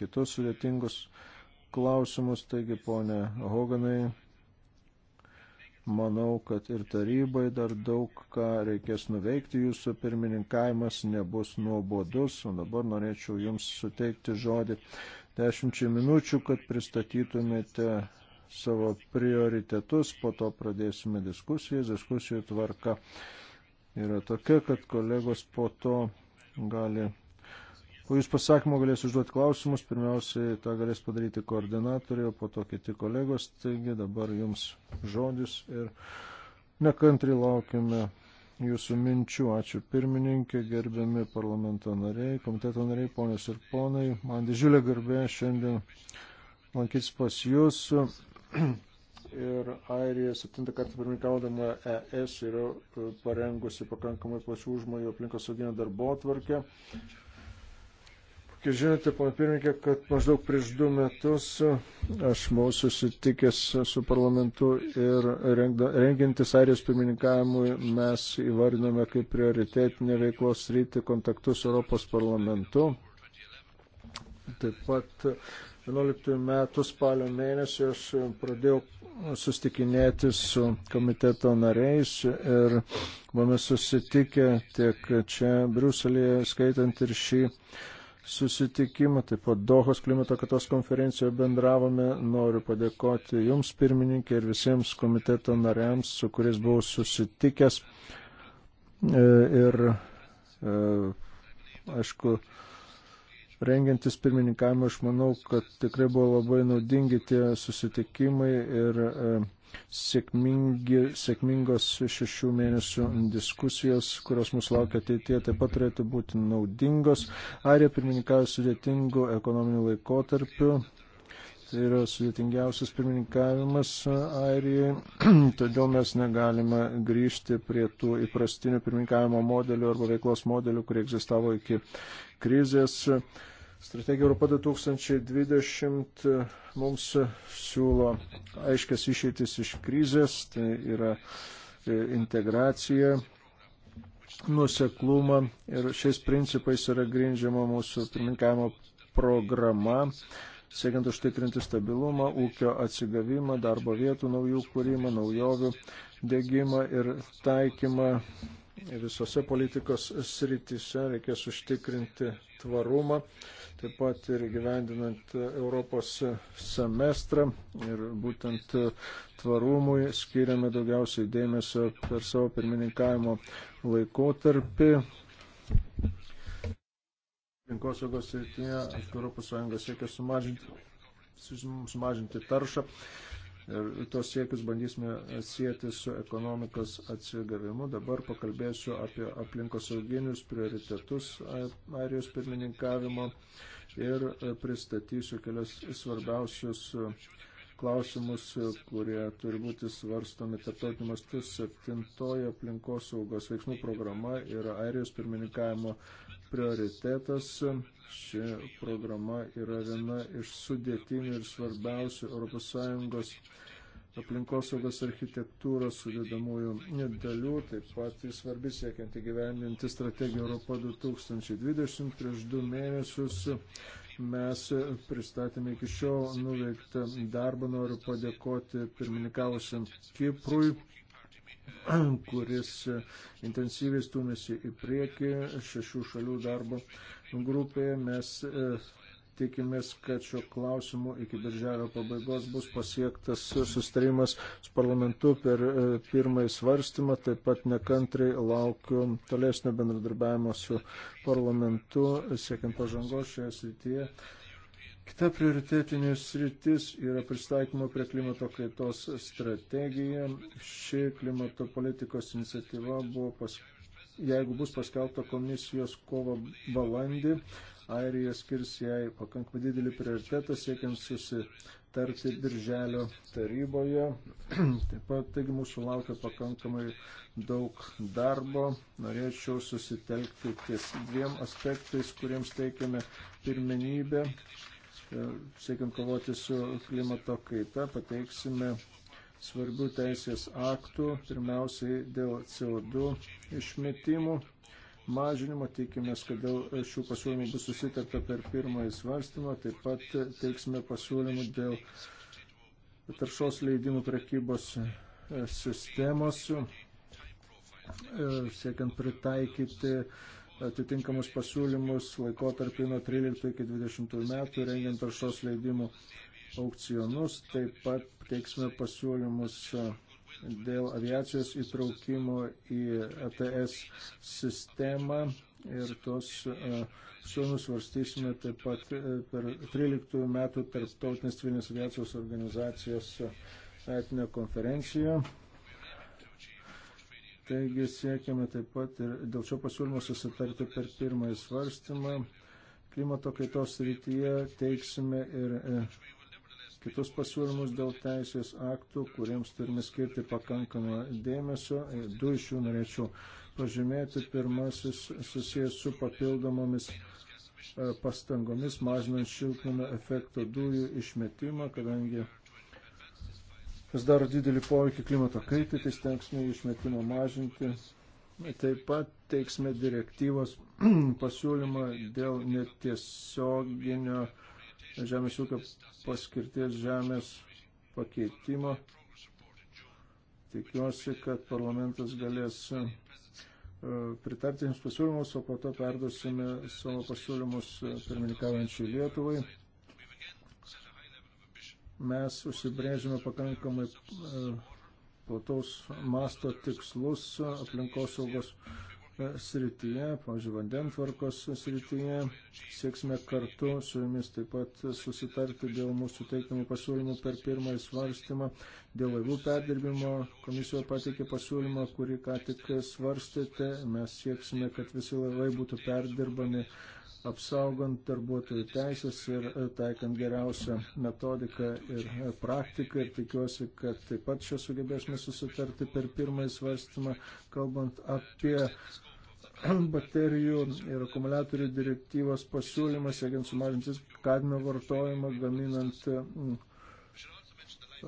kitus sudėtingus klausimus. Taigi, ponė Hoganai, manau, kad ir tarybai dar daug ką reikės nuveikti, jūsų pirmininkavimas nebus nuobodus, o dabar norėčiau jums suteikti žodį dešimčiai minučių, kad pristatytumėte savo prioritetus, po to pradėsime diskusijas, diskusijų tvarka yra tokia, kad kolegos po to gali, po jūs pasakymo galės užduoti klausimus, pirmiausiai tą galės padaryti koordinatoriai, o po to kiti kolegos, taigi dabar jums žodis ir nekantri laukime jūsų minčių. Ačiū pirmininkė, gerbiami parlamento nariai, komiteto nariai, ponės ir ponai. Man didžiulė garbė šiandien lankytis pas jūs. <clears throat> ir Airija septintą kartą pirmininkaudama ES yra e, parengusi pakankamai plačių užmojų aplinkos sauginę darbo atvarkę. Kaip žinote, pana pirmininkė, kad maždaug prieš du metus e, aš buvau susitikęs su parlamentu ir rengintis Airijos pirmininkavimui mes įvardinome kaip prioritetinę veiklos rytį kontaktus Europos parlamentu. Taip pat 11 metų spalio mėnesį aš pradėjau sustikinėti su komiteto nariais ir buvome susitikę tiek čia Briuselėje, skaitant ir šį susitikimą, taip pat Dohos klimato katos konferencijoje bendravome. Noriu padėkoti Jums, pirmininkė, ir visiems komiteto nariams, su kuriais buvau susitikęs. E, ir, e, aišku, rengiantis pirmininkavimą, aš manau, kad tikrai buvo labai naudingi tie susitikimai ir e, sėkmingi, sėkmingos šešių mėnesių diskusijos, kurios mūsų laukia ateitie, taip pat turėtų būti naudingos. Airija pirmininkavo sudėtingų ekonominių laikotarpių. Tai yra sudėtingiausias pirmininkavimas Airijai, <clears throat> todėl mes negalime grįžti prie tų įprastinių pirmininkavimo modelių arba veiklos modelių, kurie egzistavo iki krizės. Strategija Europa 2020 e, mums siūlo aiškias išeitis iš krizės, tai yra e, integracija, nuseklumą ir šiais principais yra grindžiama mūsų pirmininkavimo programa, siekiant užtikrinti stabilumą, ūkio atsigavimą, darbo vietų naujų kūrimą, naujovių dėgymą ir taikymą visose politikos sritise reikės užtikrinti tvarumą, taip pat ir gyvendinant Europos semestrą. Ir būtent tvarumui skiriame daugiausiai dėmesio per savo pirmininkavimo laikotarpį. Aplinkosaugos srityje Europos Sąjunga siekia sumažinti, sumažinti taršą Ir tos siekius bandysime sieti su ekonomikos atsigavimu. Dabar pakalbėsiu apie aplinkosauginius prioritetus Airijos pirmininkavimo ir pristatysiu kelias svarbiausius klausimus, kurie turi būti svarstomi tarptautiniu mastu. Septintoji aplinkosaugos veiksmų programa yra Airijos pirmininkavimo prioritetas. Ši programa yra viena iš sudėtinių ir svarbiausių ES aplinkosaugos architektūros sudėdamųjų dalių, taip pat svarbi siekiant įgyvendinti strategiją Europo 2020 prieš du mėnesius. Mes pristatėme iki šiol nuveiktą darbą, noriu padėkoti pirmininkavusiam Kiprui kuris intensyviai stumėsi į priekį šešių šalių darbo grupėje. Mes e, tikimės, kad šio klausimu iki birželio pabaigos bus pasiektas sustarimas su parlamentu per e, pirmąjį svarstymą. Taip pat nekantrai laukiu tolesnio bendradarbiavimo su parlamentu, siekiant pažangos šioje srityje. Kita prioritetinė sritis yra pristaikymo prie klimato kaitos strategija. Ši klimato politikos iniciatyva buvo, pas, jeigu bus paskelbta komisijos kovo balandį, Airija skirs jai pakankamai didelį prioritetą siekiant susitarti Birželio taryboje. <clears throat> Taip pat, taigi mūsų laukia pakankamai daug darbo. Norėčiau susitelkti ties dviem aspektais, kuriems teikiame pirmenybę siekiant kovoti su klimato kaita, pateiksime svarbių teisės aktų, pirmiausiai dėl CO2 išmetimų mažinimo. Tikimės, kad dėl šių pasiūlymų bus susitarta per pirmąjį svarstymą. Taip pat teiksime pasiūlymų dėl taršos leidimų prekybos e, sistemos, e, siekiant pritaikyti atitinkamus pasiūlymus laikotarpį nuo 13 iki 20 metų, rengiant taršos leidimų aukcionus. Taip pat teiksime pasiūlymus dėl aviacijos įtraukimo į ATS e sistemą ir tos e, siūlymus varstysime taip pat e, per 13 metų tarptautinės civilinės aviacijos organizacijos metinę konferenciją. Taigi siekiame taip pat ir dėl šio pasiūlymo susitarti per pirmąjį svarstymą. Klimato kaitos rytyje teiksime ir e, kitus pasiūlymus dėl teisės aktų, kuriems turime skirti pakankamą dėmesio. E, du iš jų norėčiau pažymėti. Pirmasis susijęs su papildomomis e, pastangomis mažinant šiltnamio efekto dujų išmetimą, kadangi kas daro didelį poveikį klimato kaitai, tai stengsime išmetimą mažinti. Taip pat teiksime direktyvos <clears throat> pasiūlymą dėl netiesioginio žemės ūkio paskirties žemės pakeitimo. Tikiuosi, kad parlamentas galės e, pritarti jums pasiūlymus, o po to perduosime savo pasiūlymus e, pirmininkaujančiai Lietuvai mes užsibrėžėme pakankamai e, plataus masto tikslus aplinkosaugos e, srityje, pavyzdžiui, vandentvarkos srityje. Sieksime kartu su jumis taip pat susitarti dėl mūsų teikiamų pasiūlymų per pirmąjį svarstymą. Dėl laivų perdirbimo komisija pateikė pasiūlymą, kurį ką tik svarstėte. Mes sieksime, kad visi laivai būtų perdirbami apsaugant darbuotojų teisės ir e, taikant geriausią metodiką ir e, praktiką. Ir tikiuosi, kad taip pat čia sugebėsime susitarti per pirmąjį svarstymą, kalbant apie <clears throat> baterijų ir akumuliatorių direktyvos pasiūlymą, siekiant sumažinti kadmio vartojimą, gaminant e,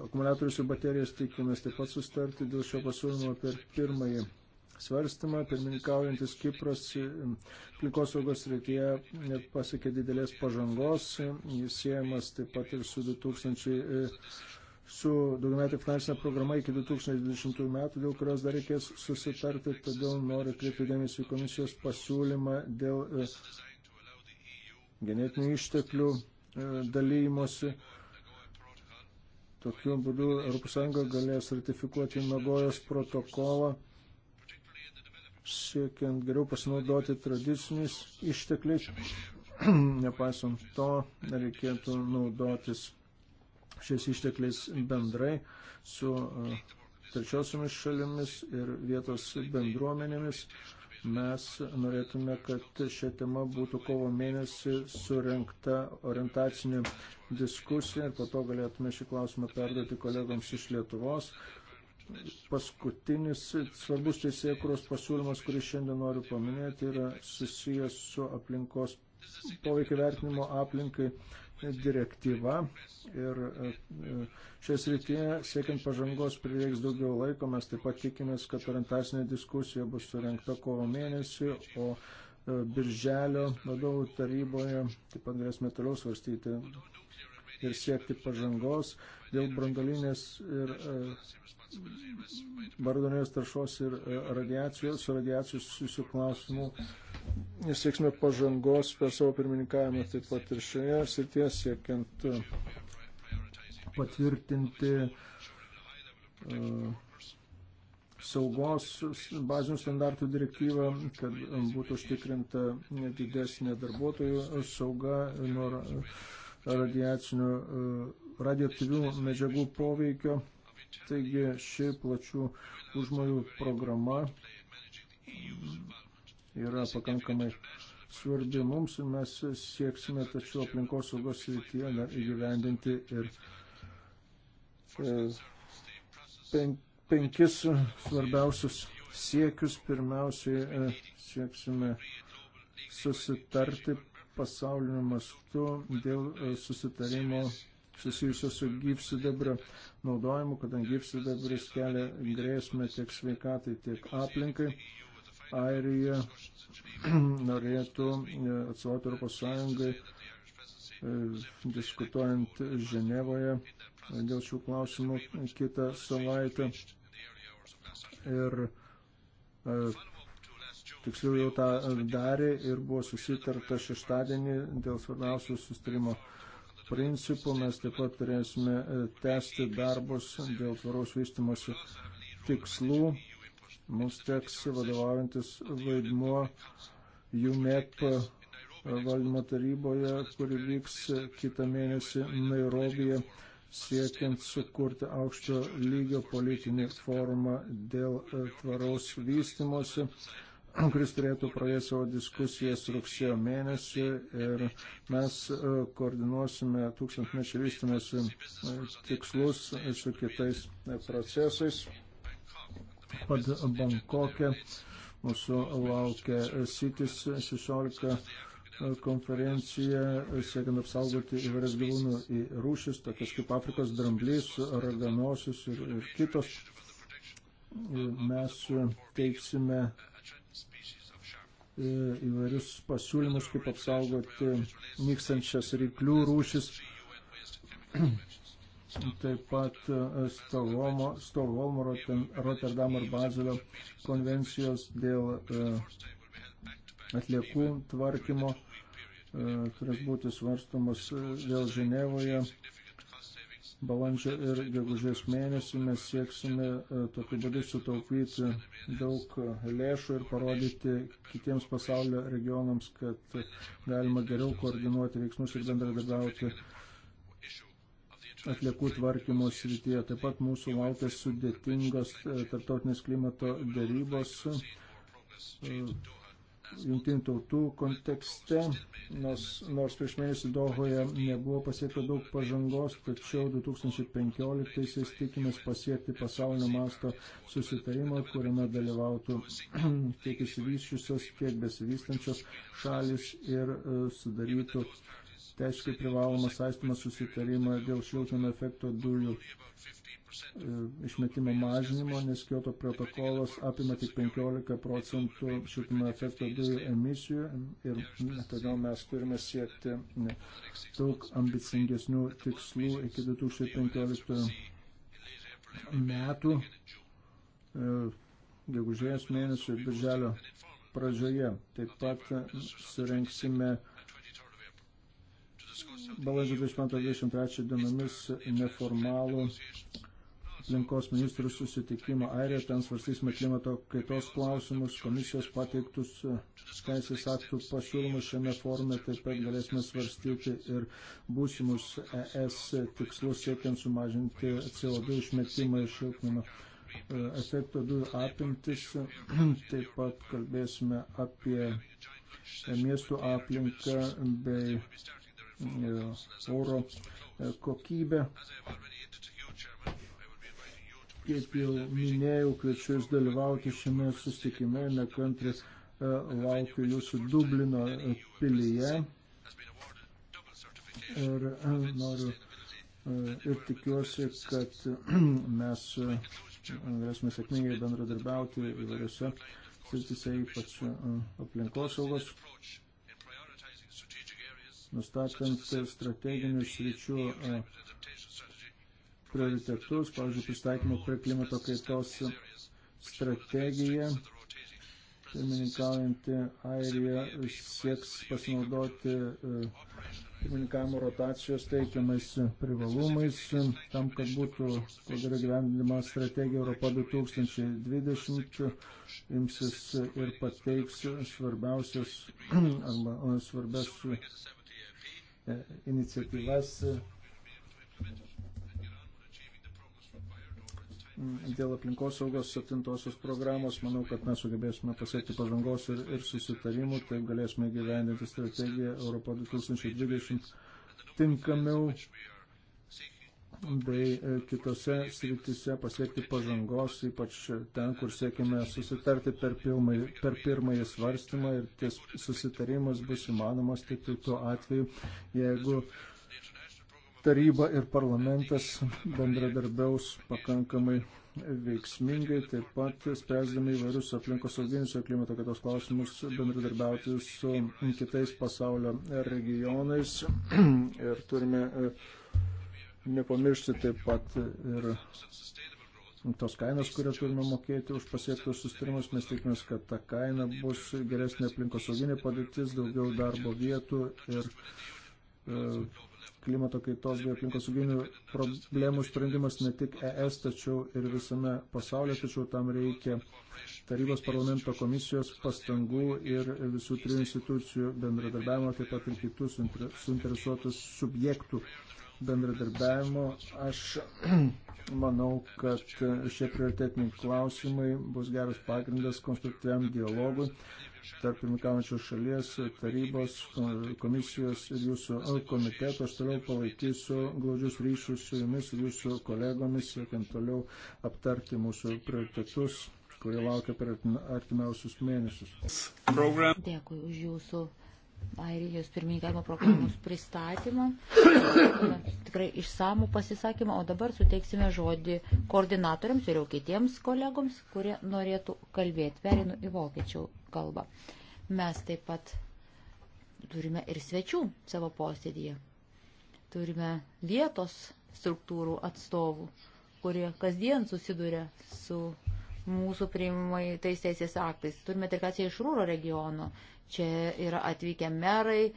akumuliatorius ir baterijas tikimės taip pat sustarti dėl šio pasiūlymo per pirmąjį svarstymą, pirmininkaujantis Kipras aplinkosaugos reityje pasiekė didelės pažangos, jis siejamas taip pat ir su 2000 e, su daugiametė finansinė programa iki 2020 metų, dėl kurios dar reikės susitarti, todėl noriu kreipti dėmesį į komisijos pasiūlymą dėl e, genetinių išteklių e, dalymosi. Tokiu būdu ES galės ratifikuoti Nagojos protokolą siekiant geriau pasinaudoti tradiciniais ištekliais. <clears throat> Nepaisant to, reikėtų naudotis šiais ištekliais bendrai su uh, trečiosiomis šalimis ir vietos bendruomenėmis. Mes norėtume, kad šią temą būtų kovo mėnesį surinkta orientacinė diskusija ir po to galėtume šį klausimą perduoti kolegams iš Lietuvos paskutinis svarbus teisėkuros pasiūlymas, kurį šiandien noriu paminėti, yra susijęs su aplinkos poveikio vertinimo aplinkai direktyva. Ir e, šias rytyje, siekiant pažangos, prireiks daugiau laiko. Mes taip pat tikimės, kad orientacinė diskusija bus surinkta kovo mėnesį, o e, Birželio vadovų taryboje taip pat galėsime toliau svarstyti ir siekti pažangos dėl brandolinės ir e, brandolinės taršos ir e, radiacijos, su radiacijos susijusių klausimų. Sieksime pažangos per savo pirmininkavimą taip pat ir šioje srityje siekiant e, patvirtinti saugos bazinių standartų direktyvą, kad būtų užtikrinta didesnė darbuotojų sauga, nor, radiacinių, e, radioaktyvių medžiagų poveikio. Taigi ši plačių užmojų programa yra pakankamai svarbi mums ir mes sieksime tačiau aplinkos saugos srityje dar įgyvendinti ir e, pen, penkis svarbiausius siekius. Pirmiausiai e, sieksime susitarti pasauliniu mastu dėl e, susitarimo susijusio su gyvsidabrio naudojimu, kadangi gyvsidabris kelia grėsmę tiek sveikatai, tiek aplinkai. Airija <clears throat> norėtų e, atsovauti Europos Sąjungai e, diskutuojant Ženevoje dėl šių klausimų kitą savaitę. Ir tiksliau jau tą darė ir buvo susitarta šeštadienį dėl svarbiausių sustarimo principų. Mes taip pat turėsime e, tęsti darbus dėl tvaraus vystimosi tikslų. Mums teks vadovaujantis vaidmuo UNEP valdymo taryboje, kuri vyks kitą mėnesį Nairobije siekiant sukurti aukšto lygio politinį forumą dėl e, tvaraus vystimosi kuris turėtų pradėti savo diskusijas rugsėjo mėnesį ir mes e, koordinuosime tūkstantmečio vystymėsi e, tikslus su kitais e, procesais. Pad Bankokė mūsų laukia sitis 16 konferencija, siekiant apsaugoti įvairias gyvūnų į rūšis, tokias kaip Afrikos dramblys, raganosius ir, ir kitos. Mes teiksime įvairius pasiūlymus, kaip apsaugoti nykstančias ryklių rūšis. <clears throat> Taip pat e, Stokholmo, Rotterdamo ir Bazelio konvencijos dėl e, atliekų tvarkymo turės e, būti svarstamos vėl Ženevoje balandžio ir gegužės mėnesį mes sieksime e, tokiu būdu sutaupyti daug e, lėšų ir parodyti kitiems pasaulio regionams, kad e, galima geriau koordinuoti veiksmus ir bendradarbiauti atliekų tvarkymo srityje. Taip pat mūsų laukia sudėtingos tarptautinės klimato dėrybos jungtinių tautų kontekste, nors, nors prieš mėnesį Dohoje nebuvo pasiekta daug pažangos, tačiau 2015-aisiais tikimės pasiekti pasaulinio masto susitarimą, kuriame dalyvautų <clears throat> tiek išsivyščiusios, tiek besivystančios šalis ir e, sudarytų teisiškai privalomą saistymą susitarimą dėl šiltnamio efekto dujų E, išmetimo mažinimo, nes Kyoto protokolas apima tik 15 procentų šiltimo efekto dujų emisijų ir todėl mes turime siekti daug ambicingesnių tikslų iki 2015 metų, e, gegužės mėnesio ir birželio pradžioje. Taip pat surenksime balandžio 23 dienomis neformalų aplinkos ministrų susitikimą Airijoje, ten svarstysime klimato kaitos klausimus, komisijos pateiktus e, teisės aktų pasiūlymus šiame forume, taip pat galėsime svarstyti ir būsimus ES tikslus siekiant sumažinti CO2 išmetimą iš šiltnamio e, efekto dujų apimtis, <clears throat> taip pat kalbėsime apie miestų aplinką bei e, oro kokybę. Kaip jau minėjau, kviečiu jūs dalyvauti šiame susitikime, nekantri e, laukiu jūsų Dublino pilyje. Ir e, noriu e, ir tikiuosi, kad <clears throat> mes galėsime sėkmingai bendradarbiauti įvairiose sritise, ypač aplinkosaugos, nustatant strateginių sričių prioritetus, pavyzdžiui, pristatymo prie klimato kaitos strategiją. Pirmininkaujantį Airiją sieks pasinaudoti e, pirmininkavimo rotacijos teikiamais privalumais tam, kad būtų kuo geriau gyvendinama strategija Europa 2020 imsis ir pateiks svarbiausias <clears throat> arba svarbes e, iniciatyvas dėl aplinkos saugos septintosios programos. Manau, kad mes sugebėsime pasiekti pažangos ir, ir susitarimų, taip galėsime gyvendinti strategiją Europo 2020 tinkamiau bei e, kitose sritise pasiekti pažangos, ypač ten, kur siekime susitarti per, pilmai, per pirmąjį svarstymą ir ties susitarimas bus įmanomas tik tai tuo atveju, jeigu uh, taryba ir parlamentas bendradarbiaus pakankamai veiksmingai, taip pat spręsdami įvairius aplinkosauginius ir klimato kaitos klausimus bendradarbiauti su kitais pasaulio regionais. <clears throat> ir turime e, nepamiršti taip pat ir tos kainos, kurią turime mokėti už pasiektus sustarimus, mes tikimės, kad ta kaina bus geresnė aplinkosauginė padėtis, daugiau darbo vietų ir e, klimato kaitos bei aplinkosauginių problemų sprendimas ne tik ES, tačiau ir visame pasaulyje, tačiau tam reikia tarybos parlamento komisijos pastangų ir visų trijų institucijų bendradarbiavimo, taip pat ir kitų suinteresuotų subjektų bendradarbiavimo. Aš <clears throat> manau, kad šie prioritetiniai klausimai bus geras pagrindas konstruktyviam dialogui tarp pirmikaujančios šalies, tarybos, komisijos ir jūsų komiteto. Aš toliau palaikysiu glaudžius ryšius su jumis ir jūsų kolegomis, siekiant toliau aptarti mūsų prioritetus kurie laukia per artimiausius mėnesius. Program. Dėkui už jūsų Airijos pirmininkavimo programos pristatymą, tikrai išsamų pasisakymą, o dabar suteiksime žodį koordinatoriams ir jau kitiems kolegoms, kurie norėtų kalbėti. Perinu į vokiečių kalbą. Mes taip pat turime ir svečių savo posėdėje. Turime vietos struktūrų atstovų, kurie kasdien susiduria su mūsų priimamai tais teisės aktais. Turime delegaciją iš Rūro regionų. Čia yra atvykę merai,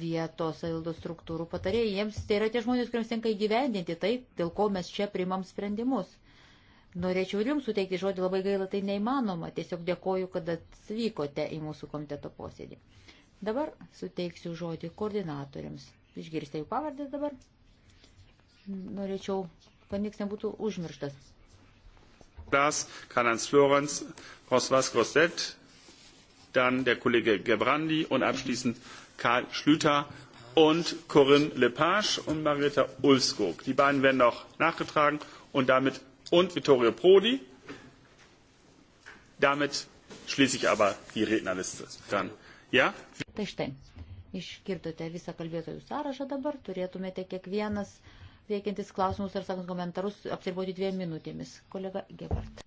vietos savildos struktūrų patarėjai. Jiems tai yra tie žmonės, kuriems tenka įgyvendinti tai, dėl ko mes čia priimam sprendimus. Norėčiau ir jums suteikti žodį, labai gaila, tai neįmanoma. Tiesiog dėkoju, kad atvykote į mūsų komiteto posėdį. Dabar suteiksiu žodį koordinatoriams. Išgirsite jų pavardę dabar. Norėčiau, kad nieks nebūtų užmirštas. Klaas, Karl-Heinz Florenz, François Grosset, dann der Kollege Gebrandi und abschließend Karl Schlüter und Corinne Lepage und Margareta Ulskog. Die beiden werden noch nachgetragen und damit und Vittorio Prodi. Damit schließe ich aber die Rednerliste dann. Ja? Tai štai, išgirdote visą kalbėtojų sąrašą dabar, turėtumėte kiekvienas uh, veikiantis klausimus ar sakant komentarus, apsiriboti dviem minutėmis. Kolega Gebert.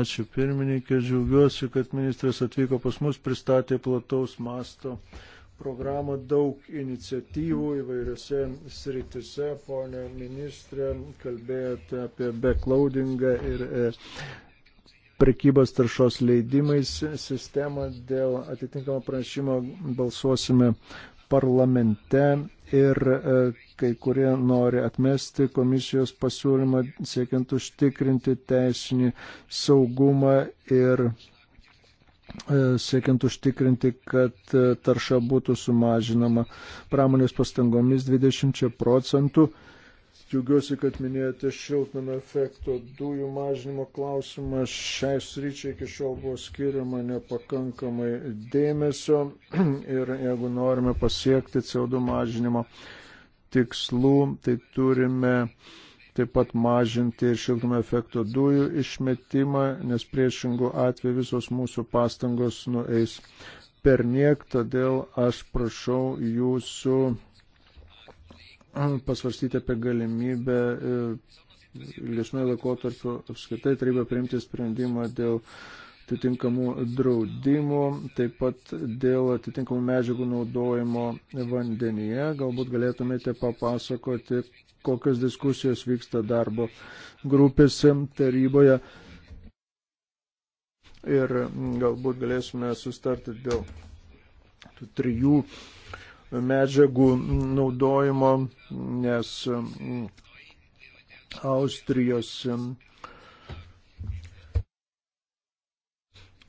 Ačiū pirmininkė, džiaugiuosi, kad ministras atvyko pas mus, pristatė plataus masto programą, daug iniciatyvų įvairiose sritise. Pone ministrė, kalbėjote apie backloadingą ir e, prekybos taršos leidimais sistemą. Dėl atitinkamo pranešimo balsuosime parlamente ir e, kai kurie nori atmesti komisijos pasiūlymą siekiant užtikrinti teisinį saugumą ir e, siekiant užtikrinti, kad e, tarša būtų sumažinama pramonės pastangomis 20 procentų. Džiaugiuosi, kad minėjote šiltnamio efekto dujų mažinimo klausimą. Šiai sryčiai iki šiol buvo skiriama nepakankamai dėmesio <clears throat> ir jeigu norime pasiekti CO2 mažinimo tikslų, tai turime taip pat mažinti ir šiltnamio efekto dujų išmetimą, nes priešingų atveju visos mūsų pastangos nueis per niek, todėl aš prašau jūsų pasvarstyti apie galimybę e, ilgesnio laikotarpio apskaitai taryba priimti sprendimą dėl atitinkamų draudimų, taip pat dėl atitinkamų medžiagų naudojimo vandenyje. Galbūt galėtumėte papasakoti, kokios diskusijos vyksta darbo grupėse taryboje ir galbūt galėsime sustarti dėl tų trijų medžiagų naudojimo, nes mm, Austrijos mm,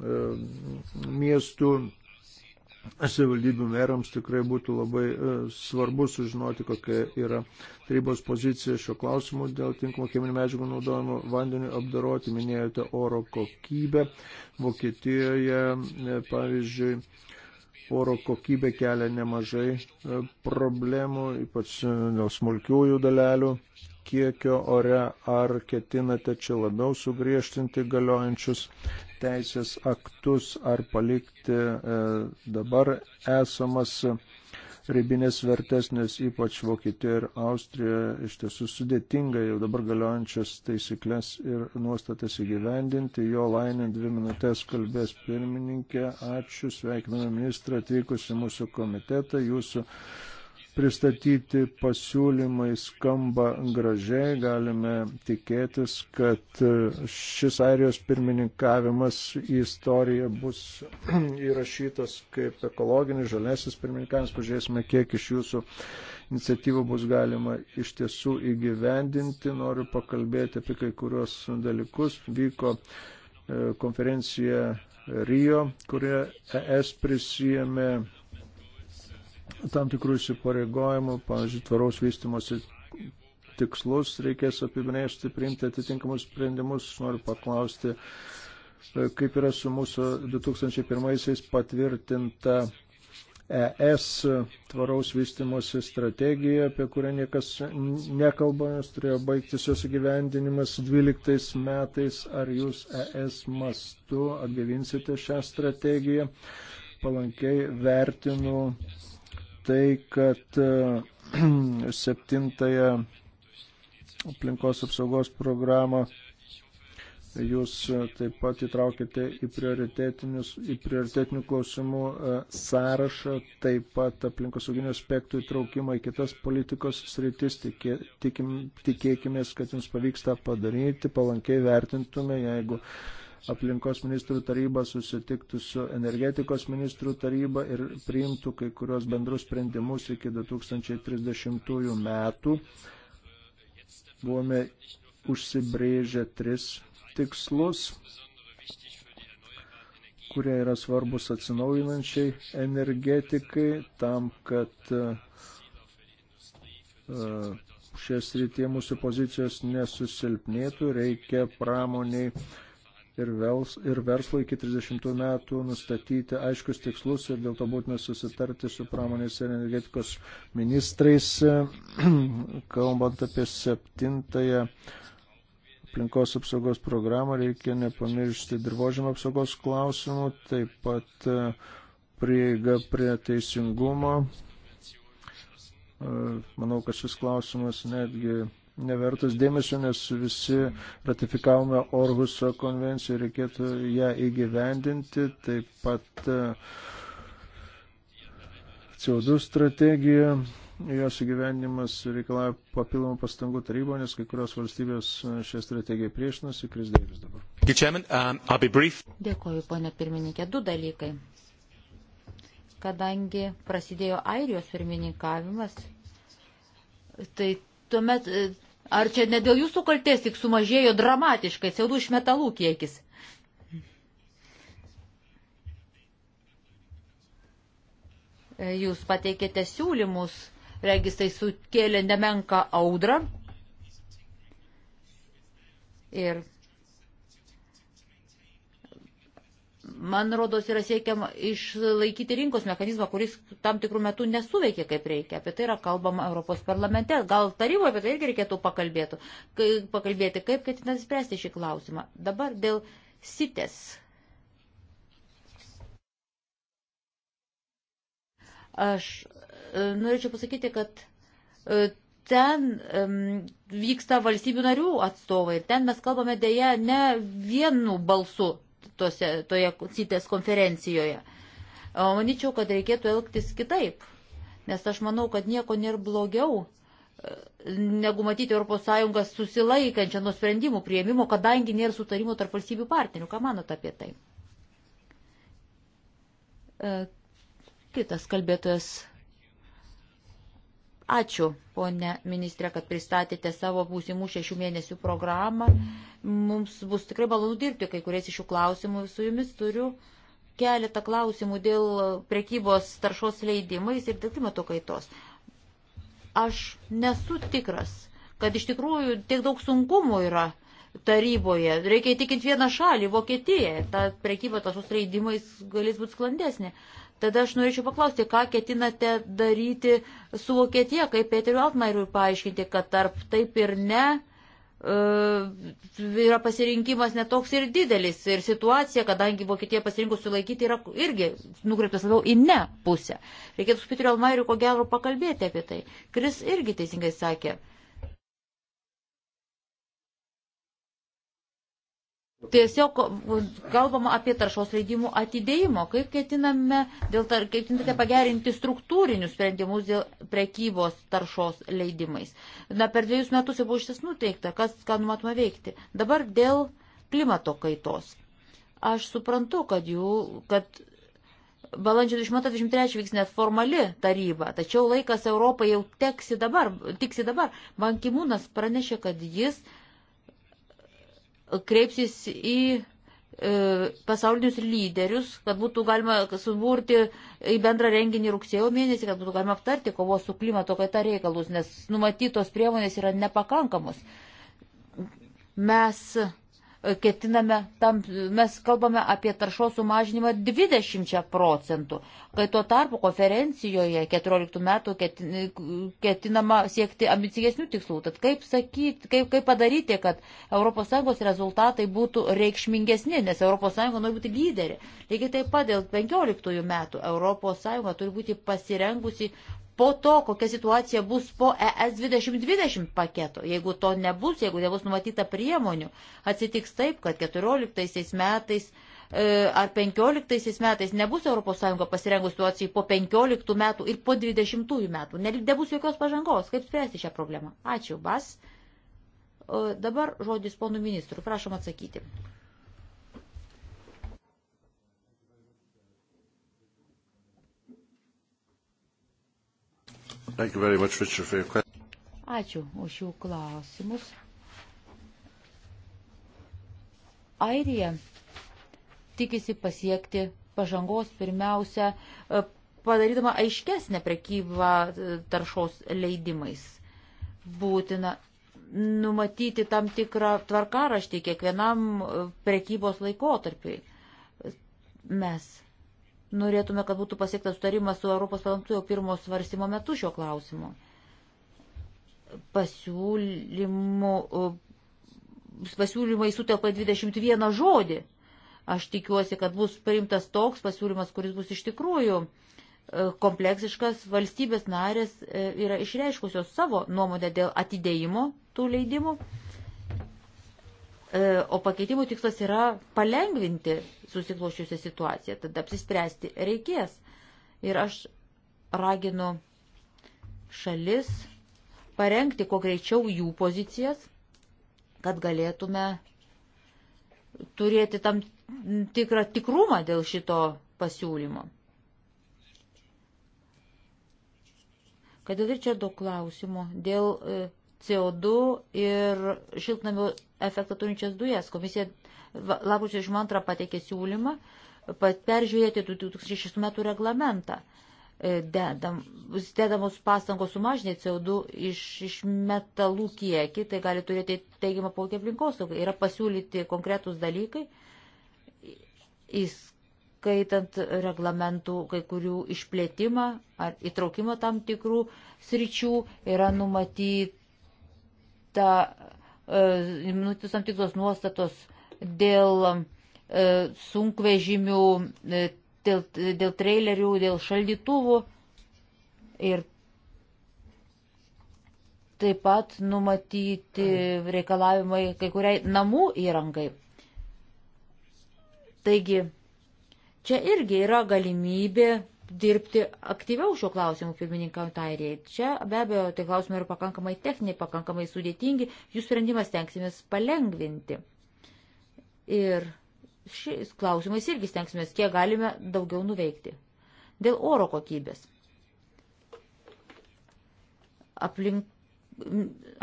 e, miestų savivaldybių merams tikrai būtų labai e, svarbu sužinoti, kokia yra tarybos pozicija šio klausimu dėl tinkamo cheminių medžiagų naudojimo vandeniu apdaroti. Minėjote oro kokybę. Vokietijoje, e, pavyzdžiui, oro kokybė kelia nemažai e, problemų, ypač e, dėl smulkiųjų dalelių kiekio ore, ar ketinate čia labiau sugriežtinti galiojančius teisės aktus, ar palikti e, dabar esamas ribinės vertės, nes ypač Vokietija ir Austrija iš tiesų sudėtinga jau dabar galiojančias taisyklės ir nuostatas įgyvendinti. Jo lainė dvi minutės kalbės pirmininkė. Ačiū, sveikiname ministrą atvykusi mūsų komitetą. Jūsų pristatyti pasiūlymai skamba gražiai, galime tikėtis, kad šis Airijos pirmininkavimas į istoriją bus <clears throat> įrašytas kaip ekologinis žalesis pirmininkavimas. Pažiūrėsime, kiek iš jūsų iniciatyvų bus galima iš tiesų įgyvendinti. Noriu pakalbėti apie kai kurios dalykus. Vyko e, konferencija Rio, kurioje ES prisijėmė tam tikrų įsipareigojimų, pavyzdžiui, tvaraus vystimosi tikslus reikės apibrėžti, priimti atitinkamus sprendimus. Noriu paklausti, e, kaip yra su mūsų 2001-aisiais patvirtinta ES tvaraus vystimosi strategija, apie kurią niekas nekalba, nes turėjo baigtis jos įgyvendinimas 12 metais. Ar jūs ES mastu atgavinsite šią strategiją? Palankiai vertinu tai, kad e, <clears throat> septintąją aplinkos apsaugos programą jūs e, taip pat įtraukite į, į prioritetinių klausimų e, sąrašą, taip pat aplinkosauginių aspektų įtraukimą į kitas politikos sritis. Tikė, tikim, tikėkimės, kad jums pavyks tą padaryti, palankiai vertintume, jeigu uh, aplinkos ministrų taryba susitiktų su energetikos ministrų taryba ir priimtų kai kurios bendrus sprendimus iki 2030 metų. Buvome užsibrėžę tris tikslus, kurie yra svarbus atsinaujinančiai energetikai, tam, kad uh, šias rytie mūsų pozicijos nesusilpnėtų, reikia pramoniai uh, ir, vels, ir verslo iki 30 metų nustatyti aiškius tikslus ir dėl to būtina susitarti su pramonės ir energetikos ministrais, <clears throat> kalbant apie septintąją aplinkos apsaugos programą, reikia nepamiršti dirbožėmio apsaugos klausimų, taip pat e, prieiga prie teisingumo. E, manau, kad šis klausimas netgi nevertas dėmesio, nes visi ratifikavome Orhuso konvenciją, reikėtų ją įgyvendinti, taip pat e, CO2 strategija, jos įgyvendimas reikalauja papildomų pastangų tarybo, nes kai kurios valstybės e, šią strategiją priešinasi, krizdėvis dabar. Um, Dėkoju, ponė pirmininkė, du dalykai. Kadangi prasidėjo Airijos pirmininkavimas, tai tuomet e, Ar čia ne dėl jūsų kalties tik sumažėjo dramatiškai CO2 iš metalų kiekis? E, jūs pateikėte siūlymus, regis tai sukėlė nemenka audrą. Ir man rodos, yra siekiama išlaikyti rinkos mechanizmą, kuris tam tikrų metų nesuveikia kaip reikia. Apie tai yra kalbama Europos parlamente. Gal taryboje apie tai irgi reikėtų pakalbėti, pakalbėti kaip ketinant spręsti šį klausimą. Dabar dėl sitės. Aš e, norėčiau pasakyti, kad e, ten vyksta valstybių narių atstovai ir ten mes kalbame dėja ne vienu balsu tose, toje CITES konferencijoje. O manyčiau, kad reikėtų elgtis kitaip, nes aš manau, kad nieko nėra blogiau e, negu matyti ES susilaikančią nuo sprendimų prieimimo, kadangi nėra sutarimo tarp valstybių partnerių. Ką manote apie tai? E, kitas kalbėtojas Ačiū, ponė ministrė, kad pristatėte savo būsimų šešių mėnesių programą. Mums bus tikrai malonu dirbti kai kuriais iš šių klausimų. Su jumis turiu keletą klausimų dėl prekybos taršos leidimais ir dėl klimato kaitos. Aš nesu tikras, kad iš tikrųjų tiek daug sunkumų yra taryboje. Reikia įtikinti vieną šalį, Vokietiją. Ta prekyba taršos leidimais galės būti sklandesnė. Tada aš norėčiau paklausti, ką ketinate daryti su Vokietija, kaip Peteriu Altmairiui paaiškinti, kad tarp taip ir ne e, yra pasirinkimas netoks ir didelis. Ir situacija, kadangi Vokietija pasirinkus sulaikyti, yra irgi nukreiptas labiau į ne pusę. Reikėtų su Peteriu Altmairiu ko gero pakalbėti apie tai. Kris irgi teisingai sakė, Tiesiog kalbama apie taršos leidimų atidėjimo, kaip ketiname, dėl, tar, ketinate pagerinti struktūrinius sprendimus dėl prekybos taršos leidimais. Na, per dviejus metus jau buvo išsis nuteikta, kas, ką numatoma veikti. Dabar dėl klimato kaitos. Aš suprantu, kad, jų, kad balandžio 23 vyks net formali taryba, tačiau laikas Europai jau teksi dabar, tiksi dabar. Bankimūnas pranešė, kad jis kreipsis į e, pasaulinius lyderius, kad būtų galima suburti į bendrą renginį rugsėjo mėnesį, kad būtų galima aptarti kovos su klimato kaita reikalus, nes numatytos priemonės yra nepakankamos. Mes ketiname, tam, mes kalbame apie taršos sumažinimą 20 procentų, kai tuo tarpu konferencijoje 14 metų ketinama siekti ambicingesnių tikslų. Tad kaip, sakyti, kaip, kaip padaryti, kad ES rezultatai būtų reikšmingesni, nes ES nori būti lyderė. Lygiai taip pat dėl 15 metų ES turi būti pasirengusi po to, kokia situacija bus po ES 2020 paketo. Jeigu to nebus, jeigu nebus numatyta priemonių, atsitiks taip, kad 14 metais e, ar 15 metais nebus ES pasirengus situacijai po 15 metų ir po 20 metų. Nebus jokios pažangos. Kaip spręsti šią problemą? Ačiū, Bas. E, dabar žodis ponų ministrų. Prašom atsakyti. Much, Richard, Ačiū už jų klausimus. Airija tikisi pasiekti pažangos pirmiausia, e, padarydama aiškesnę prekybą e, taršos leidimais. Būtina numatyti tam tikrą tvarkaraštį kiekvienam e, prekybos laikotarpiai. Mes Norėtume, kad būtų pasiektas sutarimas su Europos parlamentu jau pirmo svarstymo metu šio klausimu. Pasiūlymu, e, pasiūlymai sutelpa 21 žodį. Aš tikiuosi, kad bus priimtas toks pasiūlymas, kuris bus iš tikrųjų e, kompleksiškas. Valstybės narės e, yra išreiškusios savo nuomonę dėl atidėjimo tų leidimų. E, o pakeitimų tikslas yra palengvinti susiklošiusią situaciją, tada apsispręsti reikės. Ir aš raginu šalis parengti kuo greičiau jų pozicijas, kad galėtume turėti tam tikrą tikrumą dėl šito pasiūlymo. Kad dėl Ričardo klausimo, dėl CO2 ir šiltnamių efektą turinčias dujas. Komisija lapkričio 22 pateikė siūlymą peržiūrėti 2006 metų reglamentą. E, dedam, dedamos pastangos sumažinti CO2 iš, iš metalų kiekį, tai gali turėti teigiamą poveikį aplinkosaugai. Yra pasiūlyti konkretūs dalykai, įskaitant reglamentų kai kurių išplėtimą ar įtraukimą tam tikrų sričių, yra numatyti ta, e, nutis tam tikros nuostatos dėl e, sunkvežimių, e, dėl, dėl trailerių, dėl šaldytuvų ir taip pat numatyti reikalavimai kai kuriai namų įrangai. Taigi, čia irgi yra galimybė dirbti aktyviau šiuo klausimu pirmininkant airijai. Čia be abejo, tai klausimai yra pakankamai techniniai, pakankamai sudėtingi, jų sprendimas tenksimės palengvinti. Ir šiais klausimais irgi stengsimės, kiek galime daugiau nuveikti. Dėl oro kokybės. Aplink,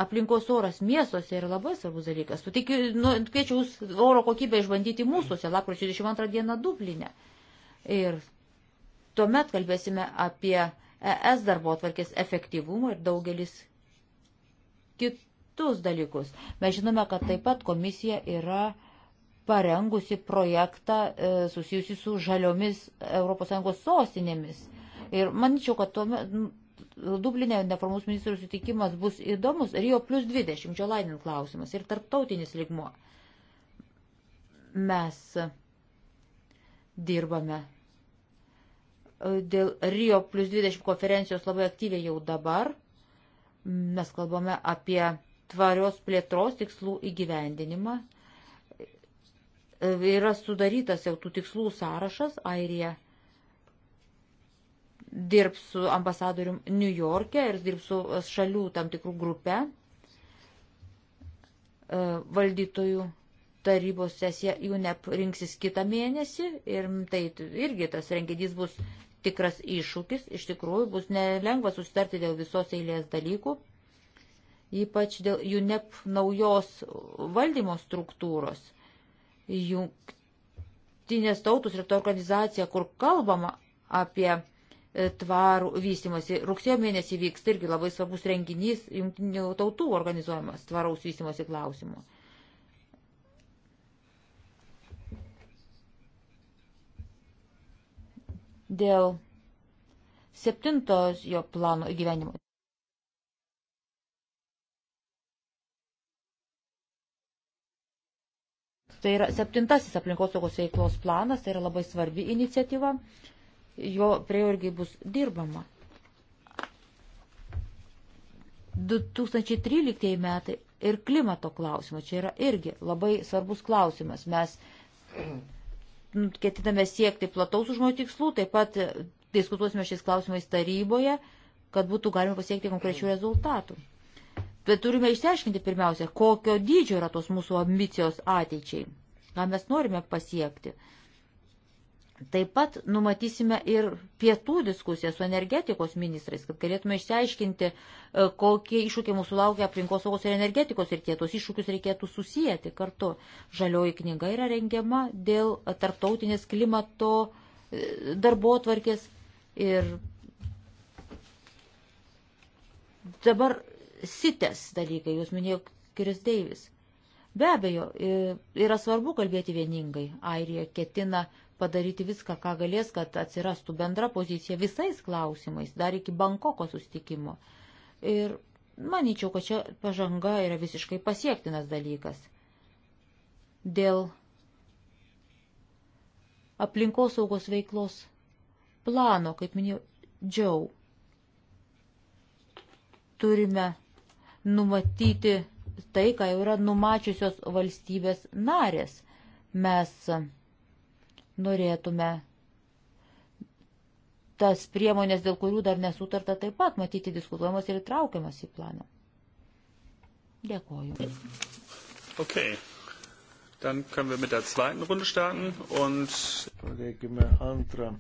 aplinkos oras miestuose yra labai svarbus dalykas. Tu tik, nu, kviečiu jūs oro kokybę išbandyti mūsųse, lapkričio 22 dieną Dublinė. Ir Tuomet kalbėsime apie ES darbo atvarkės efektyvumą ir daugelis kitus dalykus. Mes žinome, kad taip pat komisija yra parengusi projektą e, susijusi su žaliomis ES sostinėmis. Ir manyčiau, kad tuomet Dublinė neformus ministrų sutikimas bus įdomus. Rio plus 20, čia lainin klausimas ir tarptautinis ligmuo. Mes dirbame dėl Rio plus 20 konferencijos labai aktyviai jau dabar. Mes kalbame apie tvarios plėtros tikslų įgyvendinimą. Yra sudarytas jau tų tikslų sąrašas, Airija dirbs su ambasadorium New York'e ir dirbs su šalių tam tikrų grupė e, valdytojų tarybos sesija UNEP rinksis kitą mėnesį ir tai irgi tas renginys bus tikras iššūkis, iš tikrųjų bus nelengva susitarti dėl visos eilės dalykų, ypač dėl UNEP naujos valdymo struktūros. Jungtinės tautos ir ta organizacija, kur kalbama apie e, tvarų vystimosi. Rugsėjo mėnesį vyks irgi labai svarbus renginys jungtinių tautų organizuojamas tvaraus vystimosi klausimu. dėl septintos jo plano įgyvenimo. Tai yra septintasis aplinkosaugos veiklos planas, tai yra labai svarbi iniciatyva, jo prie irgi bus dirbama. 2013 metai ir klimato klausimas, čia yra irgi labai svarbus klausimas. Mes ketiname siekti plataus užmojo tikslų, taip pat diskutuosime šiais klausimais taryboje, kad būtų galima pasiekti konkrečių rezultatų. Bet turime išsiaiškinti pirmiausia, kokio dydžio yra tos mūsų ambicijos ateičiai, ką mes norime pasiekti. Taip pat numatysime ir pietų diskusiją su energetikos ministrais, kad galėtume išsiaiškinti, e, kokie iššūkiai mūsų laukia aplinkos saugos ir energetikos ir tie tos iššūkius reikėtų susijęti kartu. Žalioji knyga yra rengiama dėl tarptautinės klimato e, darbo tvarkės ir dabar sitės dalykai, jūs minėjo Kiris Deivis. Be abejo, e, yra svarbu kalbėti vieningai. Airija ketina padaryti viską, ką galės, kad atsirastų bendra pozicija visais klausimais, dar iki Bankoko sustikimo. Ir manyčiau, kad čia pažanga yra visiškai pasiektinas dalykas. Dėl aplinkosaugos veiklos plano, kaip minėjau, džiau. Turime numatyti tai, ką jau yra numačiusios valstybės narės. Mes norėtume tas priemonės, dėl kurių dar nesutarta, taip pat matyti diskutuojamas ir įtraukiamas į planą. Dėkoju. Okay. Dann können wir mit der zweiten Runde starten und pradėkime antrą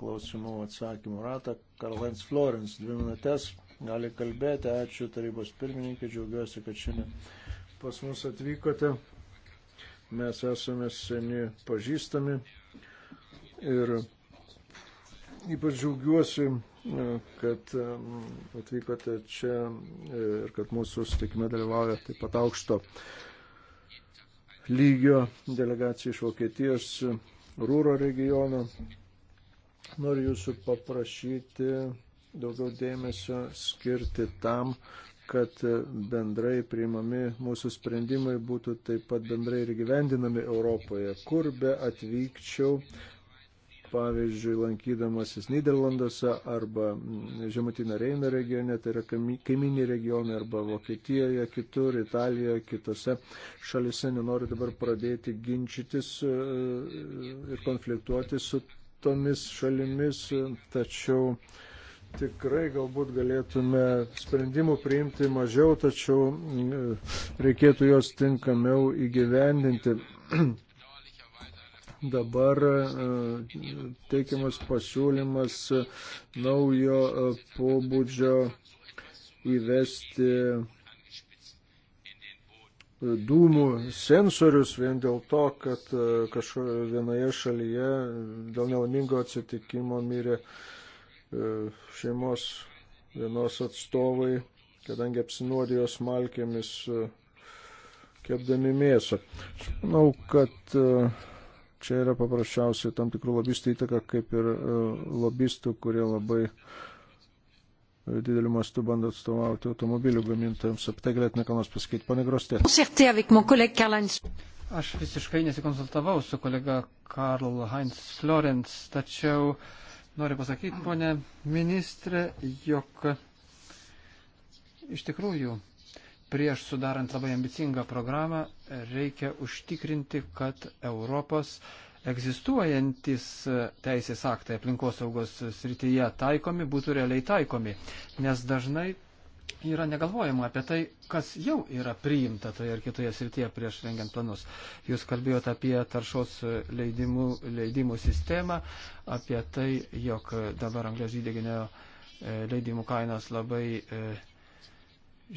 klausimų atsakymų ratą. Karlens Florens, dvi minutės, gali kalbėti. Ačiū tarybos pirmininkai, džiaugiuosi, kad šiandien pas mus atvykote. Mes esame seni pažįstami ir ypač džiaugiuosi, e, kad e, atvykote čia e, ir kad mūsų sutikime dalyvauja taip pat aukšto lygio delegacija iš Vokietijos Rūro regiono. Noriu jūsų paprašyti daugiau dėmesio skirti tam, kad bendrai priimami mūsų sprendimai būtų taip pat bendrai ir gyvendinami Europoje. Kur be atvykčiau, pavyzdžiui, lankydamasis Niderlanduose arba Žemutinio Reino regione, tai yra kaiminiai regionai, arba Vokietijoje, kitur, Italijoje, kitose šalise, nenoriu dabar pradėti ginčytis e, ir konfliktuoti su tomis šalimis, tačiau uh, tikrai galbūt galėtume sprendimų priimti mažiau, tačiau e, reikėtų juos tinkamiau įgyvendinti. <clears throat> Dabar e, teikiamas pasiūlymas naujo e, pobūdžio įvesti dūmų sensorius vien dėl to, kad kažkur vienoje šalyje dėl nelaimingo atsitikimo mirė uh, E, šeimos vienos atstovai, kadangi apsinuodijo smalkėmis e, kepdami mėsą. Aš manau, kad e, čia yra paprasčiausiai tam tikrų lobistų įtaka, kaip ir lobistų, kurie labai dideliu mastu bando atstovauti automobilių gamintojams. Apie tai galėtume ką nors pasakyti, pane Grostė. Aš visiškai nesikonsultavau su kolega Karl Heinz Florence, tačiau uh, Noriu pasakyti, ponė ministrė, jog iš tikrųjų prieš sudarant labai ambicingą programą reikia užtikrinti, kad Europos egzistuojantis teisės aktai aplinkosaugos srityje taikomi būtų realiai taikomi, nes dažnai yra negalvojama apie tai, kas jau yra priimta toje ar kitoje srityje prieš rengiant planus. Jūs kalbėjote apie taršos leidimų, leidimų sistemą, apie tai, jog dabar anglės dvideginio e, leidimų kainos labai e,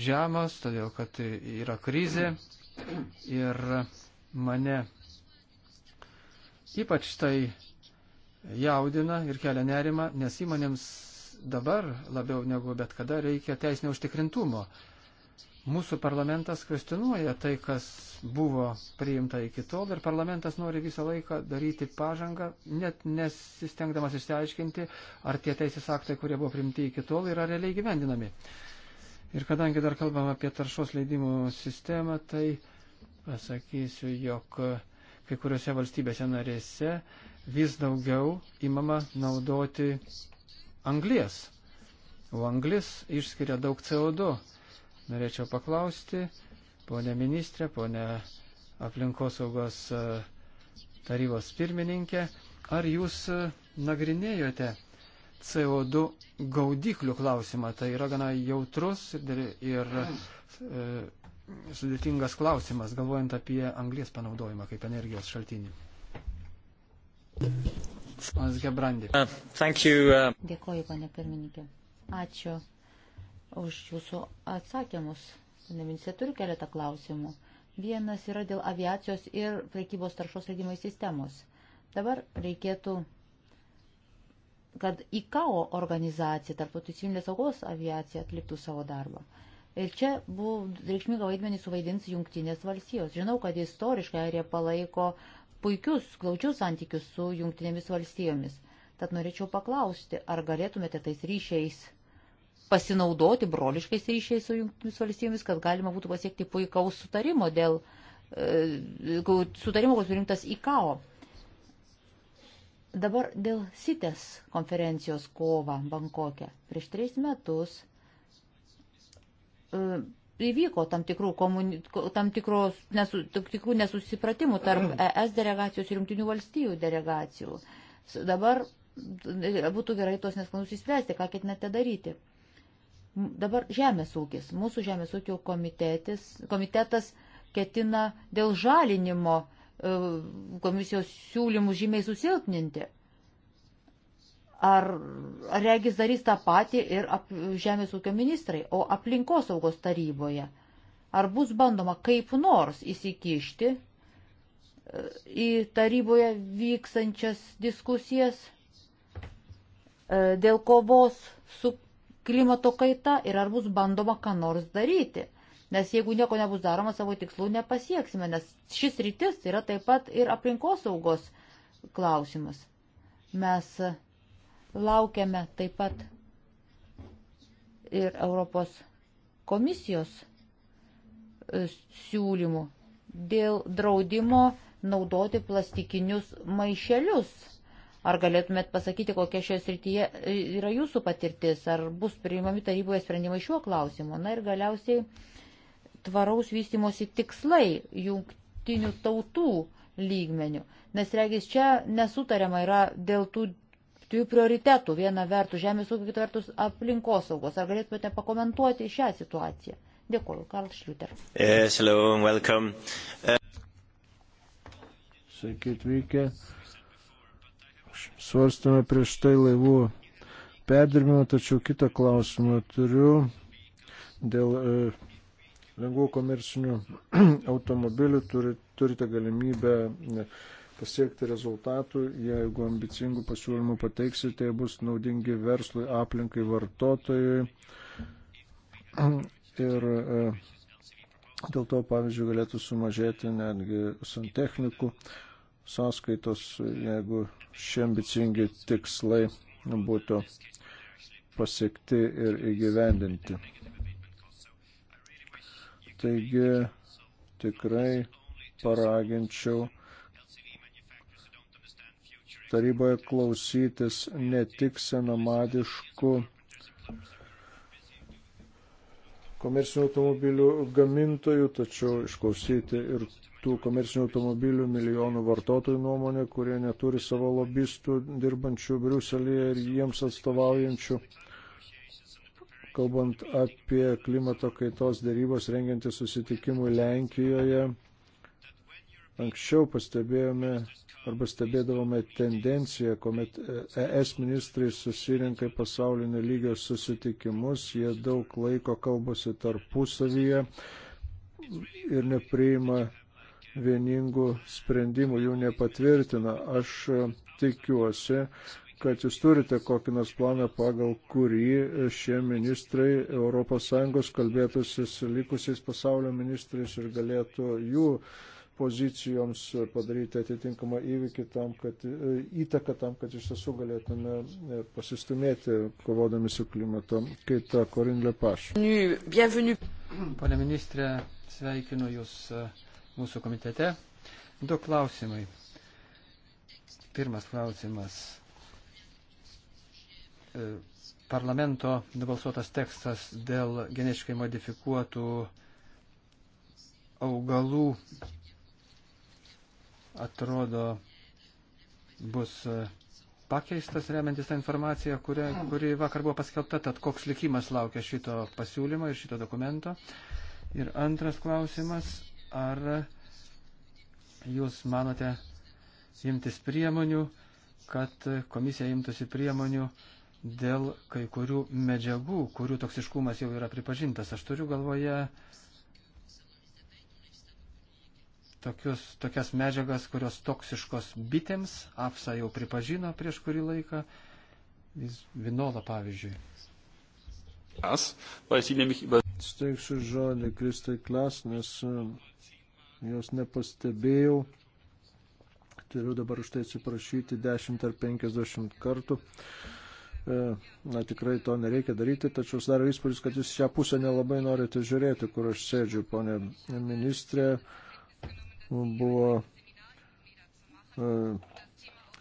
žemos, todėl kad yra krizė. Ir mane ypač tai jaudina ir kelia nerima, nes įmonėms dabar labiau negu bet kada reikia teisinio užtikrintumo. Mūsų parlamentas kvestionuoja tai, kas buvo priimta iki tol ir parlamentas nori visą laiką daryti pažangą, net nesistengdamas išsiaiškinti, ar tie teisės aktai, kurie buvo priimti iki tol, yra realiai gyvendinami. Ir kadangi dar kalbam apie taršos leidimų sistemą, tai pasakysiu, jog kai kuriuose valstybėse narėse vis daugiau įmama naudoti anglės, o anglis išskiria daug CO2. Norėčiau paklausti, ponė ministrė, ponė aplinkosaugos e, tarybos pirmininkė, ar jūs e, nagrinėjote CO2 gaudiklių klausimą? Tai yra gana jautrus ir, ir e, sudėtingas klausimas, galvojant apie anglės panaudojimą kaip energijos šaltinį. Uh, uh, Dėkoju, pane pirmininkė. Ačiū už jūsų atsakymus. Neminse turiu keletą klausimų. Vienas yra dėl aviacijos ir prekybos taršos leidimai sistemos. Dabar reikėtų, kad ICAO organizacija, tarptautinė civilinės saugos aviacija, atliktų savo darbą. Ir čia buvo reikšmingą vaidmenį suvaidins jungtinės valstijos. Žinau, kad istoriškai airija palaiko uh, puikius, glaučius santykius su jungtinėmis valstijomis. Tad norėčiau paklausti, ar galėtumėte tais ryšiais pasinaudoti broliškais ryšiais su jungtinėmis valstijomis, kad galima būtų pasiekti puikaus sutarimo dėl e, sutarimo, kuris priimtas į KAO. Dabar dėl sitės konferencijos kova Bankokė. Prieš tris metus e, įvyko tam tikrų, komuni, tam tikros, nesu, tam tikrų nesusipratimų tarp mm. ES delegacijos ir Junktinių valstybių delegacijų. Dabar e, būtų gerai tos nesklandus įspręsti, ką ketinate daryti. Dabar žemės ūkis. Mūsų žemės ūkio komitetas ketina dėl žalinimo e, komisijos siūlymų žymiai susilpninti. Ar regis darys tą patį ir ap, žemės ūkio ministrai, o aplinkosaugos taryboje? Ar bus bandoma kaip nors įsikišti e, į taryboje vykstančias diskusijas e, dėl kovos su klimato kaita ir ar bus bandoma ką nors daryti? Nes jeigu nieko nebus daroma, savo tikslų nepasieksime, nes šis rytis yra taip pat ir aplinkosaugos klausimas. Mes Laukiame taip pat ir Europos komisijos e, siūlymų dėl draudimo naudoti plastikinius maišelius. Ar galėtumėt pasakyti, kokia šioje srityje e, yra jūsų patirtis, ar bus priimami taryboje sprendimai šiuo klausimu? Na ir galiausiai tvaraus vystimosi tikslai jungtinių tautų lygmenių. Nes regis čia nesutariama yra dėl tų dviejų prioritetų. Viena vertus žemės ūkio, kita vertus aplinkosaugos. Ar galėtumėte pakomentuoti šią situaciją? Dėkuoju, Karl Šliuter. Yes, hello, welcome. Uh... Sveiki atvykę. Svarstame prieš tai laivų perdirbimą, tačiau kitą klausimą turiu dėl e, lengvų komercinių <clears throat> automobilių. Turi, turite galimybę. E, pasiekti rezultatų, jeigu ambicingų pasiūlymų pateiksite, jie tai bus naudingi verslui, aplinkai, vartotojui. <clears throat> Ir e, dėl to, pavyzdžiui, galėtų sumažėti netgi santechnikų sąskaitos, jeigu šie ambicingi tikslai būtų pasiekti ir įgyvendinti. Taigi tikrai paraginčiau taryboje klausytis ne tik senamadiškų komercinių automobilių gamintojų, tačiau išklausyti ir tų komercinių automobilių milijonų vartotojų nuomonę, kurie neturi savo lobistų dirbančių Briuselėje ir jiems atstovaujančių. Kalbant apie klimato kaitos dėrybos rengiantį susitikimui Lenkijoje, anksčiau pastebėjome arba stebėdavome tendenciją, kuomet ES e ministrai susirinka į pasaulinio lygio susitikimus, jie daug laiko kalbasi tarpusavyje ir nepriima vieningų sprendimų, jų nepatvirtina. Aš e, tikiuosi, kad jūs turite kokį nors planą, pagal kurį e, šie ministrai ES kalbėtųsi su likusiais pasaulio ministrais ir galėtų jų uh, pozicijoms padaryti atitinkamą įvykį tam, kad e, įtaką tam, kad iš tiesų galėtume e, pasistumėti kovodami su klimato kaita Korin Lepaš. Pane ministrė, sveikinu Jūs e, mūsų komitete. Du klausimai. Pirmas klausimas. Parlamento nubalsuotas tekstas dėl genetiškai modifikuotų augalų atrodo bus e, pakeistas remiantis tą informaciją, kuri, kuri vakar buvo paskelbta, tad koks likimas laukia šito pasiūlymo ir šito dokumento. Ir antras klausimas, ar jūs manote imtis priemonių, kad komisija imtųsi priemonių dėl kai kurių medžiagų, kurių toksiškumas jau yra pripažintas. Aš turiu galvoje uh, tokius, tokias medžiagas, kurios toksiškos bitėms. AFSA jau pripažino prieš kurį laiką. Vinola pavyzdžiui. Steigsiu žodį Kristai Klas, nes e, jos nepastebėjau. Turiu dabar už tai atsiprašyti 10 ar 50 kartų. E, na, tikrai to nereikia daryti, tačiau sudaro įspūdis, kad jūs šią pusę nelabai norite žiūrėti, kur aš sėdžiu, ponė ministrė. Buvo e,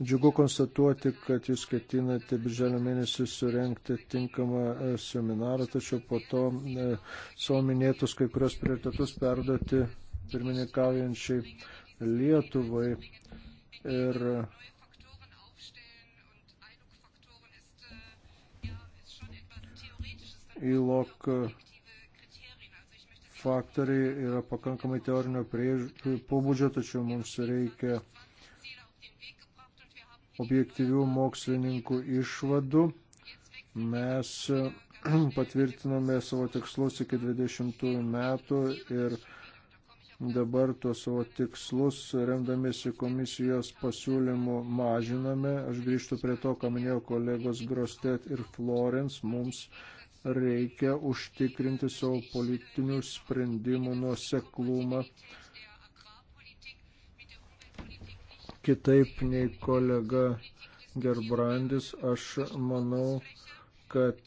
džiugu konstatuoti, kad jūs ketinate birželio mėnesį surenkti tinkamą e, seminarą, tačiau po to e, savo minėtus kai kurios prioritetus perduoti pirmininkaujančiai Lietuvai. Ir įlok faktoriai yra pakankamai teorinio pobūdžio, tačiau mums reikia objektyvių mokslininkų išvadų. Mes <clears throat> patvirtinome savo tikslus iki 20 metų ir dabar tuos savo tikslus, remdamėsi komisijos pasiūlymų, mažiname. Aš grįžtu prie to, ką minėjo kolegos Grostet ir Florence. Mums reikia užtikrinti savo politinių sprendimų nuoseklumą. Kitaip nei kolega Gerbrandis, aš manau, kad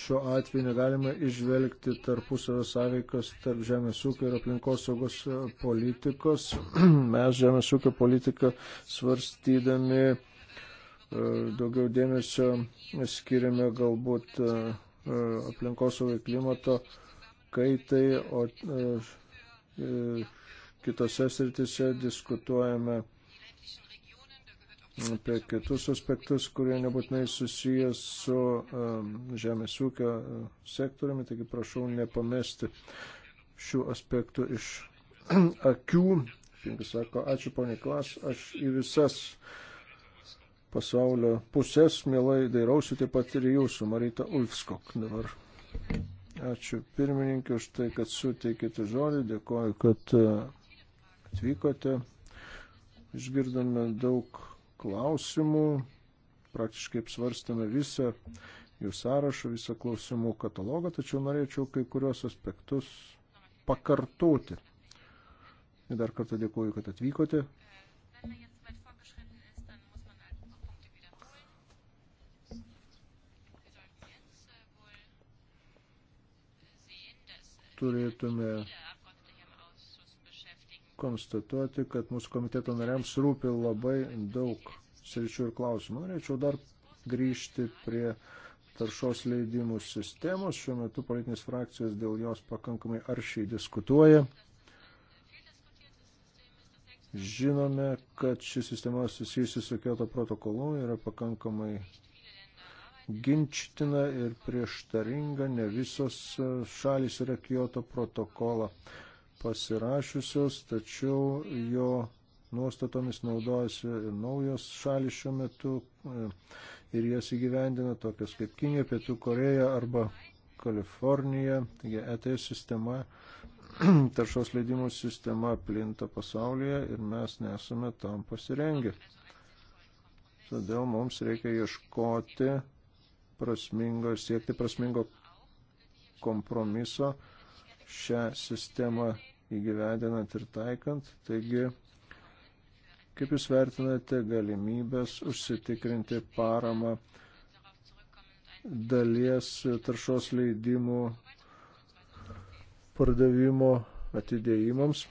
šiuo atveju negalime išvelgti tarpusavio sąveikos tarp žemės ūkio ir aplinkosaugos politikos. <clears throat> Mes žemės ūkio politiką svarstydami e, daugiau dėmesio skiriame galbūt e, E, aplinkosaugą klimato kaitai, o e, e, kitose sritise diskutuojame apie kitus aspektus, kurie nebūtinai susijęs su žemės ūkio sektoriumi, taigi prašau nepamesti šių aspektų iš <clears throat> akių. Finkas sako, ačiū ponė Klas, aš į visas pasaulio pusės, mielai dairausi taip pat ir jūsų, Marita Ulfskok dabar. Ačiū pirmininkė už tai, kad suteikėte žodį, dėkoju, kad e, atvykote. Išgirdome daug klausimų, praktiškai apsvarstame visą jų sąrašą, visą klausimų katalogą, tačiau norėčiau kai kurios aspektus pakartoti. Ir dar kartą dėkoju, kad atvykote. turėtume konstatuoti, kad mūsų komiteto nariams rūpi labai daug sričių ir klausimų. Norėčiau dar grįžti prie taršos leidimų sistemos. Šiuo metu politinės frakcijos dėl jos pakankamai aršiai diskutuoja. Žinome, kad ši sistema susijusi su Kyoto protokolu yra pakankamai ginčtina ir prieštaringa, ne visos e, šalis yra Kyoto protokolą pasirašiusios, tačiau jo nuostatomis naudojasi ir naujos šalis šiuo metu e, ir jas įgyvendina, tokios kaip Kinija, Pietų Koreja arba Kalifornija. Taigi ETS sistema, <clears throat> taršos leidimų sistema plinta pasaulyje ir mes nesame tam pasirengę. Todėl mums reikia ieškoti prasmingo ir siekti prasmingo kompromiso šią sistemą įgyvedinant ir taikant. Taigi, kaip Jūs vertinate galimybės užsitikrinti paramą dalies taršos leidimų pardavimo atidėjimams?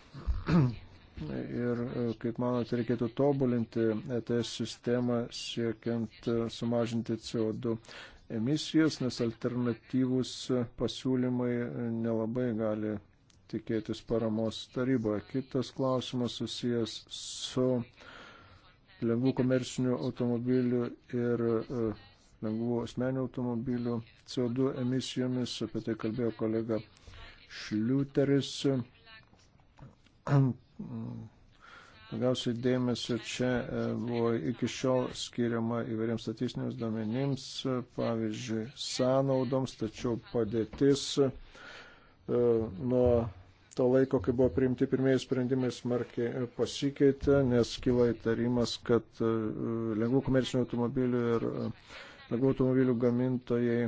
ir kaip manote, reikėtų tobulinti ETS sistemą siekiant sumažinti CO2 emisijas, nes alternatyvūs pasiūlymai nelabai gali tikėtis paramos taryboje. Kitas klausimas susijęs su lengvų komersinių automobilių ir e, lengvų asmenių automobilių CO2 emisijomis. Apie tai kalbėjo kolega Šliuteris. <clears throat> Mm. Daugiausiai dėmesio čia e, buvo iki šiol skiriama įvairiams statistiniams duomenims, e, pavyzdžiui, sąnaudoms, tačiau padėtis e, nuo to laiko, kai buvo priimti pirmieji sprendimai, smarkiai pasikeitė, nes kyla įtarimas, kad lengvų komercinių automobilių ir lengvų automobilių gamintojai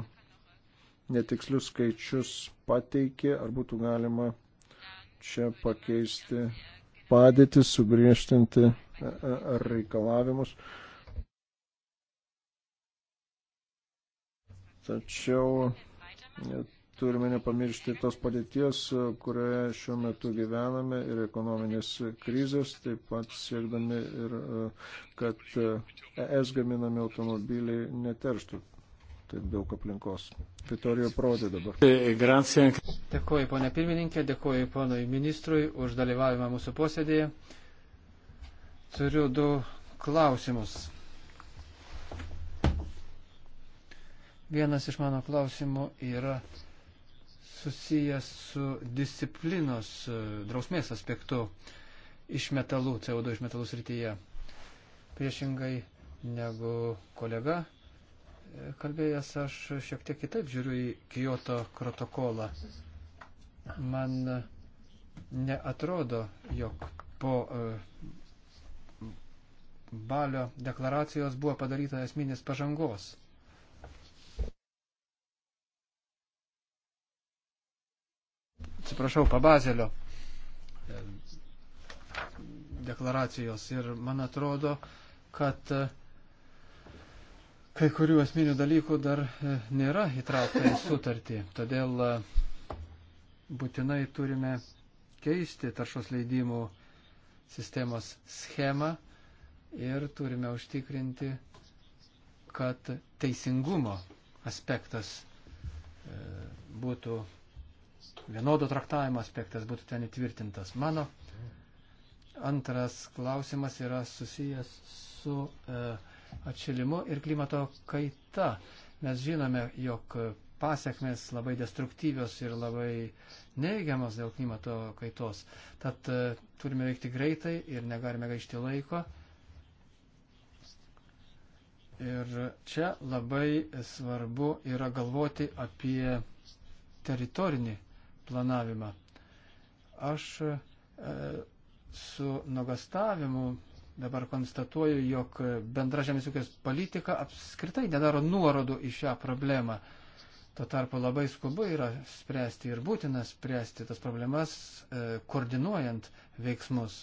netikslius skaičius pateikė, ar būtų galima čia pakeisti padėtį, sugriežtinti e, e, reikalavimus. Tačiau e, turime nepamiršti tos padėties, kurioje šiuo metu gyvename ir ekonominės krizės, taip pat siekdami ir, kad ES gaminami automobiliai neterštų taip daug aplinkos. Vitorijo Prodi dabar. Tai dėkuoju, ponė pirmininkė, dėkuoju ponui ministrui už dalyvavimą mūsų posėdėje. Turiu du klausimus. Vienas iš mano klausimų yra susijęs su disciplinos e, drausmės aspektu iš metalų, CO2 iš metalų srityje. Priešingai negu kolega kalbėjęs, aš šiek tiek kitaip žiūriu į Kyoto protokolą. Man neatrodo, jog po e, balio deklaracijos buvo padaryta esminės pažangos. Atsiprašau, pabazelio e, deklaracijos ir man atrodo, kad uh, kai kurių esminių dalykų dar e, nėra įtraukta į sutartį. Todėl e, būtinai turime keisti taršos leidimų sistemos schemą ir turime užtikrinti, kad teisingumo aspektas e, būtų, vienodo traktavimo aspektas būtų ten įtvirtintas. Mano antras klausimas yra susijęs su uh, atšilimu ir klimato kaita. Mes žinome, jog pasiekmes labai destruktyvios ir labai neigiamos dėl klimato kaitos. Tad e, turime veikti greitai ir negalime gaišti laiko. Ir čia labai svarbu yra galvoti apie teritorinį planavimą. Aš e, su nuogastavimu Dabar konstatuoju, jog bendra žemės ūkės politika apskritai nedaro nuorodų į šią problemą. Tuo tarpu labai skubu yra spręsti ir būtina spręsti tas problemas, e, koordinuojant veiksmus.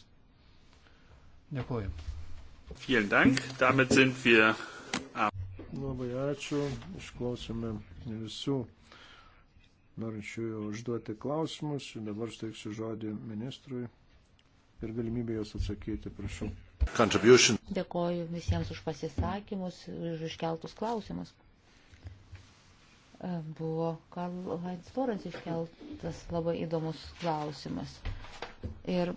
Dėkuoju. Vielen Dank. Damit sind wir am. Labai ačiū. Išklausėme visų norinčiųjų užduoti klausimus. Dabar steiksiu žodį ministrui ir galimybę juos atsakyti, prašau. Dėkoju visiems už pasisakymus ir iškeltus klausimus. E, Buvo Karl-Heinz Lorenz iškeltas labai įdomus klausimas. Ir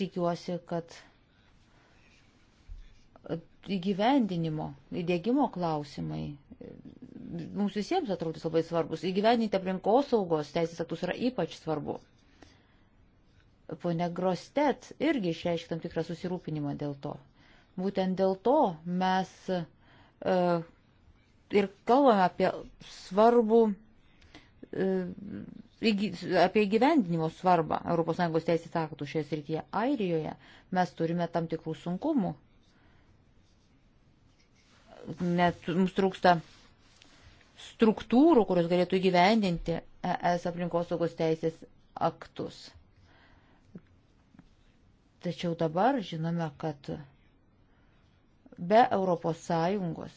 tikiuosi, kad įgyvendinimo, įdėgymo klausimai e, mums visiems atrodys labai svarbus. Įgyvendinti aplinkosaugos teisės aktus yra ypač svarbu. Pone Grostet irgi išreiškė tam tikrą susirūpinimą dėl to. Būtent dėl to mes e, ir kalbame apie svarbų, e, apie įgyvendinimo svarbą ES teisės aktų šioje srityje. Airijoje mes turime tam tikrų sunkumų. Net mums trūksta struktūrų, kurios galėtų įgyvendinti ES aplinkosaugos teisės aktus. Tačiau dabar žinome, kad be Europos Sąjungos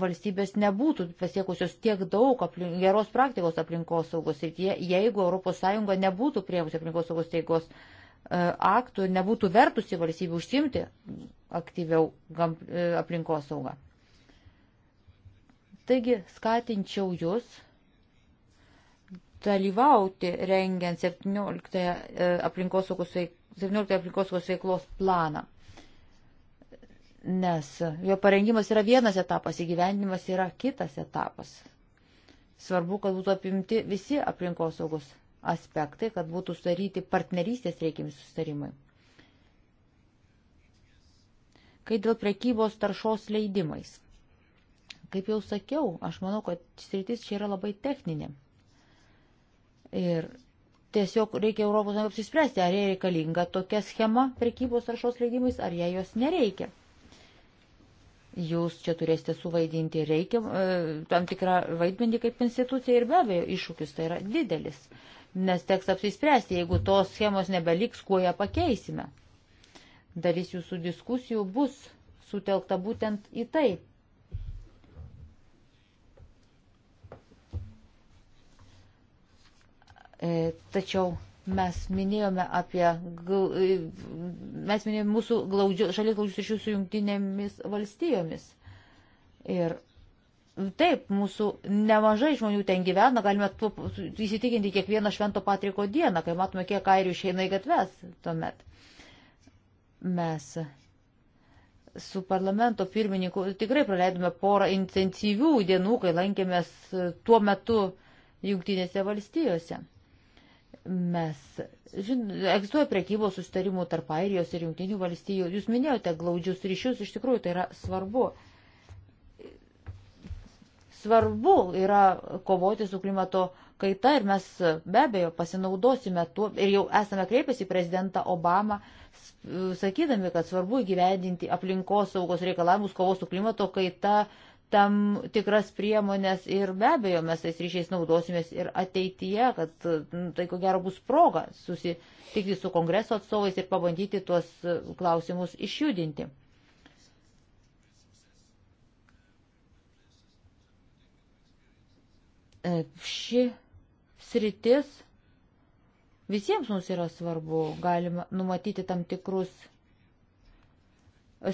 valstybės nebūtų pasiekusios tiek daug aplink, geros praktikos aplinkos saugos srityje, jeigu ES nebūtų prievusi aplinkos saugos teigos e, aktų ir nebūtų vertusi valstybių užsimti aktyviau gam, e, aplinkos saugą. Taigi skatinčiau jūs dalyvauti rengiant 17 e, aplinkosaugos aplinkos veiklos planą. Nes jo parengimas yra vienas etapas, įgyvendinimas yra kitas etapas. Svarbu, kad būtų apimti visi aplinkosaugos aspektai, kad būtų sudaryti partnerystės reikiami sustarimai. Kai dėl prekybos taršos leidimais. Kaip jau sakiau, aš manau, kad sritis čia yra labai techninė. Ir tiesiog reikia Europos Sąjungai apsispręsti, ar jai reikalinga tokia schema prekybos taršos leidimais, ar jai jos nereikia. Jūs čia turėsite suvaidinti reikia, e, tam tikrą vaidmenį kaip institucija ir be abejo iššūkis tai yra didelis, nes teks apsispręsti, jeigu tos schemos nebeliks, kuo ją pakeisime. Dalis jūsų diskusijų bus sutelkta būtent į tai. E, tačiau mes minėjome apie, e, mes minėjome mūsų glaudžių, šalies glaudžius ryšius su jungtinėmis valstijomis. Ir taip, mūsų nemažai žmonių ten gyvena, galime įsitikinti kiekvieną švento Patriko dieną, kai matome, kiek airių išeina į gatves tuomet. Mes su parlamento pirmininku tikrai praleidome porą intensyvių dienų, kai lankėmės tuo metu jungtinėse valstijose mes, žin, egzistuoja prekybos sustarimų tarp Airijos ir Junktinių valstijų. Jūs minėjote glaudžius ryšius, iš tikrųjų tai yra svarbu. Svarbu yra kovoti su klimato kaita ir mes be abejo pasinaudosime tuo ir jau esame kreipęsi į prezidentą Obamą, sakydami, kad svarbu įgyvendinti aplinkos saugos reikalavimus, kovos su klimato kaita, tam tikras priemonės ir be abejo mes tais ryšiais naudosimės ir ateityje, kad nu, tai ko gero bus proga susitikti su kongreso atstovais ir pabandyti tuos klausimus išjudinti. E, ši sritis visiems mums yra svarbu, galima numatyti tam tikrus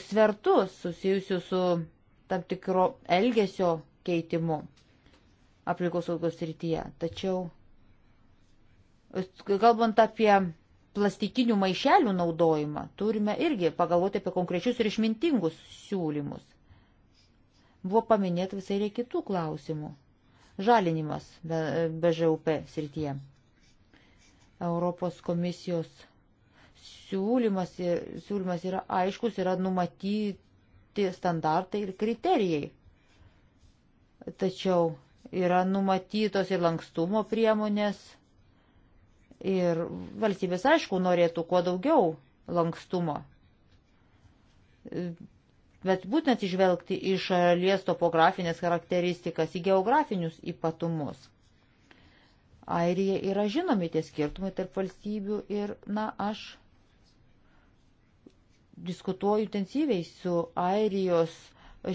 svertus susijusius su tam tikro elgesio keitimu aplinkos saugos rytyje. Tačiau, kalbant apie plastikinių maišelių naudojimą, turime irgi pagalvoti apie konkrečius ir išmintingus siūlymus. Buvo paminėta visai ir kitų klausimų. Žalinimas BŽUP be, be srityje. Europos komisijos siūlymas, siūlymas yra aiškus, yra numatyti tie standartai ir kriterijai. Tačiau yra numatytos ir lankstumo priemonės. Ir valstybės, aišku, norėtų kuo daugiau lankstumo. Bet būtent išvelgti į šalies topografinės charakteristikas, į geografinius ypatumus. Airija yra žinomi tie skirtumai tarp valstybių ir, na, aš diskutuoju intensyviai su Airijos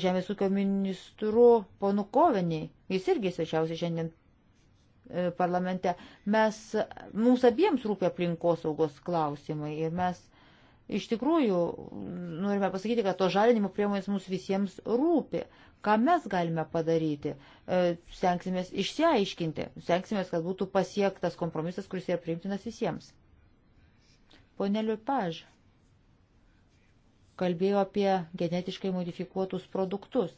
žemės ūkio ministru ponu Kovenį. Jis irgi svečiausiai šiandien e, parlamente. Mes, mums abiems rūpia aplinkosaugos klausimai ir mes iš tikrųjų norime pasakyti, kad to žalinimo priemonės mums visiems rūpi. Ką mes galime padaryti? E, stengsimės išsiaiškinti, stengsimės, kad būtų pasiektas kompromisas, kuris yra priimtinas visiems. Pone Liupaž kalbėjo apie genetiškai modifikuotus produktus.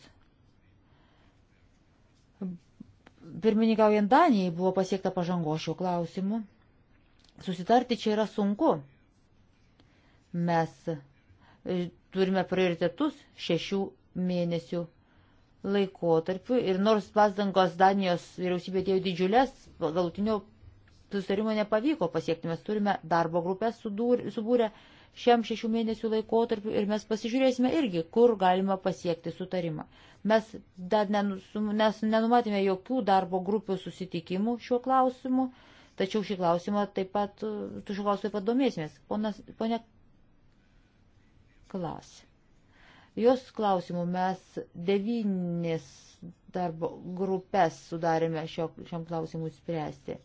Pirmininkaujant Danijai buvo pasiekta pažango šiuo klausimu. Susitarti čia yra sunku. Mes e, turime prioritetus šešių mėnesių laikotarpiu ir nors pastangos Danijos vyriausybė dėjo didžiulės, galutinio susitarimo nepavyko pasiekti. Mes turime darbo grupę subūrę. Su šiam šešių mėnesių laikotarpiu ir mes pasižiūrėsime irgi, kur galima pasiekti sutarimą. Mes dar nenumatėme jokių darbo grupių susitikimų šiuo klausimu, tačiau šį klausimą taip pat, tu šiuo klausimu taip pat domėsimės. Ponas, ponia Klas. Jos klausimų mes devynis darbo grupės sudarėme šio, šiam klausimui spręsti.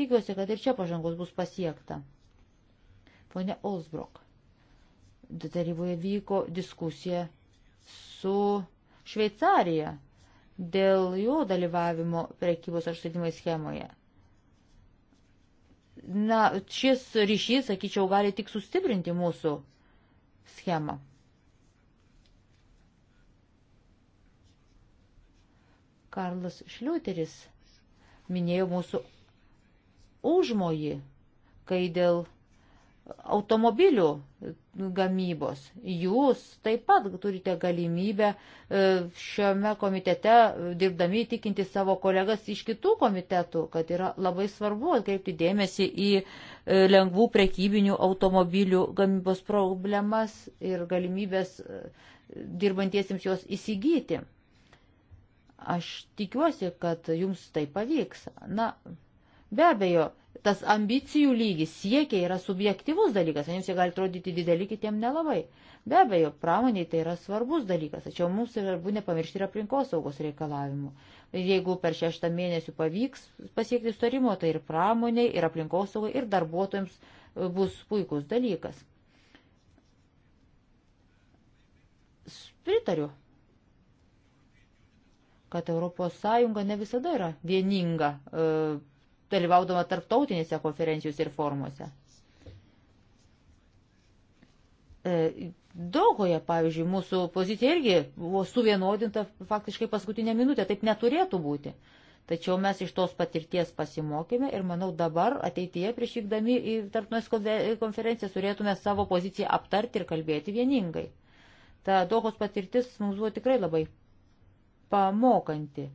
Tikiuosi, kad ir čia pažangos bus pasiekta. Pone Olsbrok, taryboje vyko diskusija su Šveicarija dėl jo dalyvavimo prekybos aštuonimai schemoje. Na, šis ryšys, sakyčiau, gali tik sustiprinti mūsų schemą. Karlas Šliuteris minėjo mūsų užmojį, kai dėl automobilių gamybos. Jūs taip pat turite galimybę e, šiame komitete, dirbdami, tikinti savo kolegas iš kitų komitetų, kad yra labai svarbu atkreipti dėmesį į e, lengvų prekybinių automobilių gamybos problemas ir galimybės e, dirbantiesiems juos įsigyti. Aš tikiuosi, kad jums tai pavyks. Na, be abejo, tas ambicijų lygis, siekiai yra subjektivus dalykas, jiems jie gali atrodyti dideli, kitiem nelabai. Be abejo, pramoniai tai yra svarbus dalykas, tačiau mums svarbu nepamiršti ir aplinkosaugos reikalavimų. Jeigu per šeštą mėnesį pavyks pasiekti sutarimo, tai ir pramoniai, ir aplinkosaugai, ir darbuotojams e, bus puikus dalykas. Pritariu, kad ES ne visada yra vieninga e, dalyvaudama tarptautinėse konferencijose ir formuose. E, Daugoje, pavyzdžiui, mūsų pozicija irgi buvo suvienodinta faktiškai paskutinę minutę, taip neturėtų būti. Tačiau mes iš tos patirties pasimokėme ir manau dabar ateityje prieš vykdami į tarptautinės konferencijas turėtume savo poziciją aptarti ir kalbėti vieningai. Ta Dohos patirtis mums buvo tikrai labai pamokanti.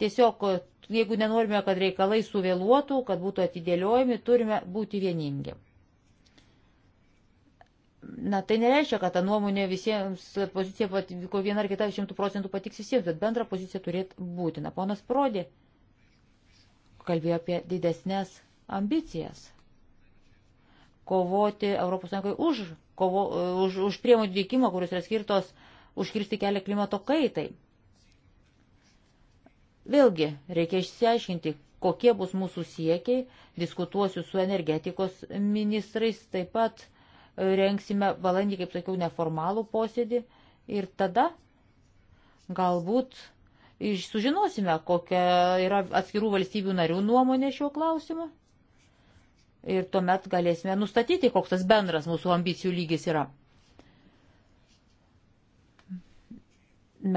Tiesiog, jeigu nenorime, kad reikalai suvėluotų, kad būtų atidėliojami, turime būti vieningi. Na, tai nereiškia, kad ta nuomonė visiems pozicija patiko viena ar kita šimtų procentų patiks visiems, bet bendrą poziciją turėti būtina. Ponas Prodė kalbėjo apie didesnės ambicijas kovoti ES už, kovo, už, už priemonių dėkimą, kuris yra skirtos užkirsti kelią klimato kaitai. Vėlgi reikia išsiaiškinti, kokie bus mūsų siekiai, diskutuosiu su energetikos ministrais, taip pat e, rengsime valandį, kaip sakiau, neformalų posėdį ir tada galbūt sužinosime, kokia yra atskirų valstybių narių nuomonė šiuo klausimu. Ir tuomet galėsime nustatyti, koks tas bendras mūsų ambicijų lygis yra.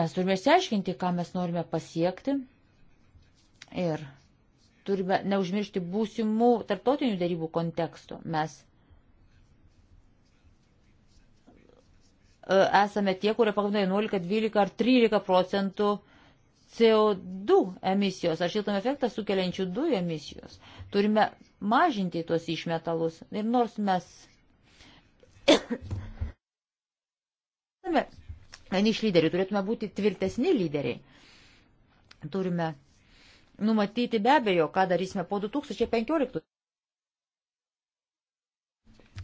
Mes turime išsiaiškinti, ką mes norime pasiekti Ir turime neužmiršti būsimų tarptautinių darybų kontekstų. Mes e, esame tie, kurie pagamina 11, 12 ar 13 procentų CO2 emisijos ar šiltame efektą sukeliančių dujų emisijos. Turime mažinti tuos išmetalus. Ir nors mes <coughs> vieni iš lyderių turėtume būti tvirtesni lyderiai, turime numatyti be abejo, ką darysime po 2015.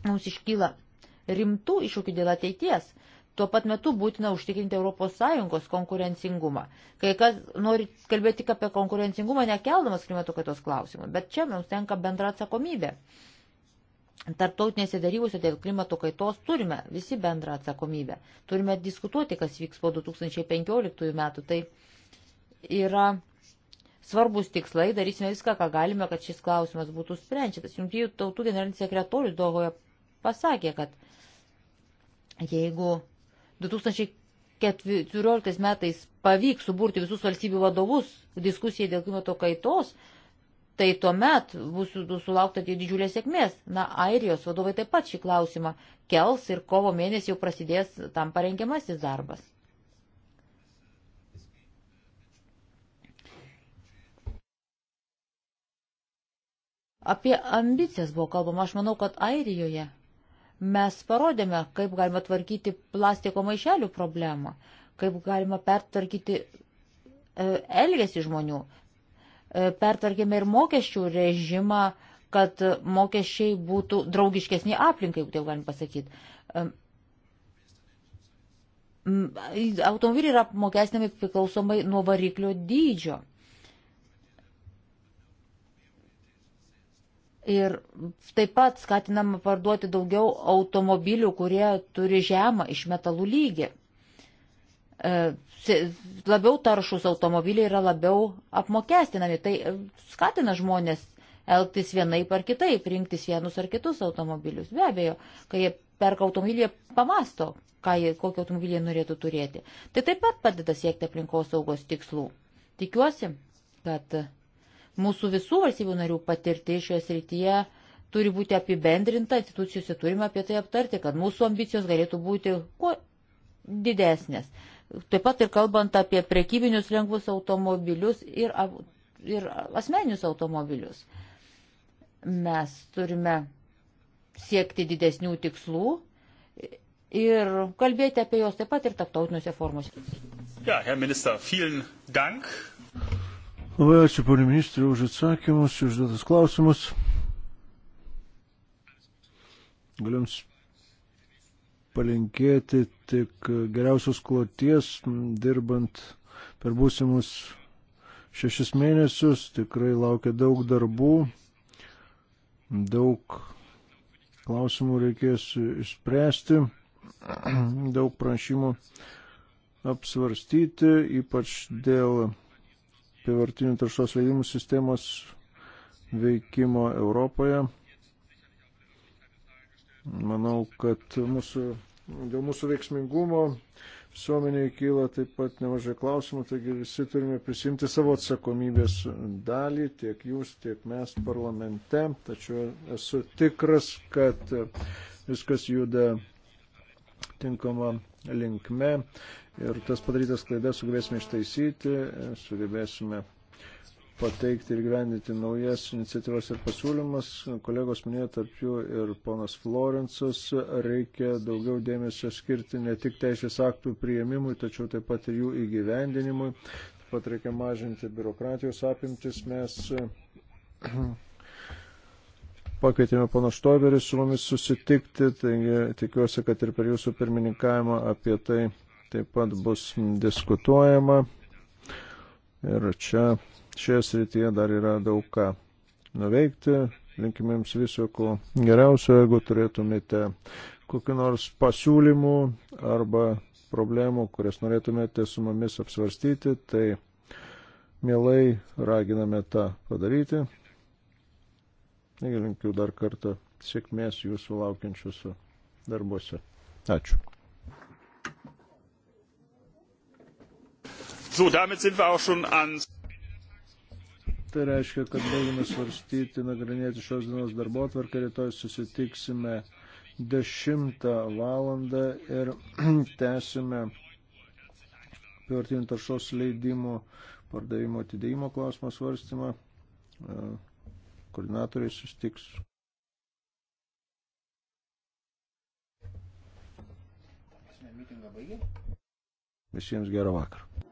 Mums iškyla rimtų iššūkių dėl ateities. Tuo pat metu būtina užtikrinti ES konkurencingumą. Kai kas nori kalbėti tik apie konkurencingumą, nekeldamas klimato kaitos klausimų, bet čia mums tenka bendra atsakomybė. Tarptautinėse darybose dėl klimato kaitos turime visi bendrą atsakomybę. Turime diskutuoti, kas vyks po 2015 metų. Tai yra svarbus tikslai, darysime viską, ką galime, kad šis klausimas būtų sprendžiamas. Jungtinių tautų generalinis sekretorius Dohoje pasakė, kad jeigu 2014 metais pavyks suburti visus valstybių vadovus diskusijai dėl klimato kaitos, tai tuomet bus sulaukta tai didžiulės sėkmės. Na, Airijos vadovai taip pat šį klausimą kels ir kovo mėnesį jau prasidės tam parengiamasis darbas. Apie ambicijas buvo kalbama. Aš manau, kad Airijoje mes parodėme, kaip galima tvarkyti plastiko maišelių problemą, kaip galima pertvarkyti e, elgesį žmonių. E, pertvarkėme ir mokesčių režimą, kad mokesčiai būtų draugiškesni aplinkai, jeigu taip galim pasakyti. E, automobiliai yra apmokestinami priklausomai nuo variklio dydžio. Ir taip pat skatinama parduoti daugiau automobilių, kurie turi žemą iš metalų lygį. E, labiau taršus automobiliai yra labiau apmokestinami. Tai e, skatina žmonės elgtis vienai par kitaip, rinktis vienus ar kitus automobilius. Be abejo, kai jie perka automobilį, jie pamasto, jie, kokį automobilį jie norėtų turėti. Tai taip pat padeda siekti aplinkos saugos tikslų. Tikiuosi, kad Mūsų visų valstybių narių patirtis šioje srityje turi būti apibendrinta, institucijose turime apie tai aptarti, kad mūsų ambicijos galėtų būti kuo didesnės. Taip pat ir kalbant apie prekybinius lengvus automobilius ir, ir asmeninius automobilius. Mes turime siekti didesnių tikslų ir kalbėti apie juos taip pat ir tarptautiniuose formuose. Ja, Herr Minister, vielen Dank. Labai ačiū, ponė ministrė, už atsakymus, užduotus klausimus. Galim palinkėti tik geriausios kloties, dirbant per būsimus šešis mėnesius. Tikrai laukia daug darbų, daug klausimų reikės išspręsti, <clears throat> daug prašymų apsvarstyti, ypač dėl apivartinių taršos leidimų sistemos veikimo Europoje. Manau, kad mūsų, dėl mūsų veiksmingumo visuomeniai kyla taip pat nemažai klausimų, taigi visi turime prisimti savo atsakomybės dalį, tiek jūs, tiek mes parlamente. Tačiau esu tikras, kad viskas juda tinkama linkme ir tas padarytas klaidas sugebėsime ištaisyti, sugebėsime pateikti ir gyvendyti naujas iniciatyvas ir pasiūlymas. Kolegos minėjo tarp jų ir ponas Florencas, reikia daugiau dėmesio skirti ne tik teisės aktų prieimimui, tačiau taip pat ir jų įgyvendinimui. Taip pat reikia mažinti biurokratijos apimtis. Mes pakvietėme pono Štoiberį su mumis susitikti, taigi tikiuosi, kad ir per jūsų pirmininkavimą apie tai taip pat bus diskutuojama. Ir čia, šioje srityje dar yra daug ką nuveikti. Linkime jums viso ko geriausio, jeigu turėtumėte kokiu nors pasiūlymu arba problemų, kurias norėtumėte su mumis apsvarstyti, tai mielai raginame tą padaryti. Ir linkiu dar kartą sėkmės jūsų laukiančius darbuose. Ačiū. So, damit sind wir auch schon ans. Tai reiškia, kad baigime svarstyti, nagrinėti šios dienos darbo atvarką, rytoj susitiksime 10 valandą ir <clears throat> tęsime pivartinių taršos leidimų pardavimo atidėjimo klausimą svarstymą koordinatoriai sustiks. Visiems gerą vakarą.